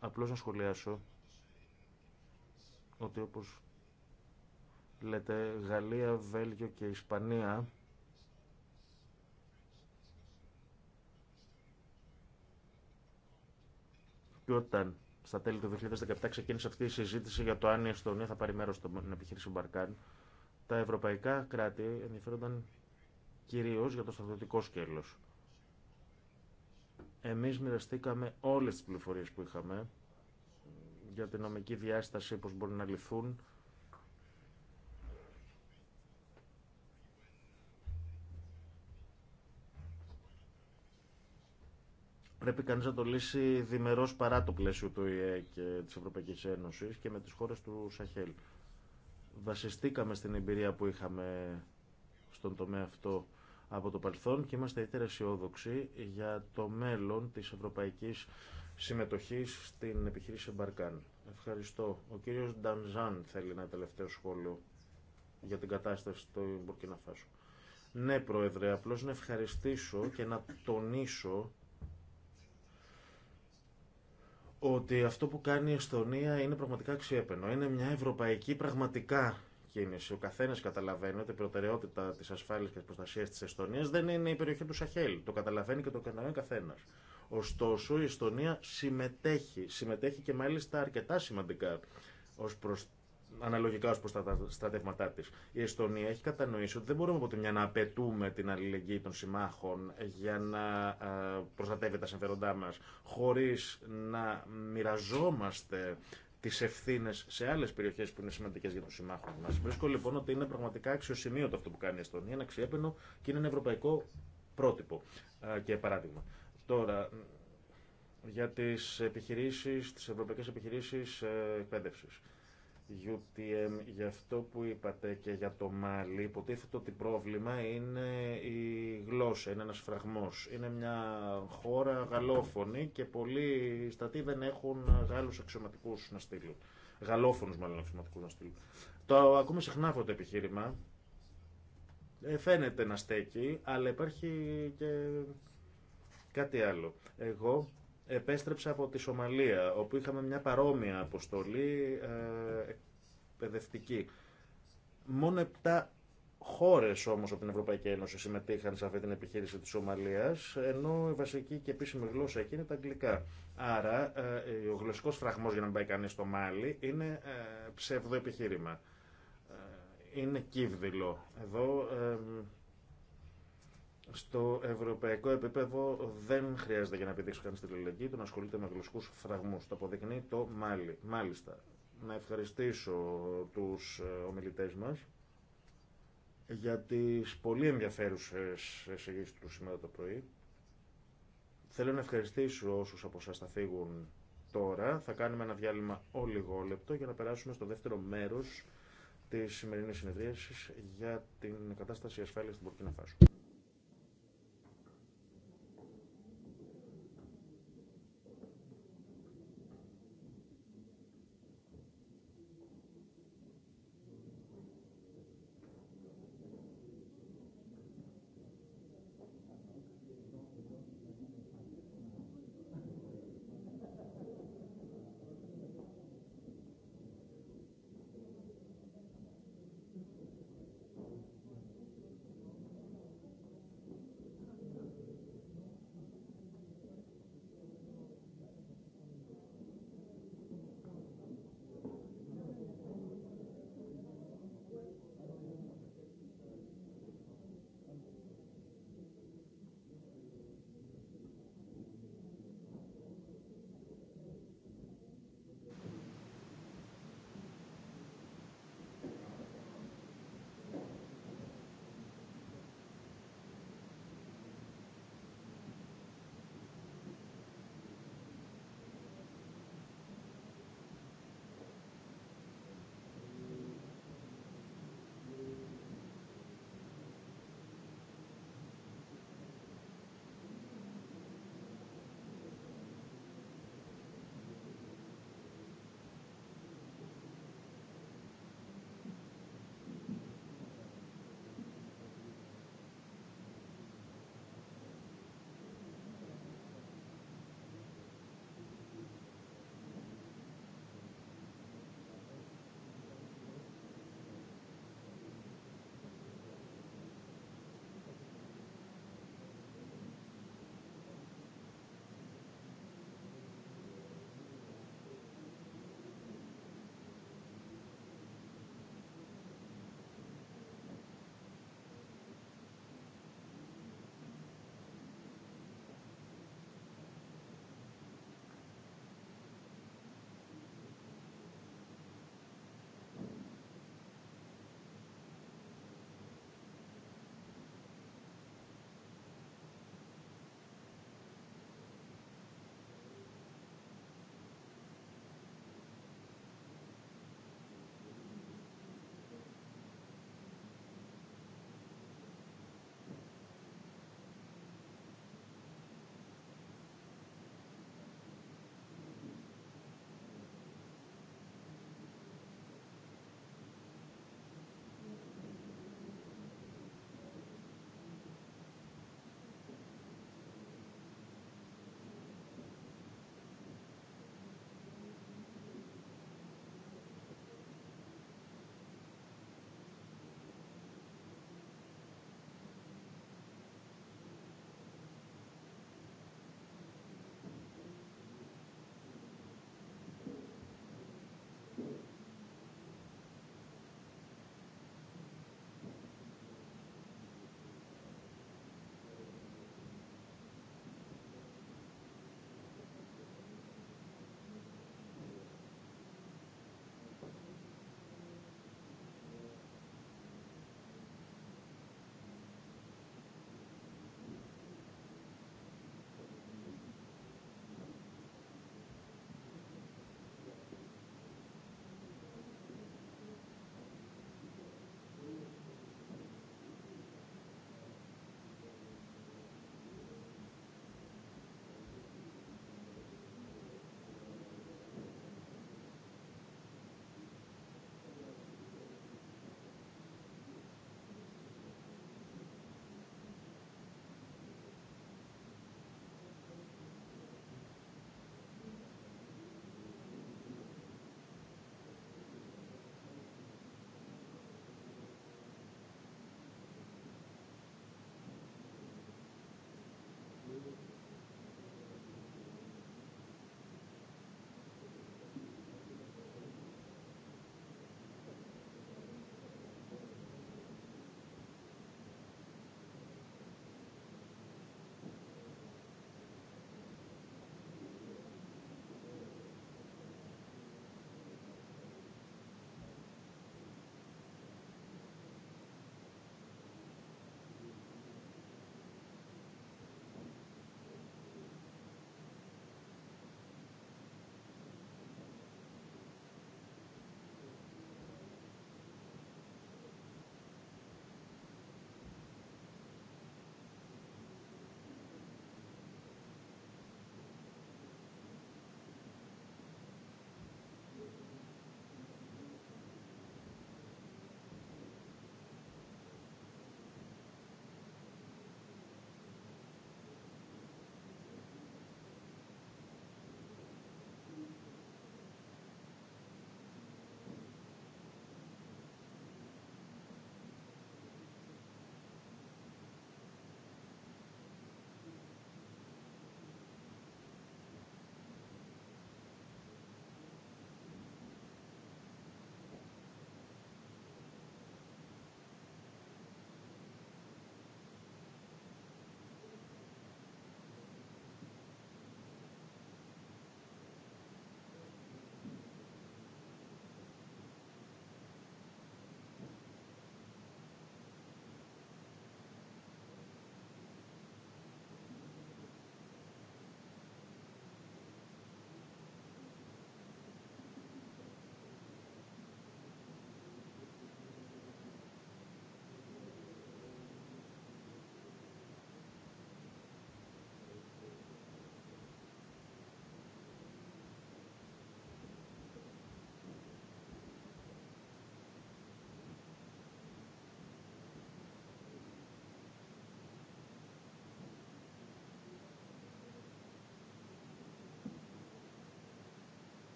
Απλώς να σχολιάσω ότι όπως λέτε Γαλλία, Βέλγιο και Ισπανία και όταν στα τέλη του 2017 ξεκίνησε αυτή η συζήτηση για το αν η Εστονία θα πάρει μέρος στην επιχείρηση Μπαρκάν τα ευρωπαϊκά κράτη ενδιαφέρονταν κυρίως για το στρατιωτικό σκέλος. Εμείς μοιραστήκαμε όλες τις πληροφορίες που είχαμε για την νομική διάσταση, πώς μπορεί να λυθούν, πρέπει κανείς να το λύσει διμερώς παρά το πλαίσιο του ΙΕ και της Ευρωπαϊκής Ένωσης και με τις χώρες του Σαχέλ βασιστήκαμε στην εμπειρία που είχαμε στον τομέα αυτό από το παρελθόν και είμαστε ιδιαίτερα αισιόδοξοι για το μέλλον της ευρωπαϊκής συμμετοχής στην επιχείρηση Μπαρκάν. Ευχαριστώ. Ο κύριος Ντανζάν θέλει ένα τελευταίο σχόλιο για την κατάσταση του Μπουρκίνα Φάσου. Ναι, Πρόεδρε, απλώς να ευχαριστήσω και να τονίσω ότι αυτό που κάνει η Εστονία είναι πραγματικά αξιέπαινο. Είναι μια ευρωπαϊκή πραγματικά κίνηση. Ο καθένα καταλαβαίνει ότι η προτεραιότητα τη ασφάλεια και τη προστασία τη Εστονία δεν είναι η περιοχή του Σαχέλ. Το καταλαβαίνει και το καταλαβαίνει καθένα. Ωστόσο, η Εστονία συμμετέχει, συμμετέχει και μάλιστα αρκετά σημαντικά ω προ αναλογικά ω προ τα στρατεύματά τη. Η Εστονία έχει κατανοήσει ότι δεν μπορούμε από τη μια να απαιτούμε την αλληλεγγύη των συμμάχων για να ε, προστατεύει τα συμφέροντά μα, χωρί να μοιραζόμαστε τι ευθύνε σε άλλε περιοχέ που είναι σημαντικέ για του συμμάχου μα. Βρίσκω λοιπόν ότι είναι πραγματικά αξιοσημείωτο αυτό που κάνει η Εστονία, είναι αξιέπαινο και είναι ένα ευρωπαϊκό πρότυπο ε, και παράδειγμα. Τώρα, για τις επιχειρήσεις, τις ευρωπαϊκές επιχειρήσεις ε, εκπαίδευσης. UTM για αυτό που είπατε και για το Μάλι. Υποτίθεται ότι πρόβλημα είναι η γλώσσα, είναι ένας φραγμός. Είναι μια χώρα γαλλόφωνη και πολλοί στατοί δεν έχουν Γάλλους αξιωματικούς να στείλουν. Γαλλόφωνους μάλλον αξιωματικούς να στείλουν. Το ακούμε συχνά αυτό το επιχείρημα. Ε, φαίνεται να στέκει, αλλά υπάρχει και κάτι άλλο. Εγώ επέστρεψα από τη Σομαλία, όπου είχαμε μια παρόμοια αποστολή ε, εκπαιδευτική. Μόνο 7 χώρες όμως από την Ευρωπαϊκή Ένωση συμμετείχαν σε αυτή την επιχείρηση της Σομαλία, ενώ η βασική και επίσημη γλώσσα εκεί είναι τα αγγλικά. Άρα, ε, ο γλωσσικός φραγμός για να πάει κανείς στο Μάλι είναι ε, ψευδοεπιχείρημα. Ε, είναι κύβδηλο. Εδώ στο ευρωπαϊκό επίπεδο δεν χρειάζεται για να επιδείξει κανεί τη το του να ασχολείται με γλωσσικού φραγμού. Το αποδεικνύει το Μάλι. Μάλιστα. Να ευχαριστήσω του ε, ομιλητέ μα για τι πολύ ενδιαφέρουσε εισηγήσει του σήμερα το πρωί. Θέλω να ευχαριστήσω όσου από εσά θα φύγουν τώρα. Θα κάνουμε ένα διάλειμμα λεπτό για να περάσουμε στο δεύτερο μέρο τη σημερινή συνεδρίαση για την κατάσταση ασφάλεια στην Πορκίνα Φάσου.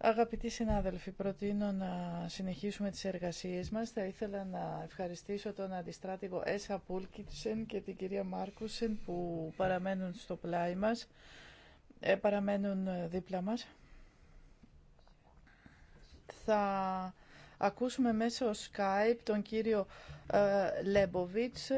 Αγαπητοί συνάδελφοι, προτείνω να συνεχίσουμε τις εργασίες μας. Θα ήθελα να ευχαριστήσω τον αντιστράτηγο Έσα Πούλκιτσεν και την κυρία Μάρκουσεν που παραμένουν στο πλάι μας, ε, παραμένουν δίπλα μας. Θα ακούσουμε μέσω Skype τον κύριο ε, Λέμποβιτς,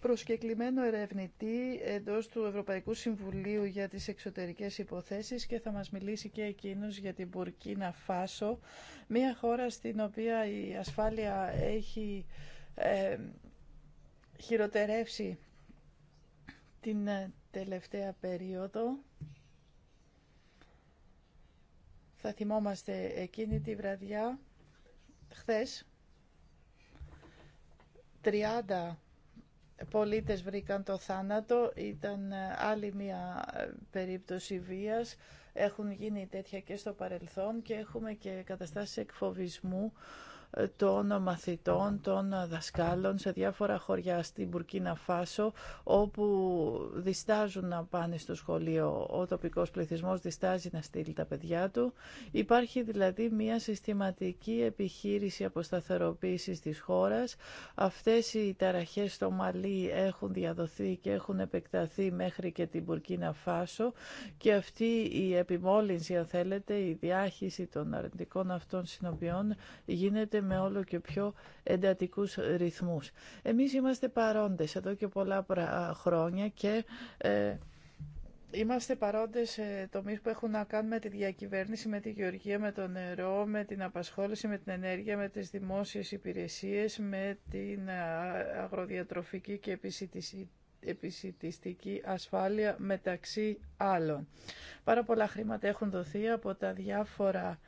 προσκεκλημένο ερευνητή εντός του Ευρωπαϊκού Συμβουλίου για τις εξωτερικές υποθέσεις και θα μας μιλήσει και εκείνος για την Μπουρκίνα Φάσο, μια χώρα στην οποία η ασφάλεια έχει ε, χειροτερεύσει την ε, τελευταία περίοδο. Θα θυμόμαστε εκείνη τη βραδιά, χθες, 30 πολίτες βρήκαν το θάνατο, ήταν ε, άλλη μια ε, περίπτωση βίας. Έχουν γίνει τέτοια και στο παρελθόν και έχουμε και καταστάσεις εκφοβισμού των μαθητών, των δασκάλων σε διάφορα χωριά στην Μπουρκίνα Φάσο όπου διστάζουν να πάνε στο σχολείο, ο τοπικός πληθυσμός διστάζει να στείλει τα παιδιά του. Υπάρχει δηλαδή μια συστηματική επιχείρηση αποσταθεροποίησης της χώρας. Αυτές οι ταραχές στο Μαλί έχουν διαδοθεί και έχουν επεκταθεί μέχρι και την Μπουρκίνα Φάσο και αυτή η επιμόλυνση, αν θέλετε, η διάχυση των αρνητικών αυτών συνοπιών γίνεται με όλο και πιο εντατικούς ρυθμούς. Εμείς είμαστε παρόντες εδώ και πολλά χρόνια και ε, Είμαστε παρόντες σε τομεί που έχουν να κάνουν με τη διακυβέρνηση, με τη γεωργία, με το νερό, με την απασχόληση, με την ενέργεια, με τις δημόσιες υπηρεσίες, με την ε, αγροδιατροφική και επισητιστική ασφάλεια, μεταξύ άλλων. Πάρα πολλά χρήματα έχουν δοθεί από τα διάφορα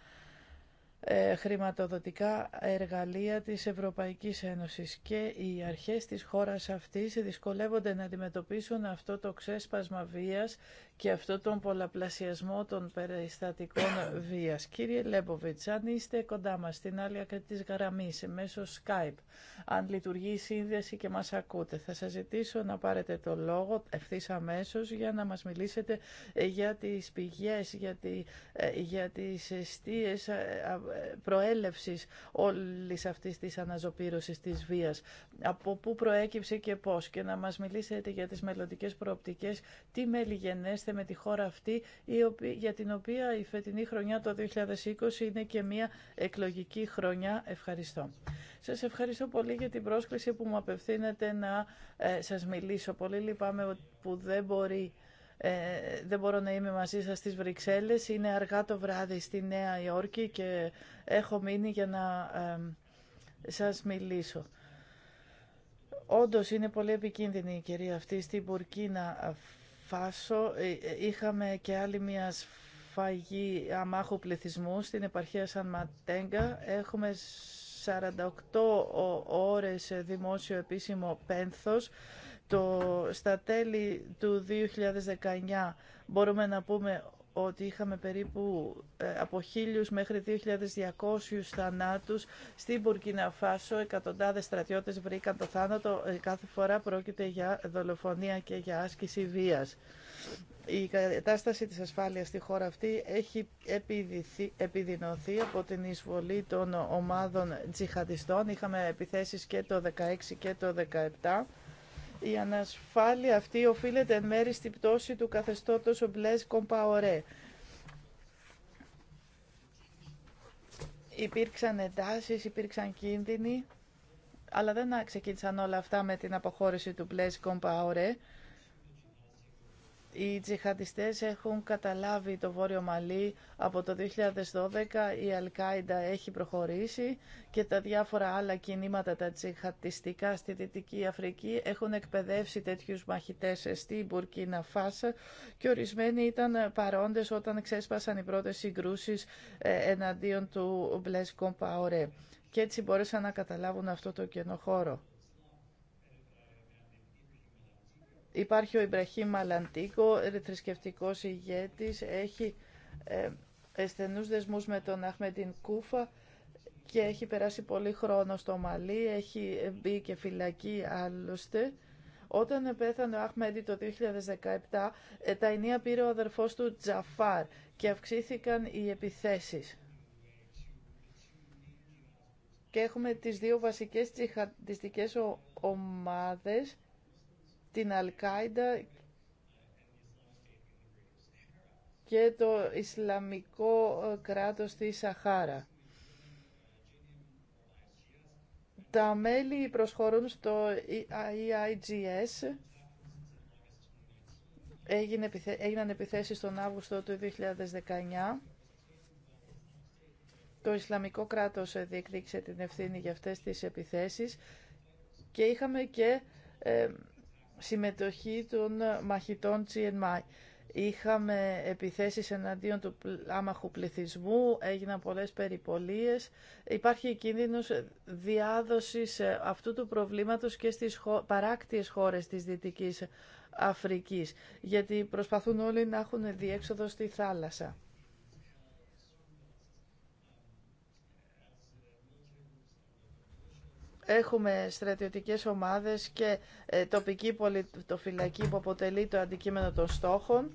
ε, χρηματοδοτικά εργαλεία της Ευρωπαϊκής Ένωσης και οι αρχές της χώρας αυτής δυσκολεύονται να αντιμετωπίσουν αυτό το ξέσπασμα βίας και αυτό τον πολλαπλασιασμό των περιστατικών βίας. Κύριε Λέμποβιτς, αν είστε κοντά μας στην άλλη άκρη της γραμμής, μέσω Skype, αν λειτουργεί η σύνδεση και μας ακούτε, θα σας ζητήσω να πάρετε το λόγο ευθύ αμέσω για να μας μιλήσετε ε, για τις πηγές, για, τη, ε, για τις αιστείες ε, προέλευσης όλης αυτής της αναζωπήρωσης της βίας. Από πού προέκυψε και πώς και να μας μιλήσετε για τις μελλοντικέ προοπτικές, τι μέλη με τη χώρα αυτή για την οποία η φετινή χρονιά το 2020 είναι και μια εκλογική χρονιά. Ευχαριστώ. Σας ευχαριστώ πολύ για την πρόσκληση που μου απευθύνετε να ε, σας μιλήσω. Πολύ λυπάμαι που δεν μπορεί ε, δεν μπορώ να είμαι μαζί σας στις Βρυξέλλες. Είναι αργά το βράδυ στη Νέα Υόρκη και έχω μείνει για να ε, σας μιλήσω. Όντως είναι πολύ επικίνδυνη η κυρία αυτή στην Μπουρκίνα Φάσο ε, ε, είχαμε και άλλη μια σφαγή αμάχου πληθυσμού στην επαρχία Σαν Ματέγκα. Έχουμε 48 ώρες δημόσιο επίσημο πένθος. Το, στα τέλη του 2019 μπορούμε να πούμε ότι είχαμε περίπου ε, από 1.000 μέχρι 2.200 θανάτους. Στην Μπουρκίνα Φάσο εκατοντάδες στρατιώτες βρήκαν το θάνατο. Ε, κάθε φορά πρόκειται για δολοφονία και για άσκηση βίας. Η κατάσταση της ασφάλειας στη χώρα αυτή έχει επιδεινωθεί από την εισβολή των ομάδων τζιχαντιστών. Είχαμε επιθέσεις και το 16 και το 2017. Η ανασφάλεια αυτή οφείλεται εν μέρη στην πτώση του καθεστώτος Μπλέζ Κομπαορέ. Υπήρξαν εντάσεις, υπήρξαν κίνδυνοι, αλλά δεν ξεκίνησαν όλα αυτά με την αποχώρηση του Μπλέζ Κομπαορέ. Οι τζιχαντιστές έχουν καταλάβει το Βόρειο Μαλί από το 2012, η Αλκάιντα έχει προχωρήσει και τα διάφορα άλλα κινήματα τα τζιχαντιστικά στη Δυτική Αφρική έχουν εκπαιδεύσει τέτοιους μαχητές στη Μπουρκίνα Φάσα και ορισμένοι ήταν παρόντες όταν ξέσπασαν οι πρώτες συγκρούσεις ε, εναντίον του Μπλέσκο Παορέ. Και έτσι μπόρεσαν να καταλάβουν αυτό το κενό Υπάρχει ο Ιμπραχή Μαλαντίκο, θρησκευτικό ηγέτης, έχει ε, στενούς δεσμούς με τον Αχμεντίν Κούφα και έχει περάσει πολύ χρόνο στο Μαλί, έχει ε, μπει και φυλακή άλλωστε. Όταν πέθανε ο Αχμέντι το 2017, ε, τα ενία πήρε ο αδερφός του Τζαφάρ και αυξήθηκαν οι επιθέσεις. Και έχουμε τις δύο βασικές τσιχαντιστικές ομάδες την Αλκάιντα και το Ισλαμικό ε, κράτος στη Σαχάρα. Τα μέλη προσχωρούν στο EIGS. Έγιναν επιθέσεις τον Αύγουστο του 2019. Το Ισλαμικό κράτος ε, διεκδίκησε την ευθύνη για αυτές τις επιθέσεις και είχαμε και ε, συμμετοχή των μαχητών τσιενμάι, Είχαμε επιθέσεις εναντίον του άμαχου πληθυσμού, έγιναν πολλές περιπολίες. Υπάρχει κίνδυνος διάδοσης ε, αυτού του προβλήματος και στις παράκτιες χώρες της Δυτικής Αφρικής, γιατί προσπαθούν όλοι να έχουν διέξοδο στη θάλασσα. Έχουμε στρατιωτικές ομάδες και ε, τοπική πολιτοφυλακή που αποτελεί το αντικείμενο των στόχων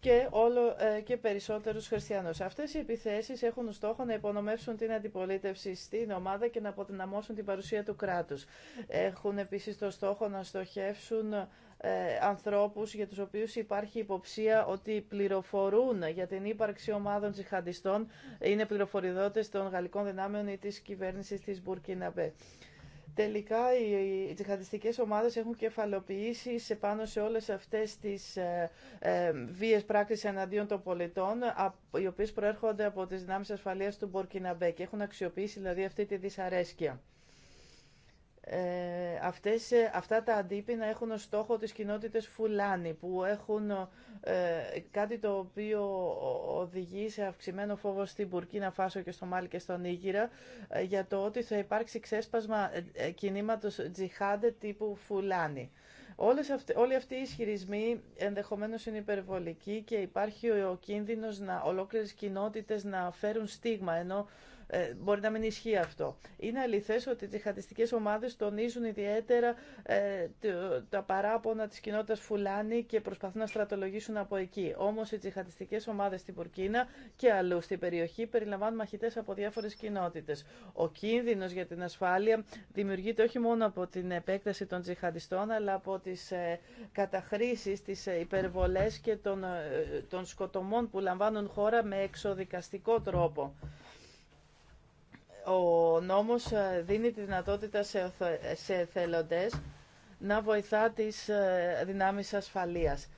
και όλο ε, και περισσότερους χριστιανούς. Αυτές οι επιθέσεις έχουν στόχο να υπονομεύσουν την αντιπολίτευση στην ομάδα και να αποδυναμώσουν την παρουσία του κράτους. Έχουν επίσης το στόχο να στοχεύσουν ε, ανθρώπους για τους οποίους υπάρχει υποψία ότι πληροφορούν για την ύπαρξη ομάδων τζιχαντιστών, είναι πληροφοριδότες των γαλλικών δυνάμεων ή της κυβέρνησης της Μπουρκίναμπε. Τελικά οι τζιχαντιστικές ομάδες έχουν κεφαλοποιήσει σε πάνω σε όλες αυτές τις ε, ε, βίες πράξεις εναντίον των πολιτών οι οποίες προέρχονται από τις δυνάμεις ασφαλείας του Μπορκιναμπέ και έχουν αξιοποιήσει δηλαδή αυτή τη δυσαρέσκεια ε, αυτές, ε, αυτά τα αντίπεινα έχουν ως στόχο τις κοινότητες Φουλάνη που έχουν ε, κάτι το οποίο οδηγεί σε αυξημένο φόβο στην Μπουρκίνα Φάσο και στο Μάλι και στον Νίγηρα ε, για το ότι θα υπάρξει ξέσπασμα κινήματος τζιχάντε τύπου Φουλάνη. Όλες όλοι αυτοί οι ισχυρισμοί ενδεχομένως είναι υπερβολικοί και υπάρχει ο, ο κίνδυνος να ολόκληρες κοινότητες να φέρουν στίγμα ενώ ε, μπορεί να μην ισχύει αυτό. Είναι αληθές ότι οι τζιχαντιστικέ ομάδε τονίζουν ιδιαίτερα ε, τα παράπονα τη κοινότητα Φουλάνη και προσπαθούν να στρατολογήσουν από εκεί. Όμω οι τζιχαντιστικέ ομάδε στην Πουρκίνα και αλλού στην περιοχή περιλαμβάνουν μαχητέ από διάφορε κοινότητε. Ο κίνδυνο για την ασφάλεια δημιουργείται όχι μόνο από την επέκταση των τζιχαντιστών αλλά από τι ε, τι τις ε, υπερβολές και των, ε, των σκοτωμών που λαμβάνουν χώρα με εξοδικαστικό τρόπο. Ο νόμος ε, δίνει τη δυνατότητα σε θέλοντες να βοηθά τις ε, δυνάμεις ασφαλείας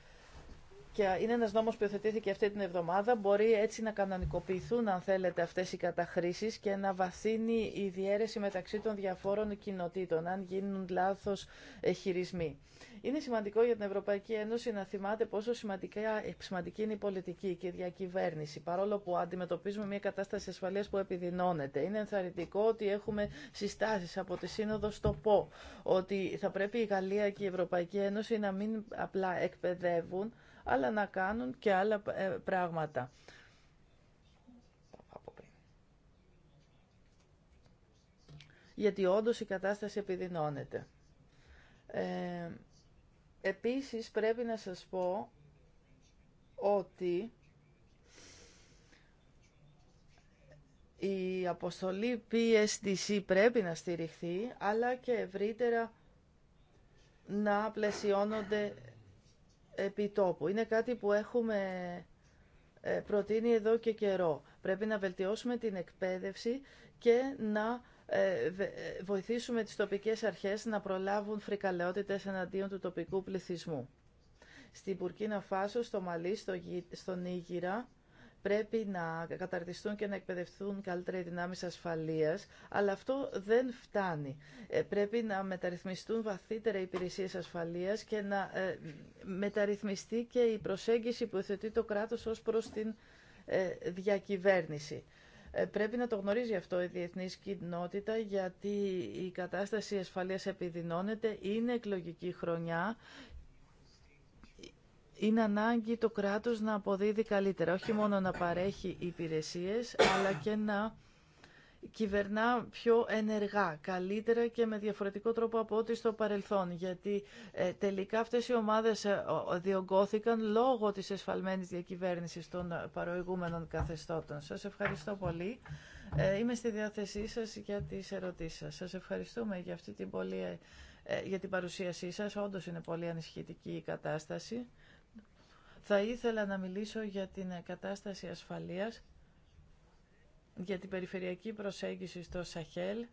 και είναι ένας νόμος που υιοθετήθηκε αυτή την εβδομάδα, μπορεί έτσι να κανονικοποιηθούν, αν θέλετε, αυτές οι καταχρήσεις και να βαθύνει η διαίρεση μεταξύ των διαφόρων κοινοτήτων, αν γίνουν λάθος ε, χειρισμοί. Είναι σημαντικό για την Ευρωπαϊκή Ένωση να θυμάται πόσο ε, σημαντική είναι η πολιτική και η διακυβέρνηση, παρόλο που αντιμετωπίζουμε μια κατάσταση ασφαλείας που επιδεινώνεται. Είναι ενθαρρυντικό ότι έχουμε συστάσεις από τη Σύνοδο στο ΠΟ, ότι θα πρέπει η Γαλλία και η Ευρωπαϊκή Ένωση να μην απλά εκπαιδεύουν, αλλά να κάνουν και άλλα ε, πράγματα. Γιατί όντως η κατάσταση επιδεινώνεται. Ε, επίσης πρέπει να σας πω ότι η αποστολή PSDC πρέπει να στηριχθεί, αλλά και ευρύτερα να πλαισιώνονται επιτόπου. Είναι κάτι που έχουμε ε, προτείνει εδώ και καιρό. Πρέπει να βελτιώσουμε την εκπαίδευση και να ε, ε, βοηθήσουμε τις τοπικές αρχές να προλάβουν φρικαλαιότητες εναντίον του τοπικού πληθυσμού. Στην Πουρκίνα Φάσο, στο Μαλί, στο, στο Νίγηρα, πρέπει να καταρτιστούν και να εκπαιδευτούν καλύτερα οι δυνάμεις ασφαλείας, αλλά αυτό δεν φτάνει. Ε, πρέπει να μεταρρυθμιστούν βαθύτερα οι υπηρεσίες ασφαλείας και να ε, μεταρρυθμιστεί και η προσέγγιση που θετεί το κράτος ως προς την ε, διακυβέρνηση. Πρέπει να το γνωρίζει αυτό η διεθνή κοινότητα γιατί η κατάσταση ασφαλείας επιδεινώνεται, είναι εκλογική χρονιά είναι ανάγκη το κράτος να αποδίδει καλύτερα, όχι μόνο να παρέχει υπηρεσίες, αλλά και να κυβερνά πιο ενεργά, καλύτερα και με διαφορετικό τρόπο από ό,τι στο παρελθόν. Γιατί ε, τελικά αυτές οι ομάδες ε, διωγγώθηκαν λόγω της εσφαλμένης διακυβέρνησης των ε, παροηγούμενων καθεστώτων. Σας ευχαριστώ πολύ. είμαι στη διάθεσή σας για τις ερωτήσεις σας. Σας ευχαριστούμε για την για την παρουσίασή σας. Όντως είναι πολύ ανησυχητική η κατάσταση. Θα ήθελα να μιλήσω για την κατάσταση ασφαλείας, για την περιφερειακή προσέγγιση στο Σαχέλ,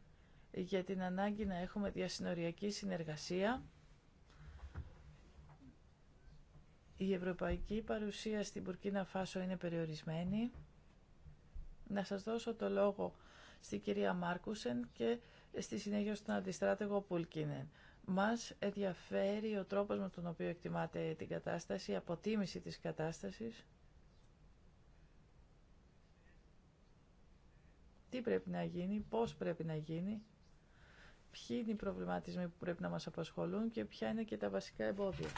για την ανάγκη να έχουμε διασυνοριακή συνεργασία. Η ευρωπαϊκή παρουσία στην Πουρκίνα Φάσο είναι περιορισμένη. Να σας δώσω το λόγο στην κυρία Μάρκουσεν και στη συνέχεια στον αντιστράτεγο Πουλκίνεν. Μας ενδιαφέρει ο τρόπος με τον οποίο εκτιμάτε την κατάσταση, η αποτίμηση της κατάστασης. Τι πρέπει να γίνει, πώς πρέπει να γίνει, ποιοι είναι οι προβληματισμοί που πρέπει να μας απασχολούν και ποια είναι και τα βασικά εμπόδια.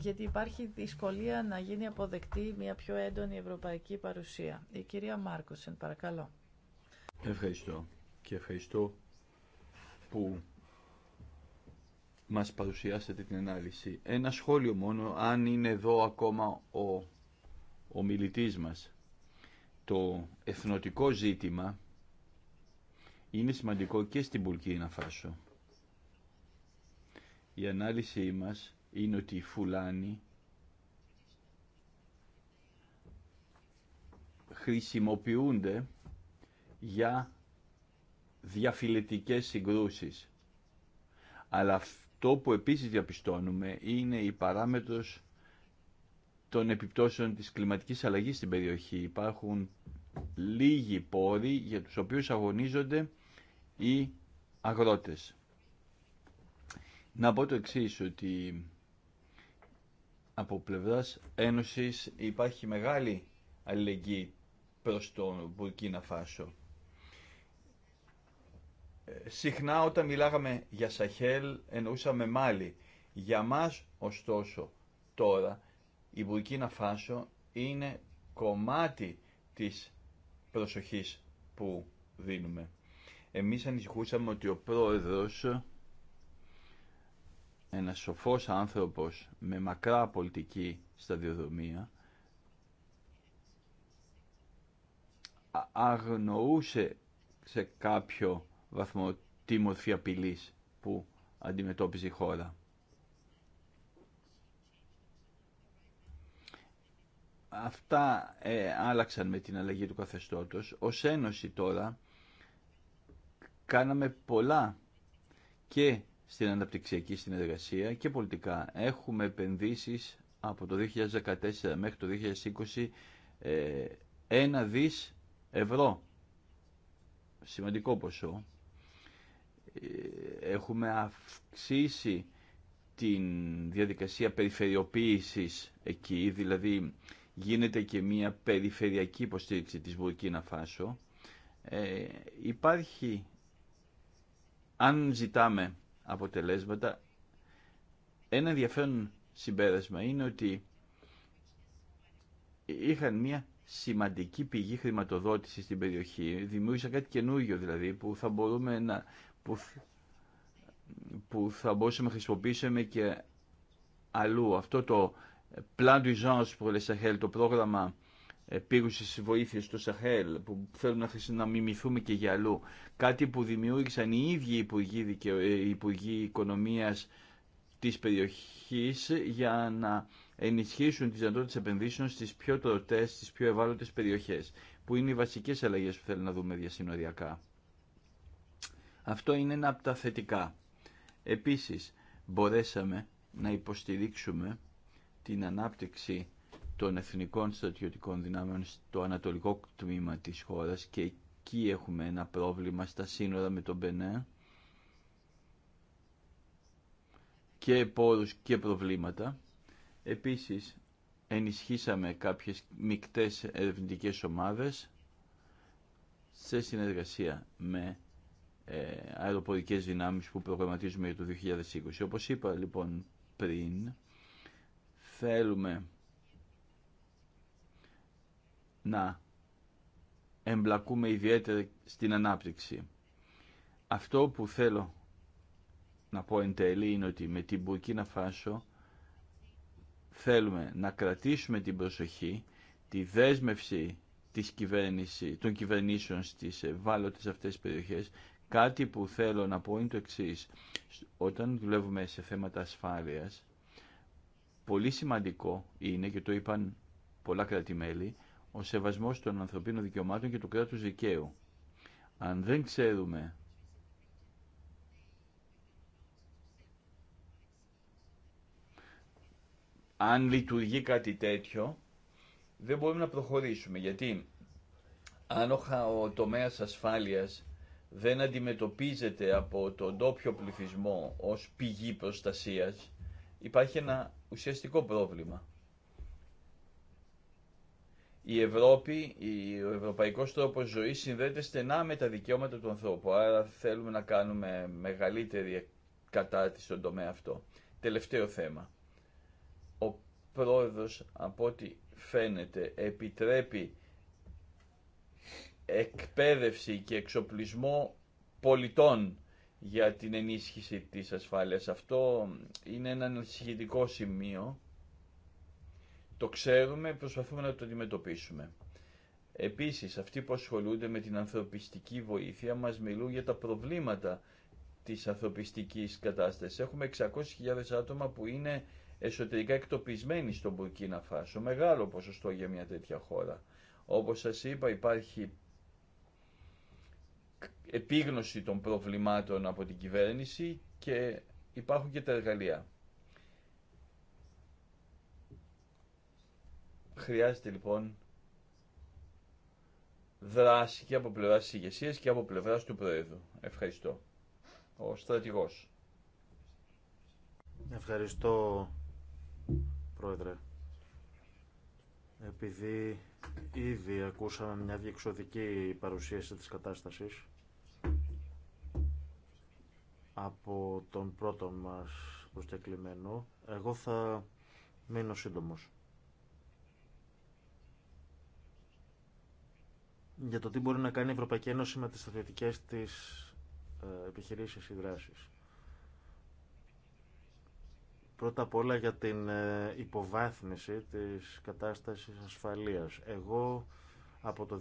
Γιατί υπάρχει δυσκολία να γίνει αποδεκτή μια πιο έντονη ευρωπαϊκή παρουσία. Η κυρία Μάρκοσεν, παρακαλώ. Ευχαριστώ και ευχαριστώ που μας παρουσιάσατε την ανάλυση. Ένα σχόλιο μόνο, αν είναι εδώ ακόμα ο μιλητής μας. Το εθνοτικό ζήτημα είναι σημαντικό και στην Πουλκίνα, Φάσο. Η ανάλυση μας είναι ότι οι Φουλάνοι χρησιμοποιούνται για διαφυλετικές συγκρούσεις. Αλλά αυτό που επίσης διαπιστώνουμε είναι η παράμετρος των επιπτώσεων της κλιματικής αλλαγής στην περιοχή. Υπάρχουν λίγοι πόροι για τους οποίους αγωνίζονται οι αγρότες. Να πω το εξή ότι από πλευράς Ένωσης υπάρχει μεγάλη αλληλεγγύη προς τον Μπουρκίνα Φάσο. Συχνά όταν μιλάγαμε για Σαχέλ εννοούσαμε Μάλι. Για μας ωστόσο τώρα η Μπουρκίνα Φάσο είναι κομμάτι της προσοχής που δίνουμε. Εμείς ανησυχούσαμε ότι ο πρόεδρος, ένας σοφός άνθρωπος με μακρά πολιτική σταδιοδρομία, αγνοούσε σε κάποιο βαθμό τι μορφή απειλή που αντιμετώπιζε η χώρα. Αυτά ε, άλλαξαν με την αλλαγή του καθεστώτος. Ως Ένωση τώρα κάναμε πολλά και στην αναπτυξιακή συνεργασία και πολιτικά. Έχουμε επενδύσεις από το 2014 μέχρι το 2020 ε, ένα δις ευρώ. Σημαντικό ποσό έχουμε αυξήσει την διαδικασία περιφερειοποίησης εκεί, δηλαδή γίνεται και μια περιφερειακή υποστήριξη της Βουρκίνα Φάσο. Ε, υπάρχει, αν ζητάμε αποτελέσματα, ένα ενδιαφέρον συμπέρασμα είναι ότι είχαν μια σημαντική πηγή χρηματοδότησης στην περιοχή, δημιούργησαν κάτι καινούργιο δηλαδή που θα μπορούμε να που, που θα μπορούσαμε να χρησιμοποιήσουμε και αλλού. Αυτό το Plan d'urgence pour le Sahel, το πρόγραμμα επίγουσης βοήθειας στο Σαχέλ που θέλουν να μιμηθούμε και για αλλού. Κάτι που δημιούργησαν οι ίδιοι υπουργοί, δικαιο... Ε, υπουργοί οικονομίας της περιοχής για να ενισχύσουν τις δυνατότητες επενδύσεων στις πιο τροτές, στις πιο ευάλωτες περιοχές, που είναι οι βασικές αλλαγές που θέλουν να δούμε διασυνοριακά. Αυτό είναι ένα από τα θετικά. Επίσης, μπορέσαμε να υποστηρίξουμε την ανάπτυξη των εθνικών στρατιωτικών δυνάμεων στο ανατολικό τμήμα της χώρας και εκεί έχουμε ένα πρόβλημα στα σύνορα με τον Μπενέ και πόρους και προβλήματα. Επίσης, ενισχύσαμε κάποιες μικτές ερευνητικές ομάδες σε συνεργασία με ε, αεροπορικές δυνάμεις που προγραμματίζουμε για το 2020. Όπως είπα λοιπόν πριν, θέλουμε να εμπλακούμε ιδιαίτερα στην ανάπτυξη. Αυτό που θέλω να πω εν τέλει είναι ότι με την Μπουρκίνα Φάσο θέλουμε να κρατήσουμε την προσοχή, τη δέσμευση της κυβέρνηση, των κυβερνήσεων στις ευάλωτες αυτές τις περιοχές Κάτι που θέλω να πω είναι το εξή. Όταν δουλεύουμε σε θέματα ασφάλειας, πολύ σημαντικό είναι, και το είπαν πολλά κρατημέλη, ο σεβασμός των ανθρωπίνων δικαιωμάτων και του κράτους δικαίου. Αν δεν ξέρουμε αν λειτουργεί κάτι τέτοιο, δεν μπορούμε να προχωρήσουμε. Γιατί αν ο, ο τομέας ασφάλειας δεν αντιμετωπίζεται από τον τόπιο πληθυσμό ως πηγή προστασίας, υπάρχει ένα ουσιαστικό πρόβλημα. Η Ευρώπη, ο ευρωπαϊκός τρόπος ζωής συνδέεται στενά με τα δικαιώματα του ανθρώπου, άρα θέλουμε να κάνουμε μεγαλύτερη κατάρτιση στον τομέα αυτό. Τελευταίο θέμα. Ο πρόεδρος, από ό,τι φαίνεται, επιτρέπει εκπαίδευση και εξοπλισμό πολιτών για την ενίσχυση της ασφάλειας. Αυτό είναι ένα ανησυχητικό σημείο. Το ξέρουμε, προσπαθούμε να το αντιμετωπίσουμε. Επίσης, αυτοί που ασχολούνται με την ανθρωπιστική βοήθεια μας μιλούν για τα προβλήματα της ανθρωπιστικής κατάστασης. Έχουμε 600.000 άτομα που είναι εσωτερικά εκτοπισμένοι στον Μπουρκίνα Φάσο. Μεγάλο ποσοστό για μια τέτοια χώρα. Όπως σας είπα υπάρχει επίγνωση των προβλημάτων από την κυβέρνηση και υπάρχουν και τα εργαλεία. Χρειάζεται λοιπόν δράση και από πλευρά τη ηγεσία και από πλευρά του Προέδρου. Ευχαριστώ. Ο στρατηγό. Ευχαριστώ, Πρόεδρε. Επειδή ήδη ακούσαμε μια διεξοδική παρουσίαση της κατάστασης, από τον πρώτο μας προστεκλημένο. Εγώ θα μείνω σύντομος. Για το τι μπορεί να κάνει η Ευρωπαϊκή Ένωση με τις στρατιωτικές της ε, επιχειρήσεις ή δράσεις. Πρώτα απ' όλα για την ε, υποβάθμιση της κατάστασης ασφαλείας. Εγώ από το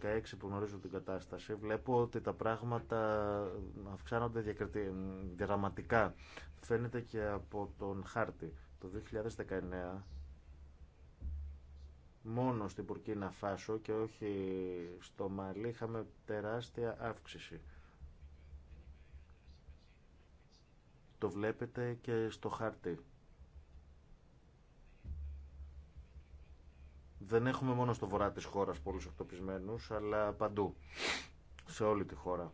2016 που γνωρίζω την κατάσταση βλέπω ότι τα πράγματα αυξάνονται δραματικά. Φαίνεται και από τον χάρτη. Το 2019 μόνο στην Πουρκίνα Φάσο και όχι στο Μαλί είχαμε τεράστια αύξηση. Το βλέπετε και στο χάρτη. Δεν έχουμε μόνο στο βορρά της χώρας πολλούς εκτοπισμένους, αλλά παντού, σε όλη τη χώρα.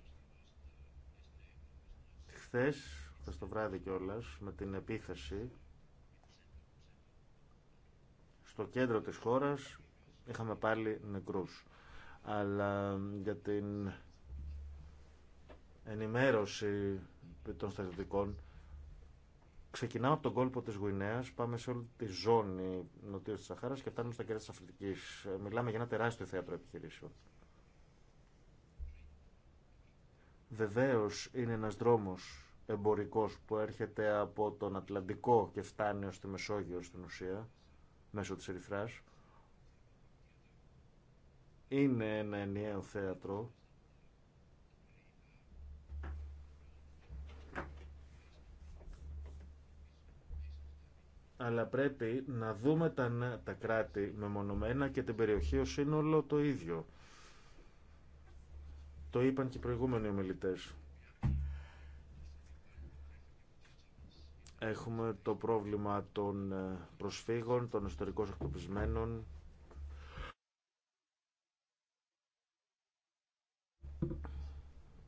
Χθε, χθε το βράδυ κιόλα, με την επίθεση στο κέντρο της χώρας είχαμε πάλι νεκρούς. Αλλά για την ενημέρωση των στρατιωτικών Ξεκινάμε από τον κόλπο τη Γουινέα, πάμε σε όλη τη ζώνη νοτίω τη Σαχάρα και φτάνουμε στα κέρια τη Αφρική. Μιλάμε για ένα τεράστιο θέατρο επιχειρήσεων. Βεβαίω είναι ένα δρόμο εμπορικό που έρχεται από τον Ατλαντικό και φτάνει ω τη Μεσόγειο στην ουσία, μέσω τη Ερυθρά. Είναι ένα ενιαίο θέατρο αλλά πρέπει να δούμε τα, τα κράτη μεμονωμένα και την περιοχή ως σύνολο το ίδιο. Το είπαν και οι προηγούμενοι ομιλητές. Έχουμε το πρόβλημα των ε, προσφύγων, των ιστορικών εκτοπισμένων.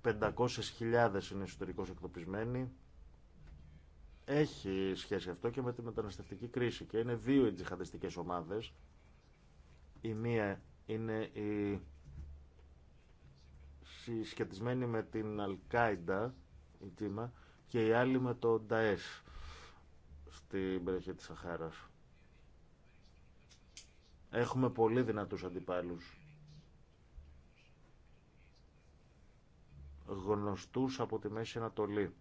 500.000 είναι ιστορικώς εκτοπισμένοι. Έχει σχέση αυτό και με τη μεταναστευτική κρίση και είναι δύο οι ομάδες. Η μία είναι η συσχετισμένη με την Αλκάιντα, η και η άλλη με το ΝταΕΣ στην περιοχή της Σαχάρας. Έχουμε πολύ δυνατούς αντιπάλους. Γνωστούς από τη Μέση Ανατολή.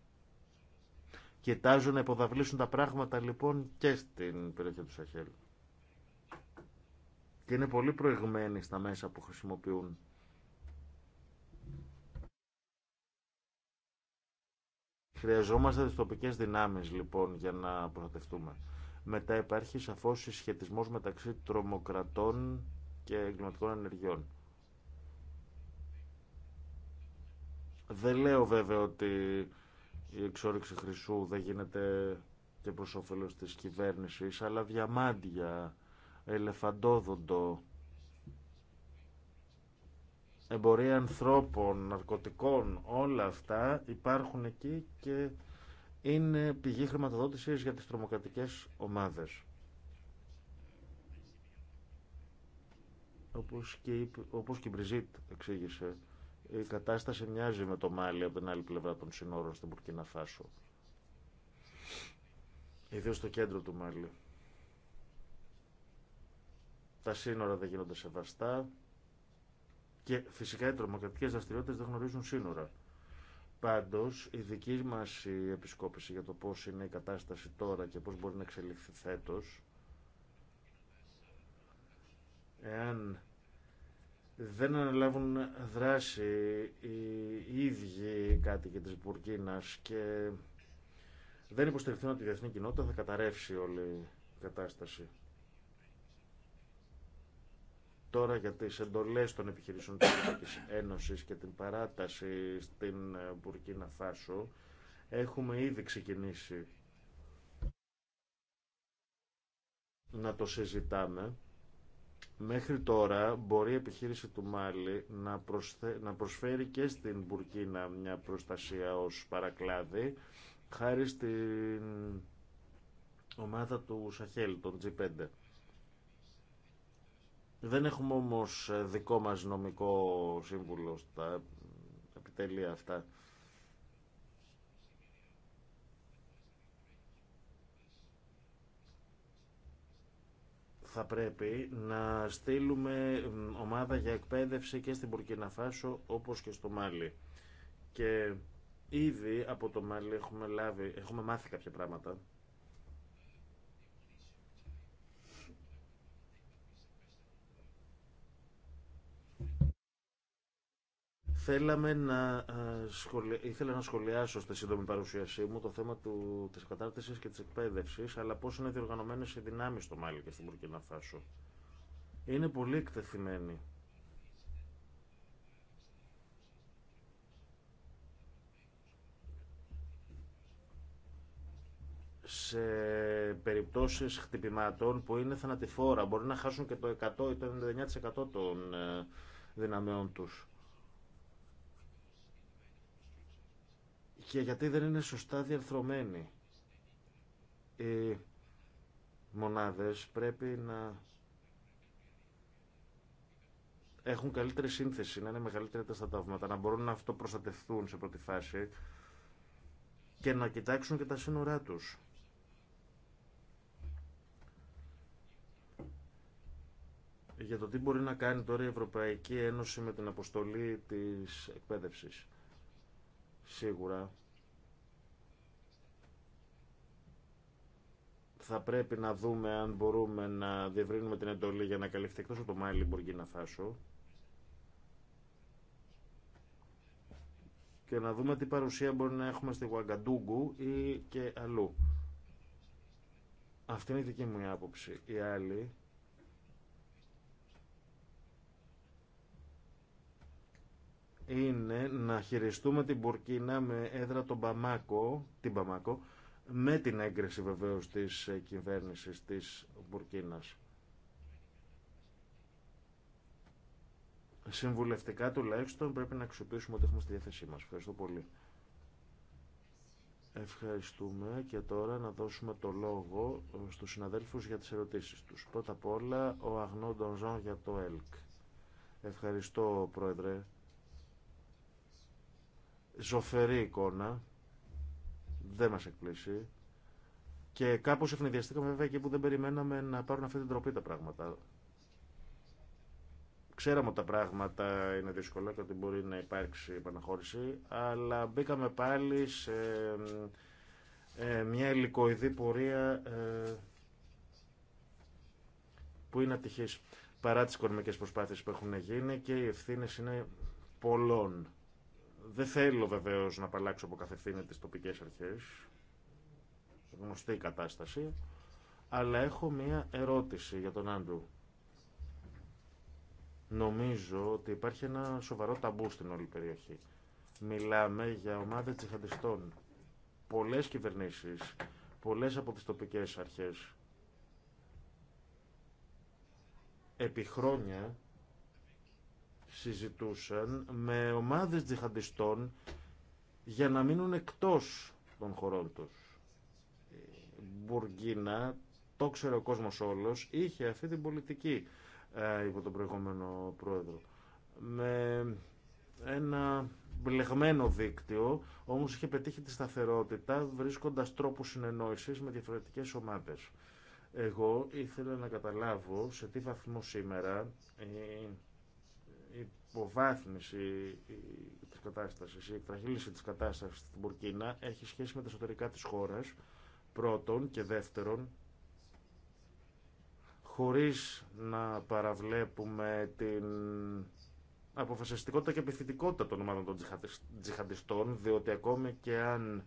Κοιτάζουν να υποδαβλήσουν τα πράγματα λοιπόν και στην περιοχή του Σαχέλ. Και είναι πολύ προηγμένοι στα μέσα που χρησιμοποιούν. Χρειαζόμαστε τις τοπικές δυνάμεις λοιπόν για να προστατευτούμε. Μετά υπάρχει σαφώς σχετισμός μεταξύ τρομοκρατών και εγκληματικών ενεργειών. Δεν λέω βέβαια ότι η εξόριξη χρυσού δεν γίνεται και προς όφελος της κυβέρνησης, αλλά διαμάντια, ελεφαντόδοντο, εμπορία ανθρώπων, ναρκωτικών, όλα αυτά υπάρχουν εκεί και είναι πηγή χρηματοδότησης για τις τρομοκρατικές ομάδες. Όπως και, όπως και η Μπριζίτ εξήγησε, η κατάσταση μοιάζει με το Μάλι από την άλλη πλευρά των συνόρων στην Πουρκίνα Φάσο. Ιδίως στο κέντρο του Μάλι. Τα σύνορα δεν γίνονται σεβαστά και φυσικά οι τρομοκρατικές δραστηριότητες δεν γνωρίζουν σύνορα. Πάντως, η δική μας επισκόπηση για το πώς είναι η κατάσταση τώρα και πώς μπορεί να εξελιχθεί φέτος, εάν δεν αναλάβουν δράση οι ίδιοι κάτοικοι της Μπουρκίνας και δεν υποστηριχθούν από τη διεθνή κοινότητα, θα καταρρεύσει όλη η κατάσταση. Τώρα για τις εντολές των επιχειρήσεων της Ένωσης και την παράταση στην Μπουρκίνα Φάσο, έχουμε ήδη ξεκινήσει να το συζητάμε. Μέχρι τώρα μπορεί η επιχείρηση του Μάλι να, να προσφέρει και στην Μπουρκίνα μια προστασία ως παρακλάδι χάρη στην ομάδα του Σαχέλ, τον G5. Δεν έχουμε όμως δικό μας νομικό σύμβουλο στα επιτελεία αυτά. θα πρέπει να στείλουμε ομάδα για εκπαίδευση και στην Πουρκίνα Φάσο όπως και στο Μάλι. Και ήδη από το Μάλι έχουμε, λάβει, έχουμε μάθει κάποια πράγματα Θέλαμε να, ε, Ήθελα να σχολιάσω στη σύντομη παρουσίασή μου το θέμα του... της κατάρτισης και της εκπαίδευσης, αλλά πώς είναι διοργανωμένες οι δυνάμεις στο Μάλι και στην Μπουρκίνα Φάσο. Είναι πολύ εκτεθειμένοι. σε περιπτώσεις χτυπημάτων που είναι θανατηφόρα. Μπορεί να χάσουν και το 100 ή το 99% των ε, δυναμεών τους. και γιατί δεν είναι σωστά διαρθρωμένοι. Οι μονάδες πρέπει να έχουν καλύτερη σύνθεση, να είναι μεγαλύτερα τα σταταύματα, να μπορούν να αυτοπροστατευτούν σε πρώτη φάση και να κοιτάξουν και τα σύνορά τους. για το τι μπορεί να κάνει τώρα η Ευρωπαϊκή Ένωση με την αποστολή της εκπαίδευσης. Σίγουρα θα πρέπει να δούμε αν μπορούμε να διευρύνουμε την εντολή για να καλυφθεί εκτός από το Μάλι Φάσο και να δούμε τι παρουσία μπορεί να έχουμε στη Γουαγκαντούγκου ή και αλλού. Αυτή είναι η δική μου άποψη. Η άλλη είναι να χειριστούμε την Μπουρκίνα με έδρα τον Παμάκο, την Παμάκο, με την έγκριση βεβαίως της κυβέρνησης της Μπουρκίνας. Συμβουλευτικά τουλάχιστον πρέπει να αξιοποιήσουμε ό,τι έχουμε στη διάθεσή μας. Ευχαριστώ πολύ. Ευχαριστούμε και τώρα να δώσουμε το λόγο στους συναδέλφους για τις ερωτήσεις τους. Πρώτα απ' όλα ο Αγνόντον Ζων για το ΕΛΚ. Ευχαριστώ Πρόεδρε ζωφερή εικόνα, δεν μας εκπλήσει. Και κάπως ευνηδιαστήκαμε βέβαια εκεί που δεν περιμέναμε να πάρουν αυτή την τροπή τα πράγματα. Ξέραμε ότι τα πράγματα είναι δύσκολα και ότι μπορεί να υπάρξει επαναχώρηση, αλλά μπήκαμε πάλι σε ε, μια ελικοειδή πορεία ε, που είναι ατυχής παρά τις οικονομικές προσπάθειες που έχουν γίνει και οι ευθύνε είναι πολλών. Δεν θέλω βεβαίω να απαλλάξω από καθευθύνη τις τοπικές αρχές, γνωστή η κατάσταση, αλλά έχω μία ερώτηση για τον Άντου. Νομίζω ότι υπάρχει ένα σοβαρό ταμπού στην όλη περιοχή. Μιλάμε για ομάδα τσιχαντιστών. Πολλές κυβερνήσεις, πολλές από τις τοπικές αρχές. Επί χρόνια συζητούσαν με ομάδες τζιχαντιστών για να μείνουν εκτός των χωρών τους. Μπουργκίνα, το ξέρει ο κόσμος όλος, είχε αυτή την πολιτική ε, υπό τον προηγούμενο πρόεδρο. Με ένα μπλεγμένο δίκτυο, όμως είχε πετύχει τη σταθερότητα βρίσκοντας τρόπους συνεννόησης με διαφορετικές ομάδες. Εγώ ήθελα να καταλάβω σε τι βαθμό σήμερα η υποβάθμιση τη κατάσταση, η εκτραχύλιση της κατάσταση στην Μπουρκίνα έχει σχέση με τα εσωτερικά τη χώρας, πρώτον και δεύτερον, χωρίς να παραβλέπουμε την αποφασιστικότητα και επιθετικότητα των ομάδων των τζιχαντιστών, διότι ακόμη και αν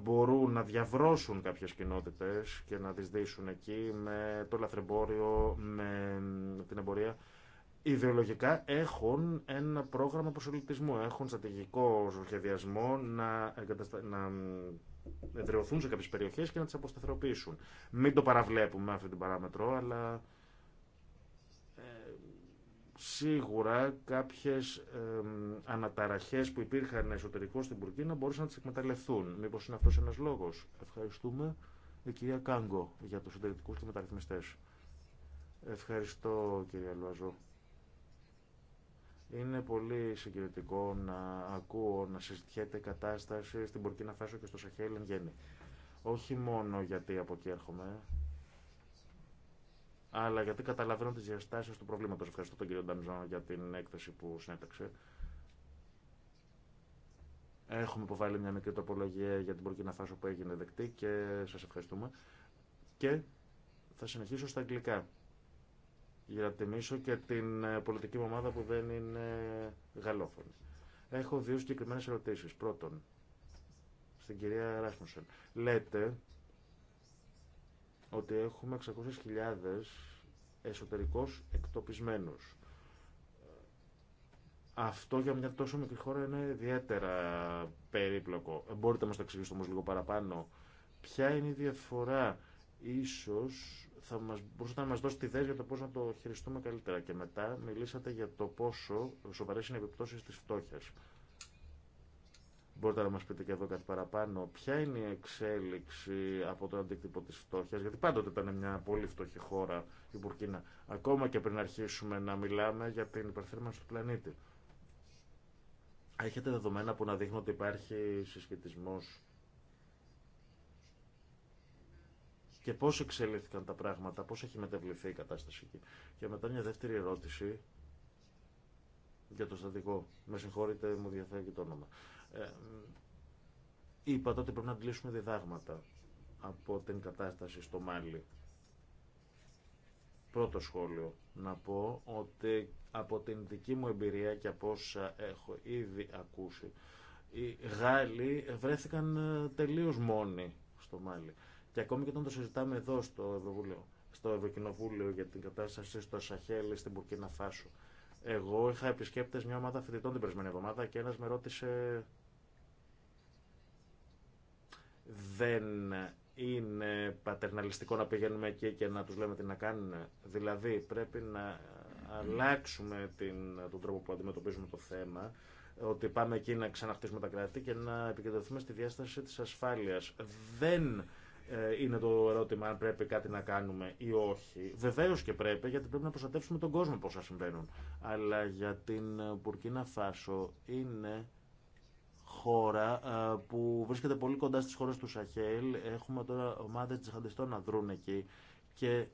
μπορούν να διαβρώσουν κάποιες κοινότητες και να τις δείσουν εκεί με το λαθρεμπόριο, με την εμπορία, ιδεολογικά έχουν ένα πρόγραμμα προσελητισμού, έχουν στρατηγικό σχεδιασμό να, εγκαταστα... να εδρεωθούν σε κάποιε περιοχέ και να τι αποσταθεροποιήσουν. Μην το παραβλέπουμε αυτή την παράμετρο, αλλά ε, σίγουρα κάποιε ε, αναταραχές που υπήρχαν εσωτερικώ στην Πουρκίνα μπορούσαν να τι εκμεταλλευτούν. Μήπω είναι αυτό ένα λόγο. Ευχαριστούμε η κυρία Κάγκο για του συντηρητικού και μεταρρυθμιστέ. Ευχαριστώ κύριε Λουαζό. Είναι πολύ συγκριτικό να ακούω να συζητιέται η κατάσταση στην Πορκίνα Φάσο και στο Σαχέλ εν γέννη. Όχι μόνο γιατί από εκεί έρχομαι, αλλά γιατί καταλαβαίνω τις διαστάσεις του προβλήματος. Ευχαριστώ τον κύριο Ντανζό για την έκθεση που συνέταξε. Έχουμε υποβάλει μια μικρή τοπολογία για την Πορκίνα Φάσο που έγινε δεκτή και σας ευχαριστούμε. Και θα συνεχίσω στα αγγλικά για να τιμήσω και την ε, πολιτική μου ομάδα που δεν είναι γαλλόφωνη. Έχω δύο συγκεκριμένε ερωτήσει. Πρώτον, στην κυρία Ράσμουσεν. Λέτε ότι έχουμε 600.000 εσωτερικώς εκτοπισμένους. Αυτό για μια τόσο μικρή χώρα είναι ιδιαίτερα περίπλοκο. Ε, μπορείτε να μας το εξηγήσετε λίγο παραπάνω. Ποια είναι η διαφορά ίσως θα μας, μπορούσατε να μας δώσετε ιδέες για το πώ να το χειριστούμε καλύτερα. Και μετά μιλήσατε για το πόσο σοβαρέ είναι οι επιπτώσει τη φτώχεια. Μπορείτε να μα πείτε και εδώ κάτι παραπάνω. Ποια είναι η εξέλιξη από το αντίκτυπο τη φτώχεια, γιατί πάντοτε ήταν μια πολύ φτωχή χώρα η Μπουρκίνα, ακόμα και πριν αρχίσουμε να μιλάμε για την υπερθέρμανση του πλανήτη. Έχετε δεδομένα που να δείχνουν ότι υπάρχει συσχετισμό και πώς εξελίχθηκαν τα πράγματα, πώς έχει μετεβληθεί η κατάσταση εκεί. Και μετά μια δεύτερη ερώτηση για το στατικό. Με συγχωρείτε, μου διαθέτει το όνομα. Ε, είπατε ότι πρέπει να αντλήσουμε διδάγματα από την κατάσταση στο Μάλι. Πρώτο σχόλιο να πω ότι από την δική μου εμπειρία και από όσα έχω ήδη ακούσει, οι Γάλλοι βρέθηκαν ε, τελείως μόνοι στο Μάλι. Και ακόμη και όταν το συζητάμε εδώ στο Ευρωβούλιο, στο Ευρωκοινοβούλιο για την κατάσταση στο Σαχέλ, στην Μπουρκίνα Φάσου. Εγώ είχα επισκέπτε μια ομάδα φοιτητών την περασμένη εβδομάδα και ένα με ρώτησε. Δεν είναι πατερναλιστικό να πηγαίνουμε εκεί και να του λέμε τι να κάνουν. Δηλαδή πρέπει να αλλάξουμε την, τον τρόπο που αντιμετωπίζουμε το θέμα, ότι πάμε εκεί να ξαναχτίσουμε τα κράτη και να επικεντρωθούμε στη διάσταση της ασφάλειας. Δεν ε, είναι το ερώτημα αν πρέπει κάτι να κάνουμε ή όχι. Βεβαίω και πρέπει, γιατί πρέπει να προστατεύσουμε τον κόσμο πόσα συμβαίνουν. Αλλά για την Πουρκίνα Φάσο είναι χώρα ε, που βρίσκεται πολύ κοντά στις χώρες του Σαχέλ. Έχουμε τώρα ομάδες τζιχαντιστών να δρούν εκεί και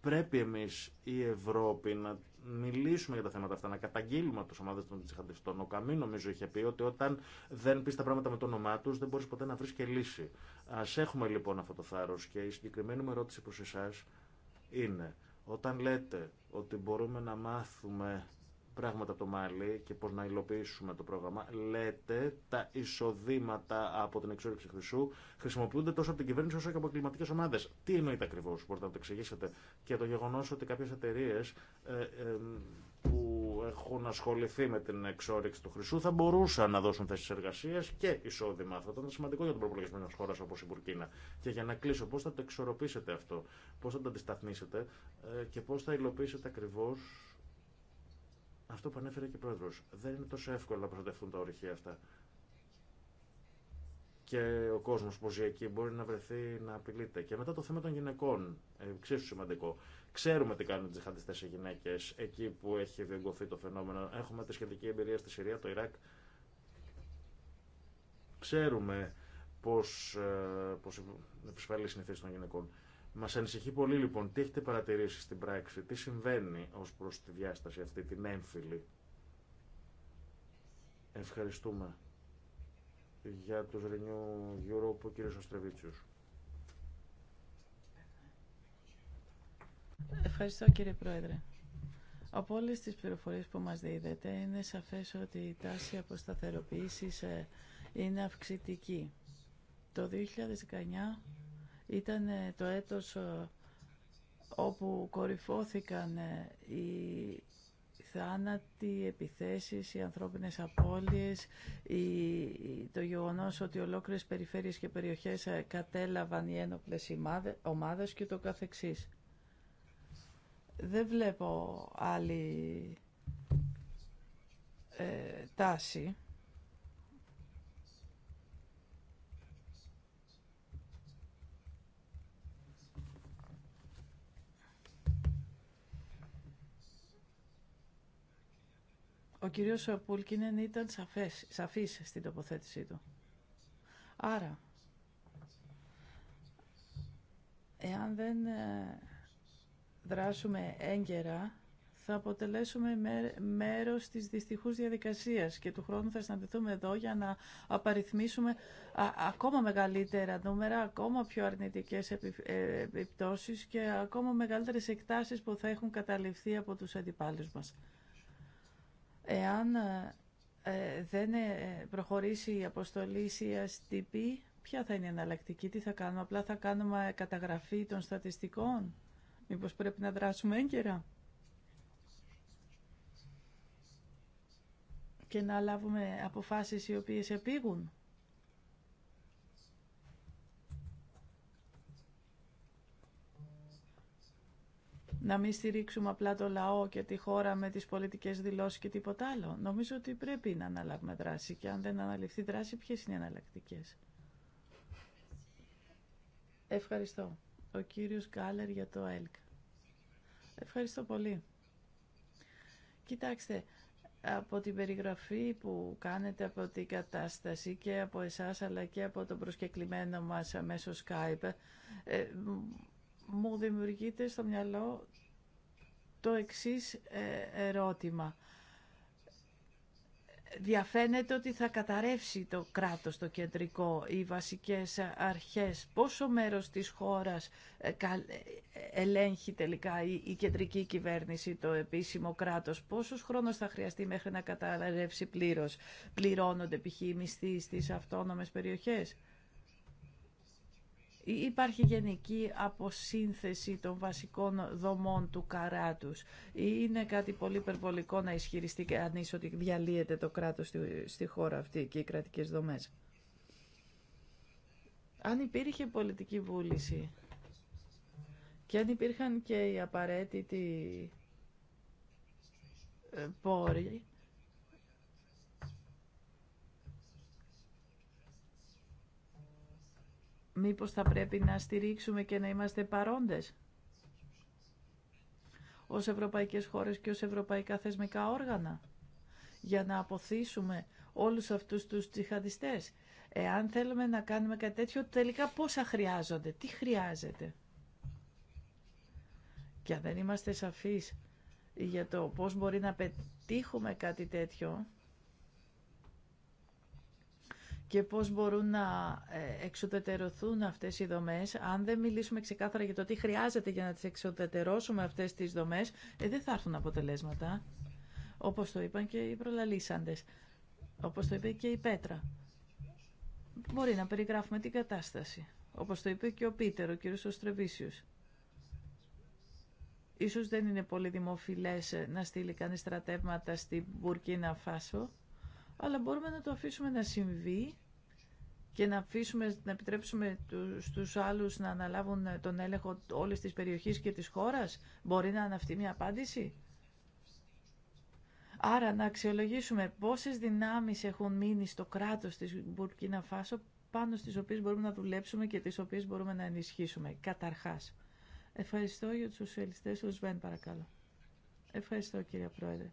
πρέπει εμείς η Ευρώπη να μιλήσουμε για τα θέματα αυτά, να καταγγείλουμε από τι ομάδε των τσιχαντιστών. Ο Καμί νομίζω είχε πει ότι όταν δεν πει τα πράγματα με το όνομά του, δεν μπορεί ποτέ να βρει και λύση. Α έχουμε λοιπόν αυτό το θάρρο και η συγκεκριμένη μου ερώτηση προ εσά είναι όταν λέτε ότι μπορούμε να μάθουμε πράγματα από το Μάλι και πώς να υλοποιήσουμε το πρόγραμμα, λέτε τα εισοδήματα από την εξόρυξη χρυσού χρησιμοποιούνται τόσο από την κυβέρνηση όσο και από κλιματικές ομάδε. Τι εννοείται ακριβώ, μπορείτε να το εξηγήσετε. Και το γεγονό ότι κάποιε εταιρείε ε, ε, που έχουν ασχοληθεί με την εξόρυξη του χρυσού θα μπορούσαν να δώσουν θέσει εργασία και εισόδημα. Αυτό ήταν σημαντικό για τον προπολογισμό μια χώρα όπω η Μπουρκίνα. Και για να κλείσω, πώ θα το εξορροπήσετε αυτό, πώ θα το αντισταθμίσετε ε, και πώ θα υλοποιήσετε ακριβώ αυτό που ανέφερε και η πρόεδρο. δεν είναι τόσο εύκολο να προστατευτούν τα ορυχεία αυτά. Και ο κόσμος που ζει εκεί μπορεί να βρεθεί να απειλείται. Και μετά το θέμα των γυναικών, ε, εξίσου σημαντικό. Ξέρουμε τι κάνουν οι τζιχαντιστέ οι γυναίκες εκεί που έχει διεγκωθεί το φαινόμενο. Έχουμε τη σχετική εμπειρία στη Συρία, το Ιράκ. Ξέρουμε πώς, ε, επισφαλή είναι συνηθίσει των γυναικών. Μα ανησυχεί πολύ λοιπόν τι έχετε παρατηρήσει στην πράξη, τι συμβαίνει ω προ τη διάσταση αυτή, την έμφυλη. Ευχαριστούμε για του Renew Europe, ο κύριος Αστρεβίτσιο. Ευχαριστώ κύριε Πρόεδρε. Από όλες τις πληροφορίες που μας δίδεται, είναι σαφές ότι η τάση αποσταθεροποίησης ε, είναι αυξητική. Το 2019 ήταν ε, το έτος ε, όπου κορυφώθηκαν ε, οι θάνατοι, οι επιθέσεις, οι ανθρώπινες απώλειες, το γεγονός ότι ολόκληρες περιφέρειες και περιοχές κατέλαβαν οι ένοπλες ομάδες και το καθεξής. Δεν βλέπω άλλη τάση. Ο κύριος Πουλκίνεν ήταν σαφές, σαφής στην τοποθέτησή του. Άρα, εάν δεν ε, δράσουμε έγκαιρα, θα αποτελέσουμε μέρος της δυστυχούς διαδικασίας και του χρόνου θα συναντηθούμε εδώ για να απαριθμίσουμε ακόμα μεγαλύτερα νούμερα, ακόμα πιο αρνητικές ε, επιπτώσεις και ακόμα μεγαλύτερες εκτάσεις που θα έχουν καταληφθεί από τους αντιπάλους μας. Εάν ε, ε, δεν ε, προχωρήσει η αποστολή CSTP, ποια θα είναι η εναλλακτική, τι θα κάνουμε, απλά θα κάνουμε καταγραφή των στατιστικών, μήπως πρέπει να δράσουμε έγκαιρα. και να λάβουμε αποφάσεις οι οποίες επίγουν. να μην στηρίξουμε απλά το λαό και τη χώρα με τις πολιτικές δηλώσεις και τίποτα άλλο. Νομίζω ότι πρέπει να αναλάβουμε δράση και αν δεν αναλυφθεί δράση, ποιες είναι οι Ευχαριστώ. Ο κύριος Γκάλερ για το ΕΛΚ. Ευχαριστώ πολύ. Κοιτάξτε, από την περιγραφή που κάνετε από την κατάσταση και από εσάς αλλά και από τον προσκεκλημένο μας μέσω Skype, ε, μου δημιουργείται στο μυαλό το εξής ε, ερώτημα. Διαφαίνεται ότι θα καταρρεύσει το κράτος, το κεντρικό, οι βασικές αρχές. Πόσο μέρος της χώρας ε, ε, ελέγχει τελικά η κεντρική κυβέρνηση, το επίσημο κράτος. Πόσος χρόνος θα χρειαστεί μέχρι να καταρρεύσει πλήρως. Πληρώνονται π.χ. οι μισθοί στις αυτόνομες περιοχές. Υπάρχει γενική αποσύνθεση των βασικών δομών του καράτους. Είναι κάτι πολύ υπερβολικό να ισχυριστεί κανείς ότι διαλύεται το κράτος στη χώρα αυτή και οι κρατικές δομές. Αν υπήρχε πολιτική βούληση και αν υπήρχαν και οι απαραίτητοι ε, πόροι, Μήπως θα πρέπει να στηρίξουμε και να είμαστε παρόντες ως ευρωπαϊκές χώρες και ως ευρωπαϊκά θεσμικά όργανα για να αποθήσουμε όλους αυτούς τους τσιχαντιστές. Εάν θέλουμε να κάνουμε κάτι τέτοιο, τελικά πόσα χρειάζονται, τι χρειάζεται. Και αν δεν είμαστε σαφείς για το πώς μπορεί να πετύχουμε κάτι τέτοιο, και πώς μπορούν να ε, εξουδετερωθούν αυτές οι δομές. Αν δεν μιλήσουμε ξεκάθαρα για το τι χρειάζεται για να τις εξουδετερώσουμε αυτές τις δομές, ε, δεν θα έρθουν αποτελέσματα, όπως το είπαν και οι προλαλήσαντες, όπως το είπε και η Πέτρα. Μπορεί να περιγράφουμε την κατάσταση, όπως το είπε και ο Πίτερ, ο κ. Στρεβίσιος. Ίσως δεν είναι πολύ δημοφιλές να στείλει κανείς στρατεύματα στην Μπουρκίνα Φάσο, αλλά μπορούμε να το αφήσουμε να συμβεί και να, αφήσουμε, να επιτρέψουμε στους άλλους να αναλάβουν τον έλεγχο όλης της περιοχής και της χώρας. Μπορεί να είναι αυτή μια απάντηση. Άρα να αξιολογήσουμε πόσες δυνάμεις έχουν μείνει στο κράτος της Μπουρκίνα Φάσο πάνω στις οποίες μπορούμε να δουλέψουμε και τις οποίες μπορούμε να ενισχύσουμε. Καταρχάς. Ευχαριστώ για τους σοσιαλιστές. Ο Σβέν παρακαλώ. Ευχαριστώ κύριε Πρόεδρε.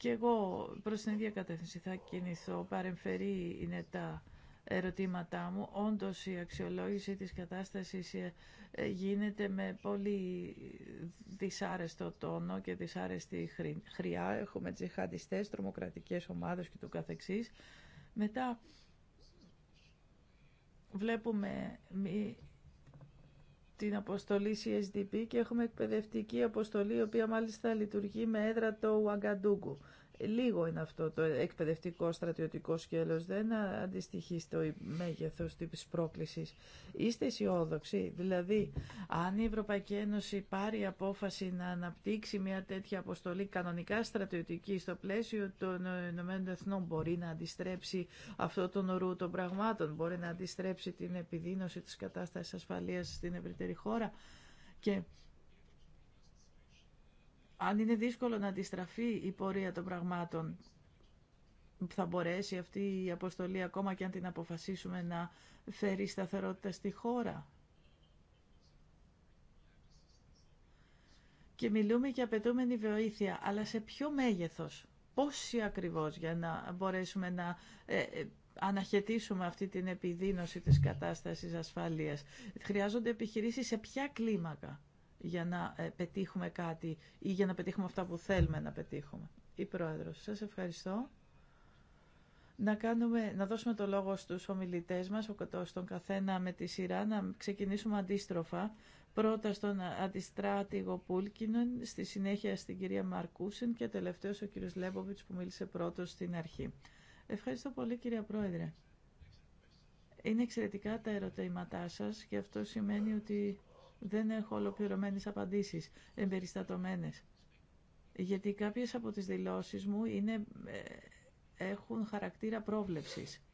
Και εγώ προς την ίδια κατεύθυνση θα κινηθώ, παρεμφερεί είναι τα ερωτήματά μου. Όντως η αξιολόγηση της κατάστασης ε, ε, γίνεται με πολύ δυσάρεστο τόνο και δυσάρεστη χρειά. Έχουμε τζιχαντιστές, τρομοκρατικές ομάδες και το καθεξής. Μετά βλέπουμε την αποστολή CSDP και έχουμε εκπαιδευτική αποστολή η οποία μάλιστα λειτουργεί με έδρα το Ουαγκαντούγκου. Λίγο είναι αυτό το εκπαιδευτικό στρατιωτικό σκέλος, δεν αντιστοιχεί στο μέγεθος της πρόκλησης. Είστε αισιόδοξοι, δηλαδή αν η Ευρωπαϊκή Ένωση πάρει απόφαση να αναπτύξει μια τέτοια αποστολή κανονικά στρατιωτική στο πλαίσιο των Ηνωμένων Εθνών μπορεί να αντιστρέψει αυτό τον ρου των πραγμάτων, μπορεί να αντιστρέψει την επιδείνωση της κατάστασης ασφαλείας στην ευρύτερη χώρα και αν είναι δύσκολο να αντιστραφεί η πορεία των πραγμάτων, θα μπορέσει αυτή η αποστολή ακόμα και αν την αποφασίσουμε να φέρει σταθερότητα στη χώρα. Και μιλούμε για απαιτούμενη βοήθεια, αλλά σε ποιο μέγεθος, πόση ακριβώς για να μπορέσουμε να ε, ε, αναχαιτήσουμε αυτή την επιδείνωση της κατάστασης ασφαλείας. Χρειάζονται επιχειρήσεις σε ποια κλίμακα για να ε, πετύχουμε κάτι ή για να πετύχουμε αυτά που θέλουμε να πετύχουμε. Η Πρόεδρος, σας ευχαριστώ. Να, κάνουμε, να δώσουμε το λόγο στους ομιλητές μας, στον καθένα με τη σειρά, να ξεκινήσουμε αντίστροφα. Πρώτα στον αντιστράτηγο Πούλκινον, στη συνέχεια στην κυρία Μαρκούσεν και τελευταίος ο κύριος Λέμποβιτς που μίλησε πρώτος στην αρχή. Ευχαριστώ πολύ κυρία Πρόεδρε. Είναι εξαιρετικά τα ερωτήματά σας και αυτό σημαίνει ότι δεν έχω ολοκληρωμένες απαντήσεις, εμπεριστατωμένες. Γιατί κάποιες από τις δηλώσεις μου είναι, ε, έχουν χαρακτήρα πρόβλεψης.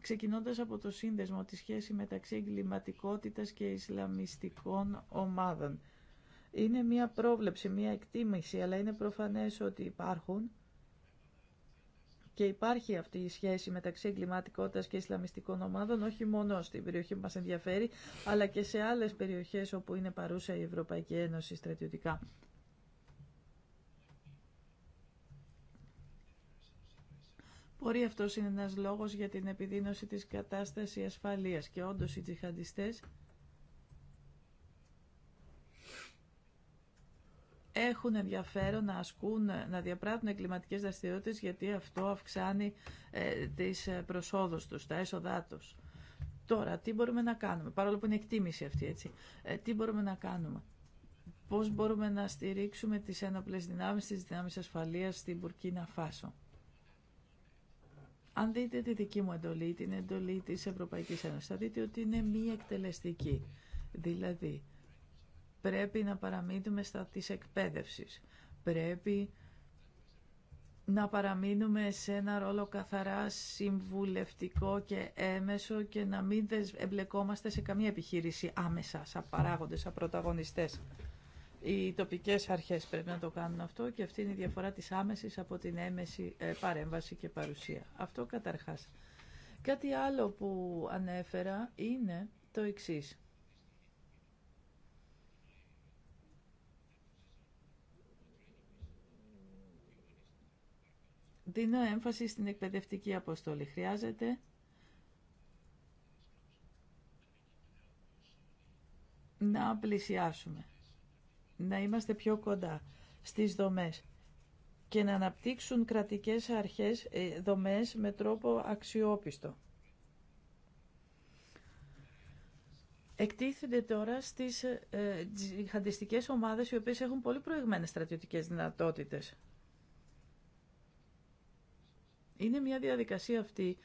ξεκινώντας από το σύνδεσμο τη σχέση μεταξύ εγκληματικότητας και ισλαμιστικών ομάδων. Είναι μία πρόβλεψη, μία εκτίμηση, αλλά είναι προφανές ότι υπάρχουν και υπάρχει αυτή η σχέση μεταξύ εγκληματικότητα και ισλαμιστικών ομάδων, όχι μόνο στην περιοχή που μας ενδιαφέρει, αλλά και σε άλλες περιοχές όπου είναι παρούσα η Ευρωπαϊκή Ένωση στρατιωτικά. Μπορεί αυτό είναι ένας λόγος για την επιδείνωση της κατάστασης ασφαλείας και όντω οι τζιχαντιστές έχουν ενδιαφέρον να ασκούν, να διαπράττουν εγκληματικές δραστηριότητες γιατί αυτό αυξάνει ε, τις ε, προσόδους τους, τα έσοδά τους. Τώρα, τι μπορούμε να κάνουμε, παρόλο που είναι εκτίμηση αυτή, έτσι, ε, τι μπορούμε να κάνουμε. Πώς μπορούμε να στηρίξουμε τις ένοπλες δυνάμεις, τις δυνάμεις ασφαλείας στην Μπουρκίνα Φάσο. Αν δείτε τη δική μου εντολή, την εντολή της Ευρωπαϊκής Ένωσης, θα δείτε ότι είναι μη εκτελεστική. Δηλαδή, πρέπει να παραμείνουμε στα της εκπαίδευσης. Πρέπει να παραμείνουμε σε ένα ρόλο καθαρά συμβουλευτικό και έμεσο και να μην εμπλεκόμαστε σε καμία επιχείρηση άμεσα, σαν παράγοντες, σαν πρωταγωνιστές. Οι τοπικές αρχές πρέπει να το κάνουν αυτό και αυτή είναι η διαφορά της άμεσης από την έμεση ε, παρέμβαση και παρουσία. Αυτό καταρχάς. Κάτι άλλο που ανέφερα είναι το εξής. Την έμφαση στην εκπαιδευτική αποστολή. Χρειάζεται να πλησιάσουμε, να είμαστε πιο κοντά στις δομές και να αναπτύξουν κρατικές αρχές ε, δομές με τρόπο αξιόπιστο. Εκτίθενται τώρα στις ε, τζιχαντιστικές ομάδες οι οποίες έχουν πολύ προηγμένες στρατιωτικές δυνατότητες. Είναι μια διαδικασία αυτή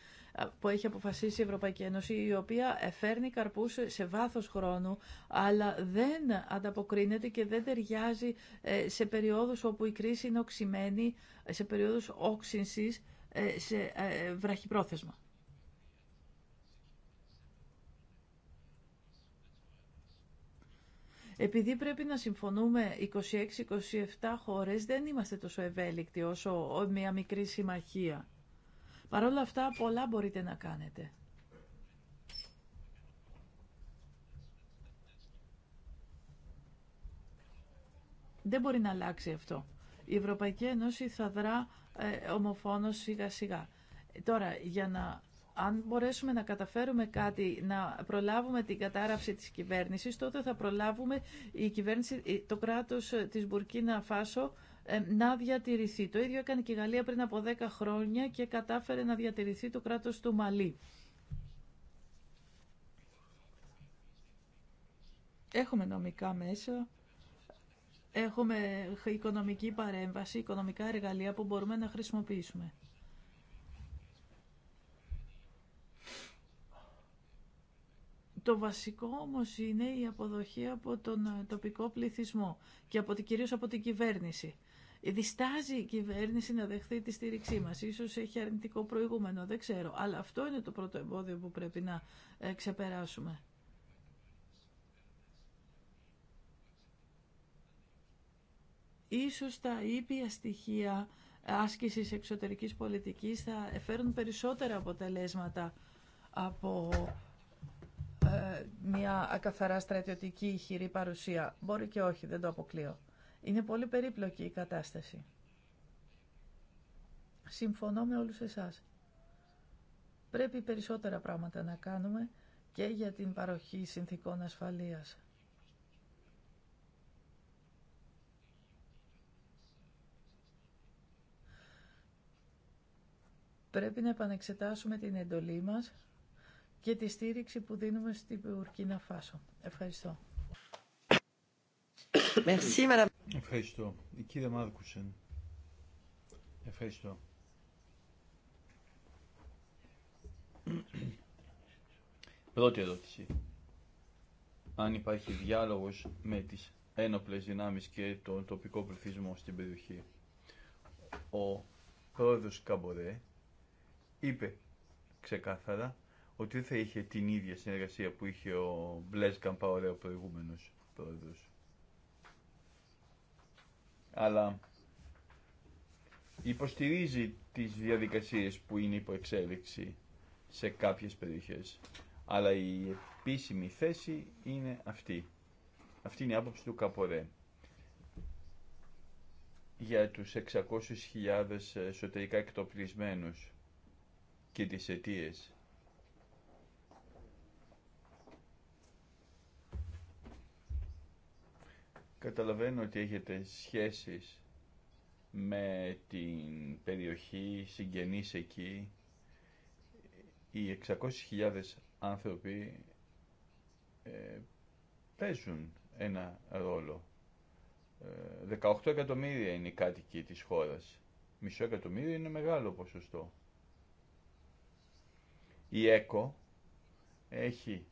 που έχει αποφασίσει η Ευρωπαϊκή Ένωση, η οποία φέρνει καρπούς σε βάθος χρόνου, αλλά δεν ανταποκρίνεται και δεν ταιριάζει ε, σε περιόδους όπου η κρίση είναι οξυμένη, ε, σε περιόδους όξυνσης, ε, σε βραχυπρόθεσμα. Επειδή πρέπει να συμφωνούμε 26-27 χώρες, δεν είμαστε τόσο ευέλικτοι όσο μια μικρή συμμαχία. Παρ' όλα αυτά πολλά μπορείτε να κάνετε. Δεν μπορεί να αλλάξει αυτό. Η Ευρωπαϊκή Ένωση θα δρά ε, ομοφόνος σιγά σιγά. Ε, τώρα, για να, αν μπορέσουμε να καταφέρουμε κάτι, να προλάβουμε την κατάραψη της κυβέρνησης, τότε θα προλάβουμε η κυβέρνηση, ε, το κράτος ε, της Μπουρκίνα Φάσο ε, να διατηρηθεί. Το ίδιο έκανε και η Γαλλία πριν από 10 χρόνια και κατάφερε να διατηρηθεί το κράτος του Μαλή. Έχουμε νομικά μέσα, έχουμε οικονομική παρέμβαση, οικονομικά εργαλεία που μπορούμε να χρησιμοποιήσουμε. Το βασικό όμως είναι η αποδοχή από τον τοπικό πληθυσμό και από, κυρίως από την κυβέρνηση διστάζει η κυβέρνηση να δεχθεί τη στήριξή μας. Ίσως έχει αρνητικό προηγούμενο, δεν ξέρω. Αλλά αυτό είναι το πρώτο εμπόδιο που πρέπει να ε, ξεπεράσουμε. Ίσως τα ήπια στοιχεία άσκησης εξωτερικής πολιτικής θα φέρουν περισσότερα αποτελέσματα από ε, μια ακαθαρά στρατιωτική χειρή παρουσία. Μπορεί και όχι, δεν το αποκλείω. Είναι πολύ περίπλοκη η κατάσταση. Συμφωνώ με όλους εσάς. Πρέπει περισσότερα πράγματα να κάνουμε και για την παροχή συνθήκων ασφαλείας. Πρέπει να επανεξετάσουμε την εντολή μας και τη στήριξη που δίνουμε στην Πουρκίνα Φάσο. Ευχαριστώ. Ευχαριστώ. Η κύριε Μάρκουσεν. Ευχαριστώ. Πρώτη ερώτηση. Αν υπάρχει διάλογος με τις ένοπλες δυνάμεις και τον τοπικό πληθυσμό στην περιοχή. Ο πρόεδρος Καμπορέ είπε ξεκάθαρα ότι δεν θα είχε την ίδια συνεργασία που είχε ο Μπλέζ ωραίο ο προηγούμενος πρόεδρος αλλά υποστηρίζει τις διαδικασίες που είναι υπό εξέλιξη σε κάποιες περιοχές. Αλλά η επίσημη θέση είναι αυτή. Αυτή είναι η άποψη του Καπορέ για τους 600.000 εσωτερικά εκτοπλισμένους και τις αιτίες Καταλαβαίνω ότι έχετε σχέσεις με την περιοχή, συγγενείς εκεί. Οι 600.000 άνθρωποι ε, παίζουν ένα ρόλο. 18 ε, εκατομμύρια είναι οι κάτοικοι της χώρας. Μισό εκατομμύριο είναι μεγάλο ποσοστό. Η ΕΚΟ έχει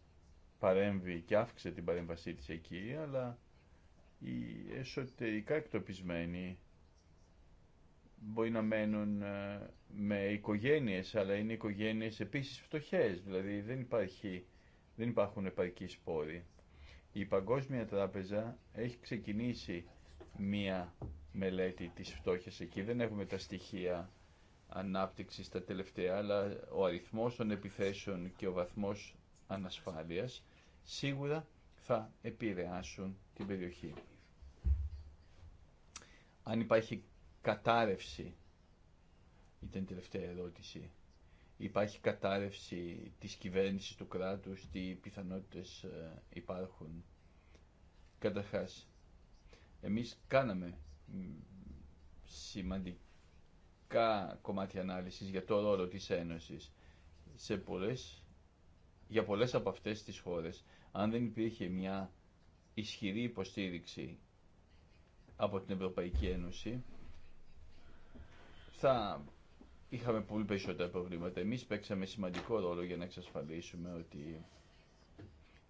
παρέμβει και αύξησε την παρέμβασή της εκεί, αλλά οι εσωτερικά εκτοπισμένοι μπορεί να μένουν ε, με οικογένειες, αλλά είναι οικογένειες επίσης φτωχές, δηλαδή δεν, υπάρχει, δεν υπάρχουν επαρκή σπόροι. Η Παγκόσμια Τράπεζα έχει ξεκινήσει μία μελέτη της φτώχειας εκεί. Δεν έχουμε τα στοιχεία ανάπτυξης τα τελευταία, αλλά ο αριθμός των επιθέσεων και ο βαθμός ανασφάλειας σίγουρα θα επηρεάσουν την περιοχή. Αν υπάρχει κατάρρευση, ήταν η τελευταία ερώτηση, υπάρχει κατάρρευση της κυβέρνησης του κράτους, τι πιθανότητες ε, υπάρχουν. Καταρχάς, εμείς κάναμε σημαντικά κομμάτια ανάλυσης για το ρόλο της Ένωσης σε πολλές, για πολλές από αυτές τις χώρες αν δεν υπήρχε μια ισχυρή υποστήριξη από την Ευρωπαϊκή Ένωση, θα είχαμε πολύ περισσότερα προβλήματα. Εμείς παίξαμε σημαντικό ρόλο για να εξασφαλίσουμε ότι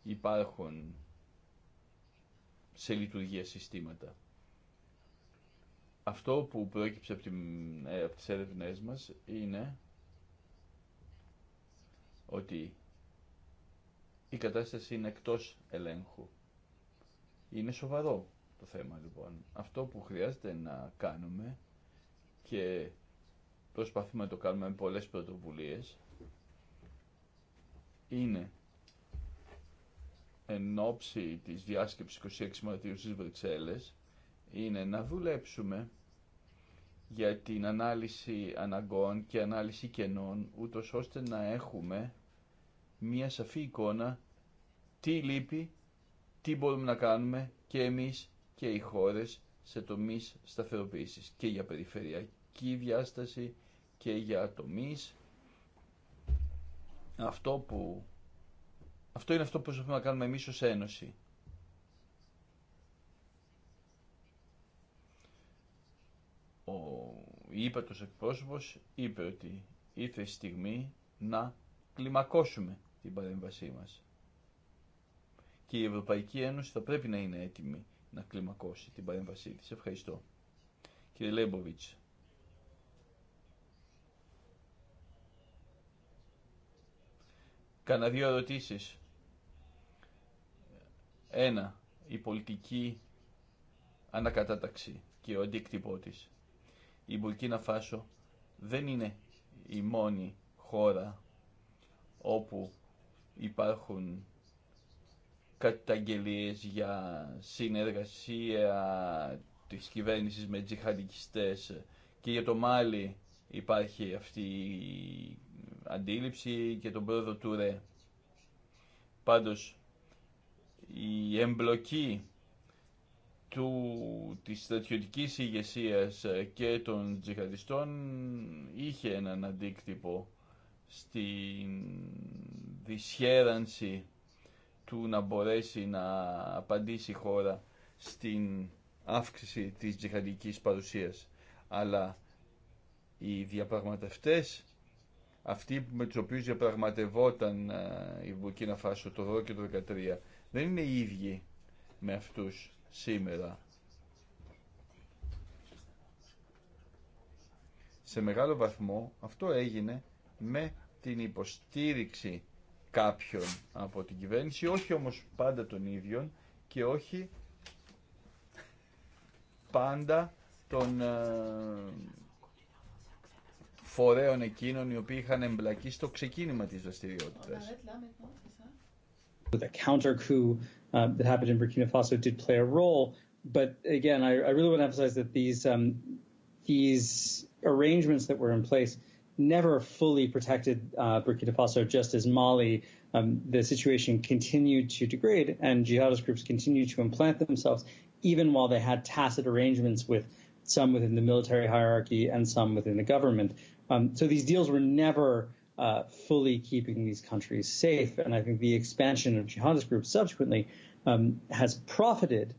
υπάρχουν σε λειτουργία συστήματα. Αυτό που πρόκειψε από, την, ε, από τις έρευνές μας είναι ότι η κατάσταση είναι εκτός ελέγχου. Είναι σοβαρό το θέμα λοιπόν. Αυτό που χρειάζεται να κάνουμε και προσπαθούμε να το κάνουμε με πολλές πρωτοβουλίες είναι εν ώψη της διάσκεψης 26 Μαρτίου στις Βρυξέλλες είναι να δουλέψουμε για την ανάλυση αναγκών και ανάλυση κενών ούτως ώστε να έχουμε μια σαφή εικόνα τι λείπει, τι μπορούμε να κάνουμε και εμείς και οι χώρες σε τομείς σταθεροποίησης και για περιφερειακή διάσταση και για τομείς. Αυτό, που, αυτό είναι αυτό που προσπαθούμε να κάνουμε εμείς ως Ένωση. Ο ύπατος εκπρόσωπος είπε ότι ήρθε η στιγμή να κλιμακώσουμε την παρέμβασή μας. Και η Ευρωπαϊκή Ένωση θα πρέπει να είναι έτοιμη να κλιμακώσει την παρέμβασή της. Ευχαριστώ. Κύριε Λέμποβιτς. Κάνα δύο ερωτήσεις. Ένα, η πολιτική ανακατάταξη και ο αντίκτυπό τη. Η Μπουρκίνα Φάσο δεν είναι η μόνη χώρα όπου υπάρχουν καταγγελίες για συνεργασία της κυβέρνησης με τζιχαντικιστές και για το Μάλι υπάρχει αυτή η αντίληψη και τον πρόεδρο του ΡΕ. Πάντως η εμπλοκή του, της στρατιωτικής ηγεσία και των τζιχαντιστών είχε έναν αντίκτυπο στην δυσχέρανση του να μπορέσει να απαντήσει η χώρα στην αύξηση της τζιχαντικής παρουσίας. Αλλά οι διαπραγματευτές, αυτοί με τους οποίους διαπραγματευόταν ε, η Βουκίνα Φάσο το ρώ και το 13, δεν είναι οι ίδιοι με αυτούς σήμερα. Σε μεγάλο βαθμό αυτό έγινε με την υποστήριξη κάποιων από την κυβέρνηση, όχι όμως πάντα των ίδιων και όχι πάντα των ε, φορέων εκείνων οι οποίοι είχαν εμπλακεί στο ξεκίνημα της δραστηριότητα. The counter coup uh, that happened in Burkina Faso did play a role, but again, I, I really want to emphasize that these um, these arrangements that were in place never fully protected uh, Burkina Faso, just as Mali, um, the situation continued to degrade and jihadist groups continued to implant themselves, even while they had tacit arrangements with some within the military hierarchy and some within the government. Um, so these deals were never uh, fully keeping these countries safe. And I think the expansion of jihadist groups subsequently um, has profited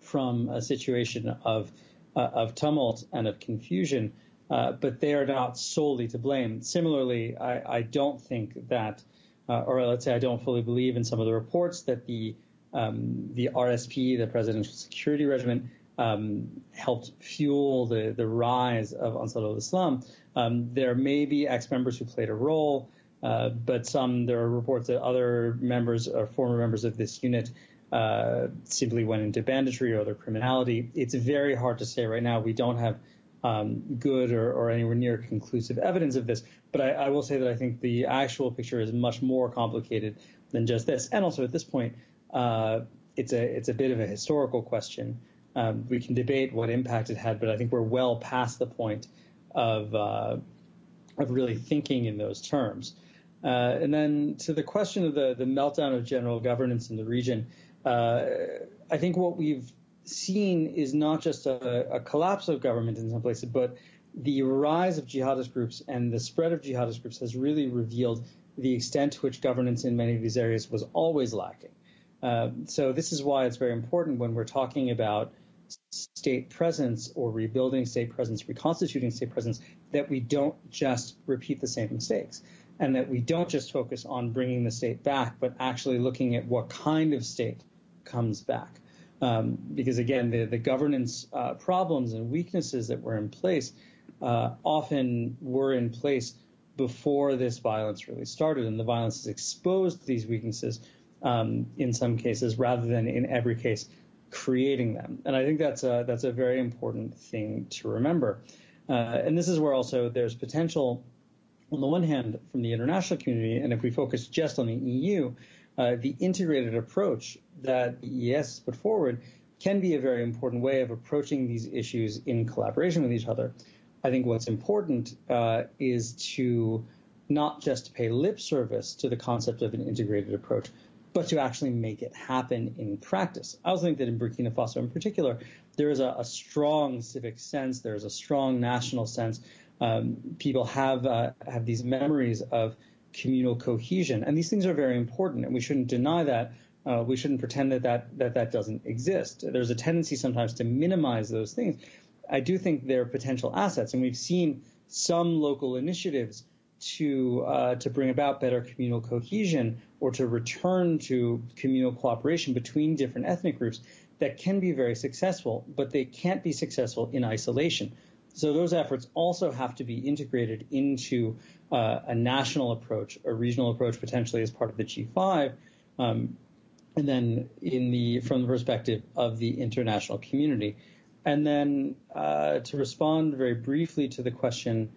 from a situation of uh, of tumult and of confusion but they are not solely to blame. Similarly, I, I don't think that, or let's say I don't fully believe in some of the reports that the um, the RSP, the Presidential Security Regiment, um, helped fuel the, the rise of Ansar al-Islam. Um, there may be ex-members who played a role, uh, but some there are reports that other members or former members of this unit uh, simply went into banditry or other criminality. It's very hard to say right now. We don't have um good or or anywhere near conclusive evidence of this. But I I will say that I think the actual picture is much more complicated than just this. And also, at this point, uh it's a it's a bit of a historical question. Um We can debate what impact it had, but I think we're well past the point of uh of really thinking in those terms. Uh And then to the question of the the meltdown of general governance in the region, uh I think what we've seen is not just a, a collapse of government in some places, but the rise of jihadist groups and the spread of jihadist groups has really revealed the extent to which governance in many of these areas was always lacking. Uh, so this is why it's very important when we're talking about state presence or rebuilding state presence, reconstituting state presence, that we don't just repeat the same mistakes and that we don't just focus on bringing the state back, but actually looking at what kind of state comes back. Um, because again, the, the governance uh, problems and weaknesses that were in place uh, often were in place before this violence really started, and the violence has exposed these weaknesses um, in some cases, rather than in every case creating them. And I think that's a that's a very important thing to remember. Uh, and this is where also there's potential, on the one hand, from the international community, and if we focus just on the EU, uh, the integrated approach that yes, ES put forward can be a very important way of approaching these issues in collaboration with each other. I think what's important uh, is to not just pay lip service to the concept of an integrated approach, but to actually make it happen in practice. I also think that in Burkina Faso in particular, there is a, a strong civic sense, there is a strong national sense. Um, people have uh, have these memories of communal cohesion. And these things are very important, and we shouldn't deny that. Uh, we shouldn't pretend that that, that that doesn't exist. There's a tendency sometimes to minimize those things. I do think they're potential assets, and we've seen some local initiatives to uh, to bring about better communal cohesion or to return to communal cooperation between different ethnic groups that can be very successful, but they can't be successful in isolation. So those efforts also have to be integrated into a national approach, a regional approach potentially as part of the G5, um, and then in the from the perspective of the international community. And then uh, to respond very briefly to the question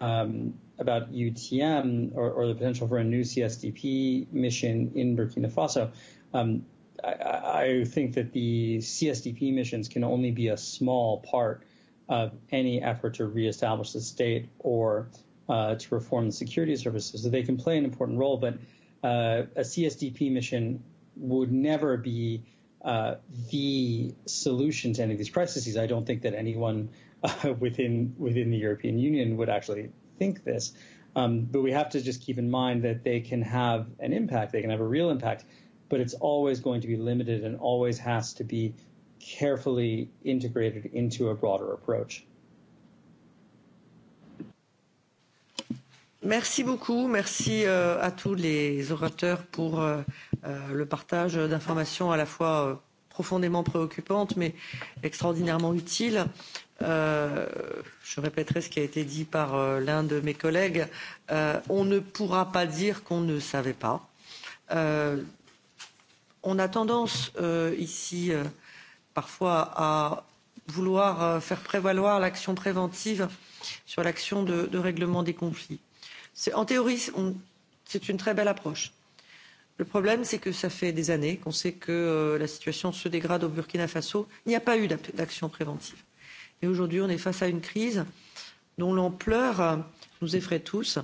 um, about UTM or, or, the potential for a new CSDP mission in Burkina Faso, um, I, I, think that the CSDP missions can only be a small part of any effort to reestablish the state or to reform the security services. So they can play an important role, but uh, a CSDP mission would never be uh, the solution to any of these crises. I don't think that anyone uh, within within the European Union would actually think this. Um, but we have to just keep in mind that they can have an impact. They can have a real impact, but it's always going to be limited and always has to be carefully integrated into a broader approach. Merci beaucoup, merci à tous les orateurs pour le partage d'informations à la fois profondément préoccupantes mais extraordinairement utiles. Je répéterai ce qui a été dit par l'un de mes collègues. On ne pourra pas dire qu'on ne savait pas. On a tendance ici parfois à vouloir faire prévaloir l'action préventive sur l'action de règlement des conflits En théorie, c'est une très belle approche. Le problème, c'est que ça fait des années qu'on sait que la situation se dégrade au Burkina Faso. Il n'y a pas eu d'action préventive. Et aujourd'hui, on est face à une crise dont l'ampleur nous effraie tous.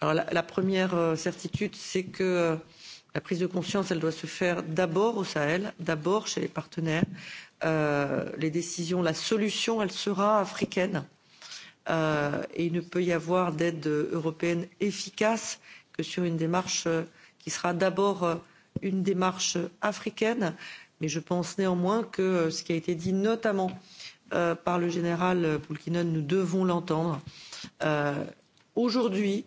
Alors, la première certitude, c'est que la prise de conscience, doit se faire d'abord au Sahel, d'abord chez les partenaires. Les décisions, la solution, elle sera africaine et il ne peut y avoir d'aide européenne efficace que sur une démarche qui sera d'abord une démarche africaine, mais je pense néanmoins que ce qui a été dit notamment par le général Poulkinen, nous devons l'entendre. Aujourd'hui,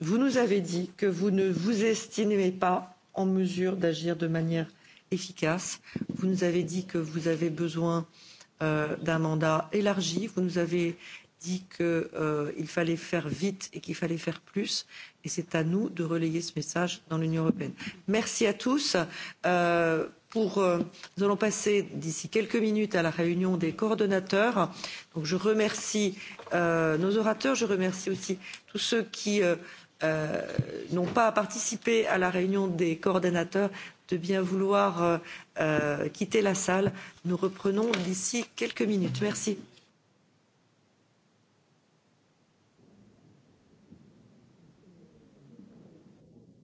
vous nous avez dit que vous ne vous estimez pas en mesure d'agir de manière efficace. Vous nous avez dit que vous avez besoin d'un mandat élargi. Vous nous avez dit qu'il fallait faire vite et qu'il fallait faire plus. Et c'est à nous de relayer ce message dans l'Union européenne. Merci à tous. Pour, nous allons passer d'ici quelques minutes à la réunion des coordonnateurs. Donc, je remercie nos orateurs. Je remercie aussi tous ceux qui n'ont pas participé à la réunion des coordonnateurs de bien vouloir quitter la salle. Nous reprenons d'ici quelques minutes. Merci.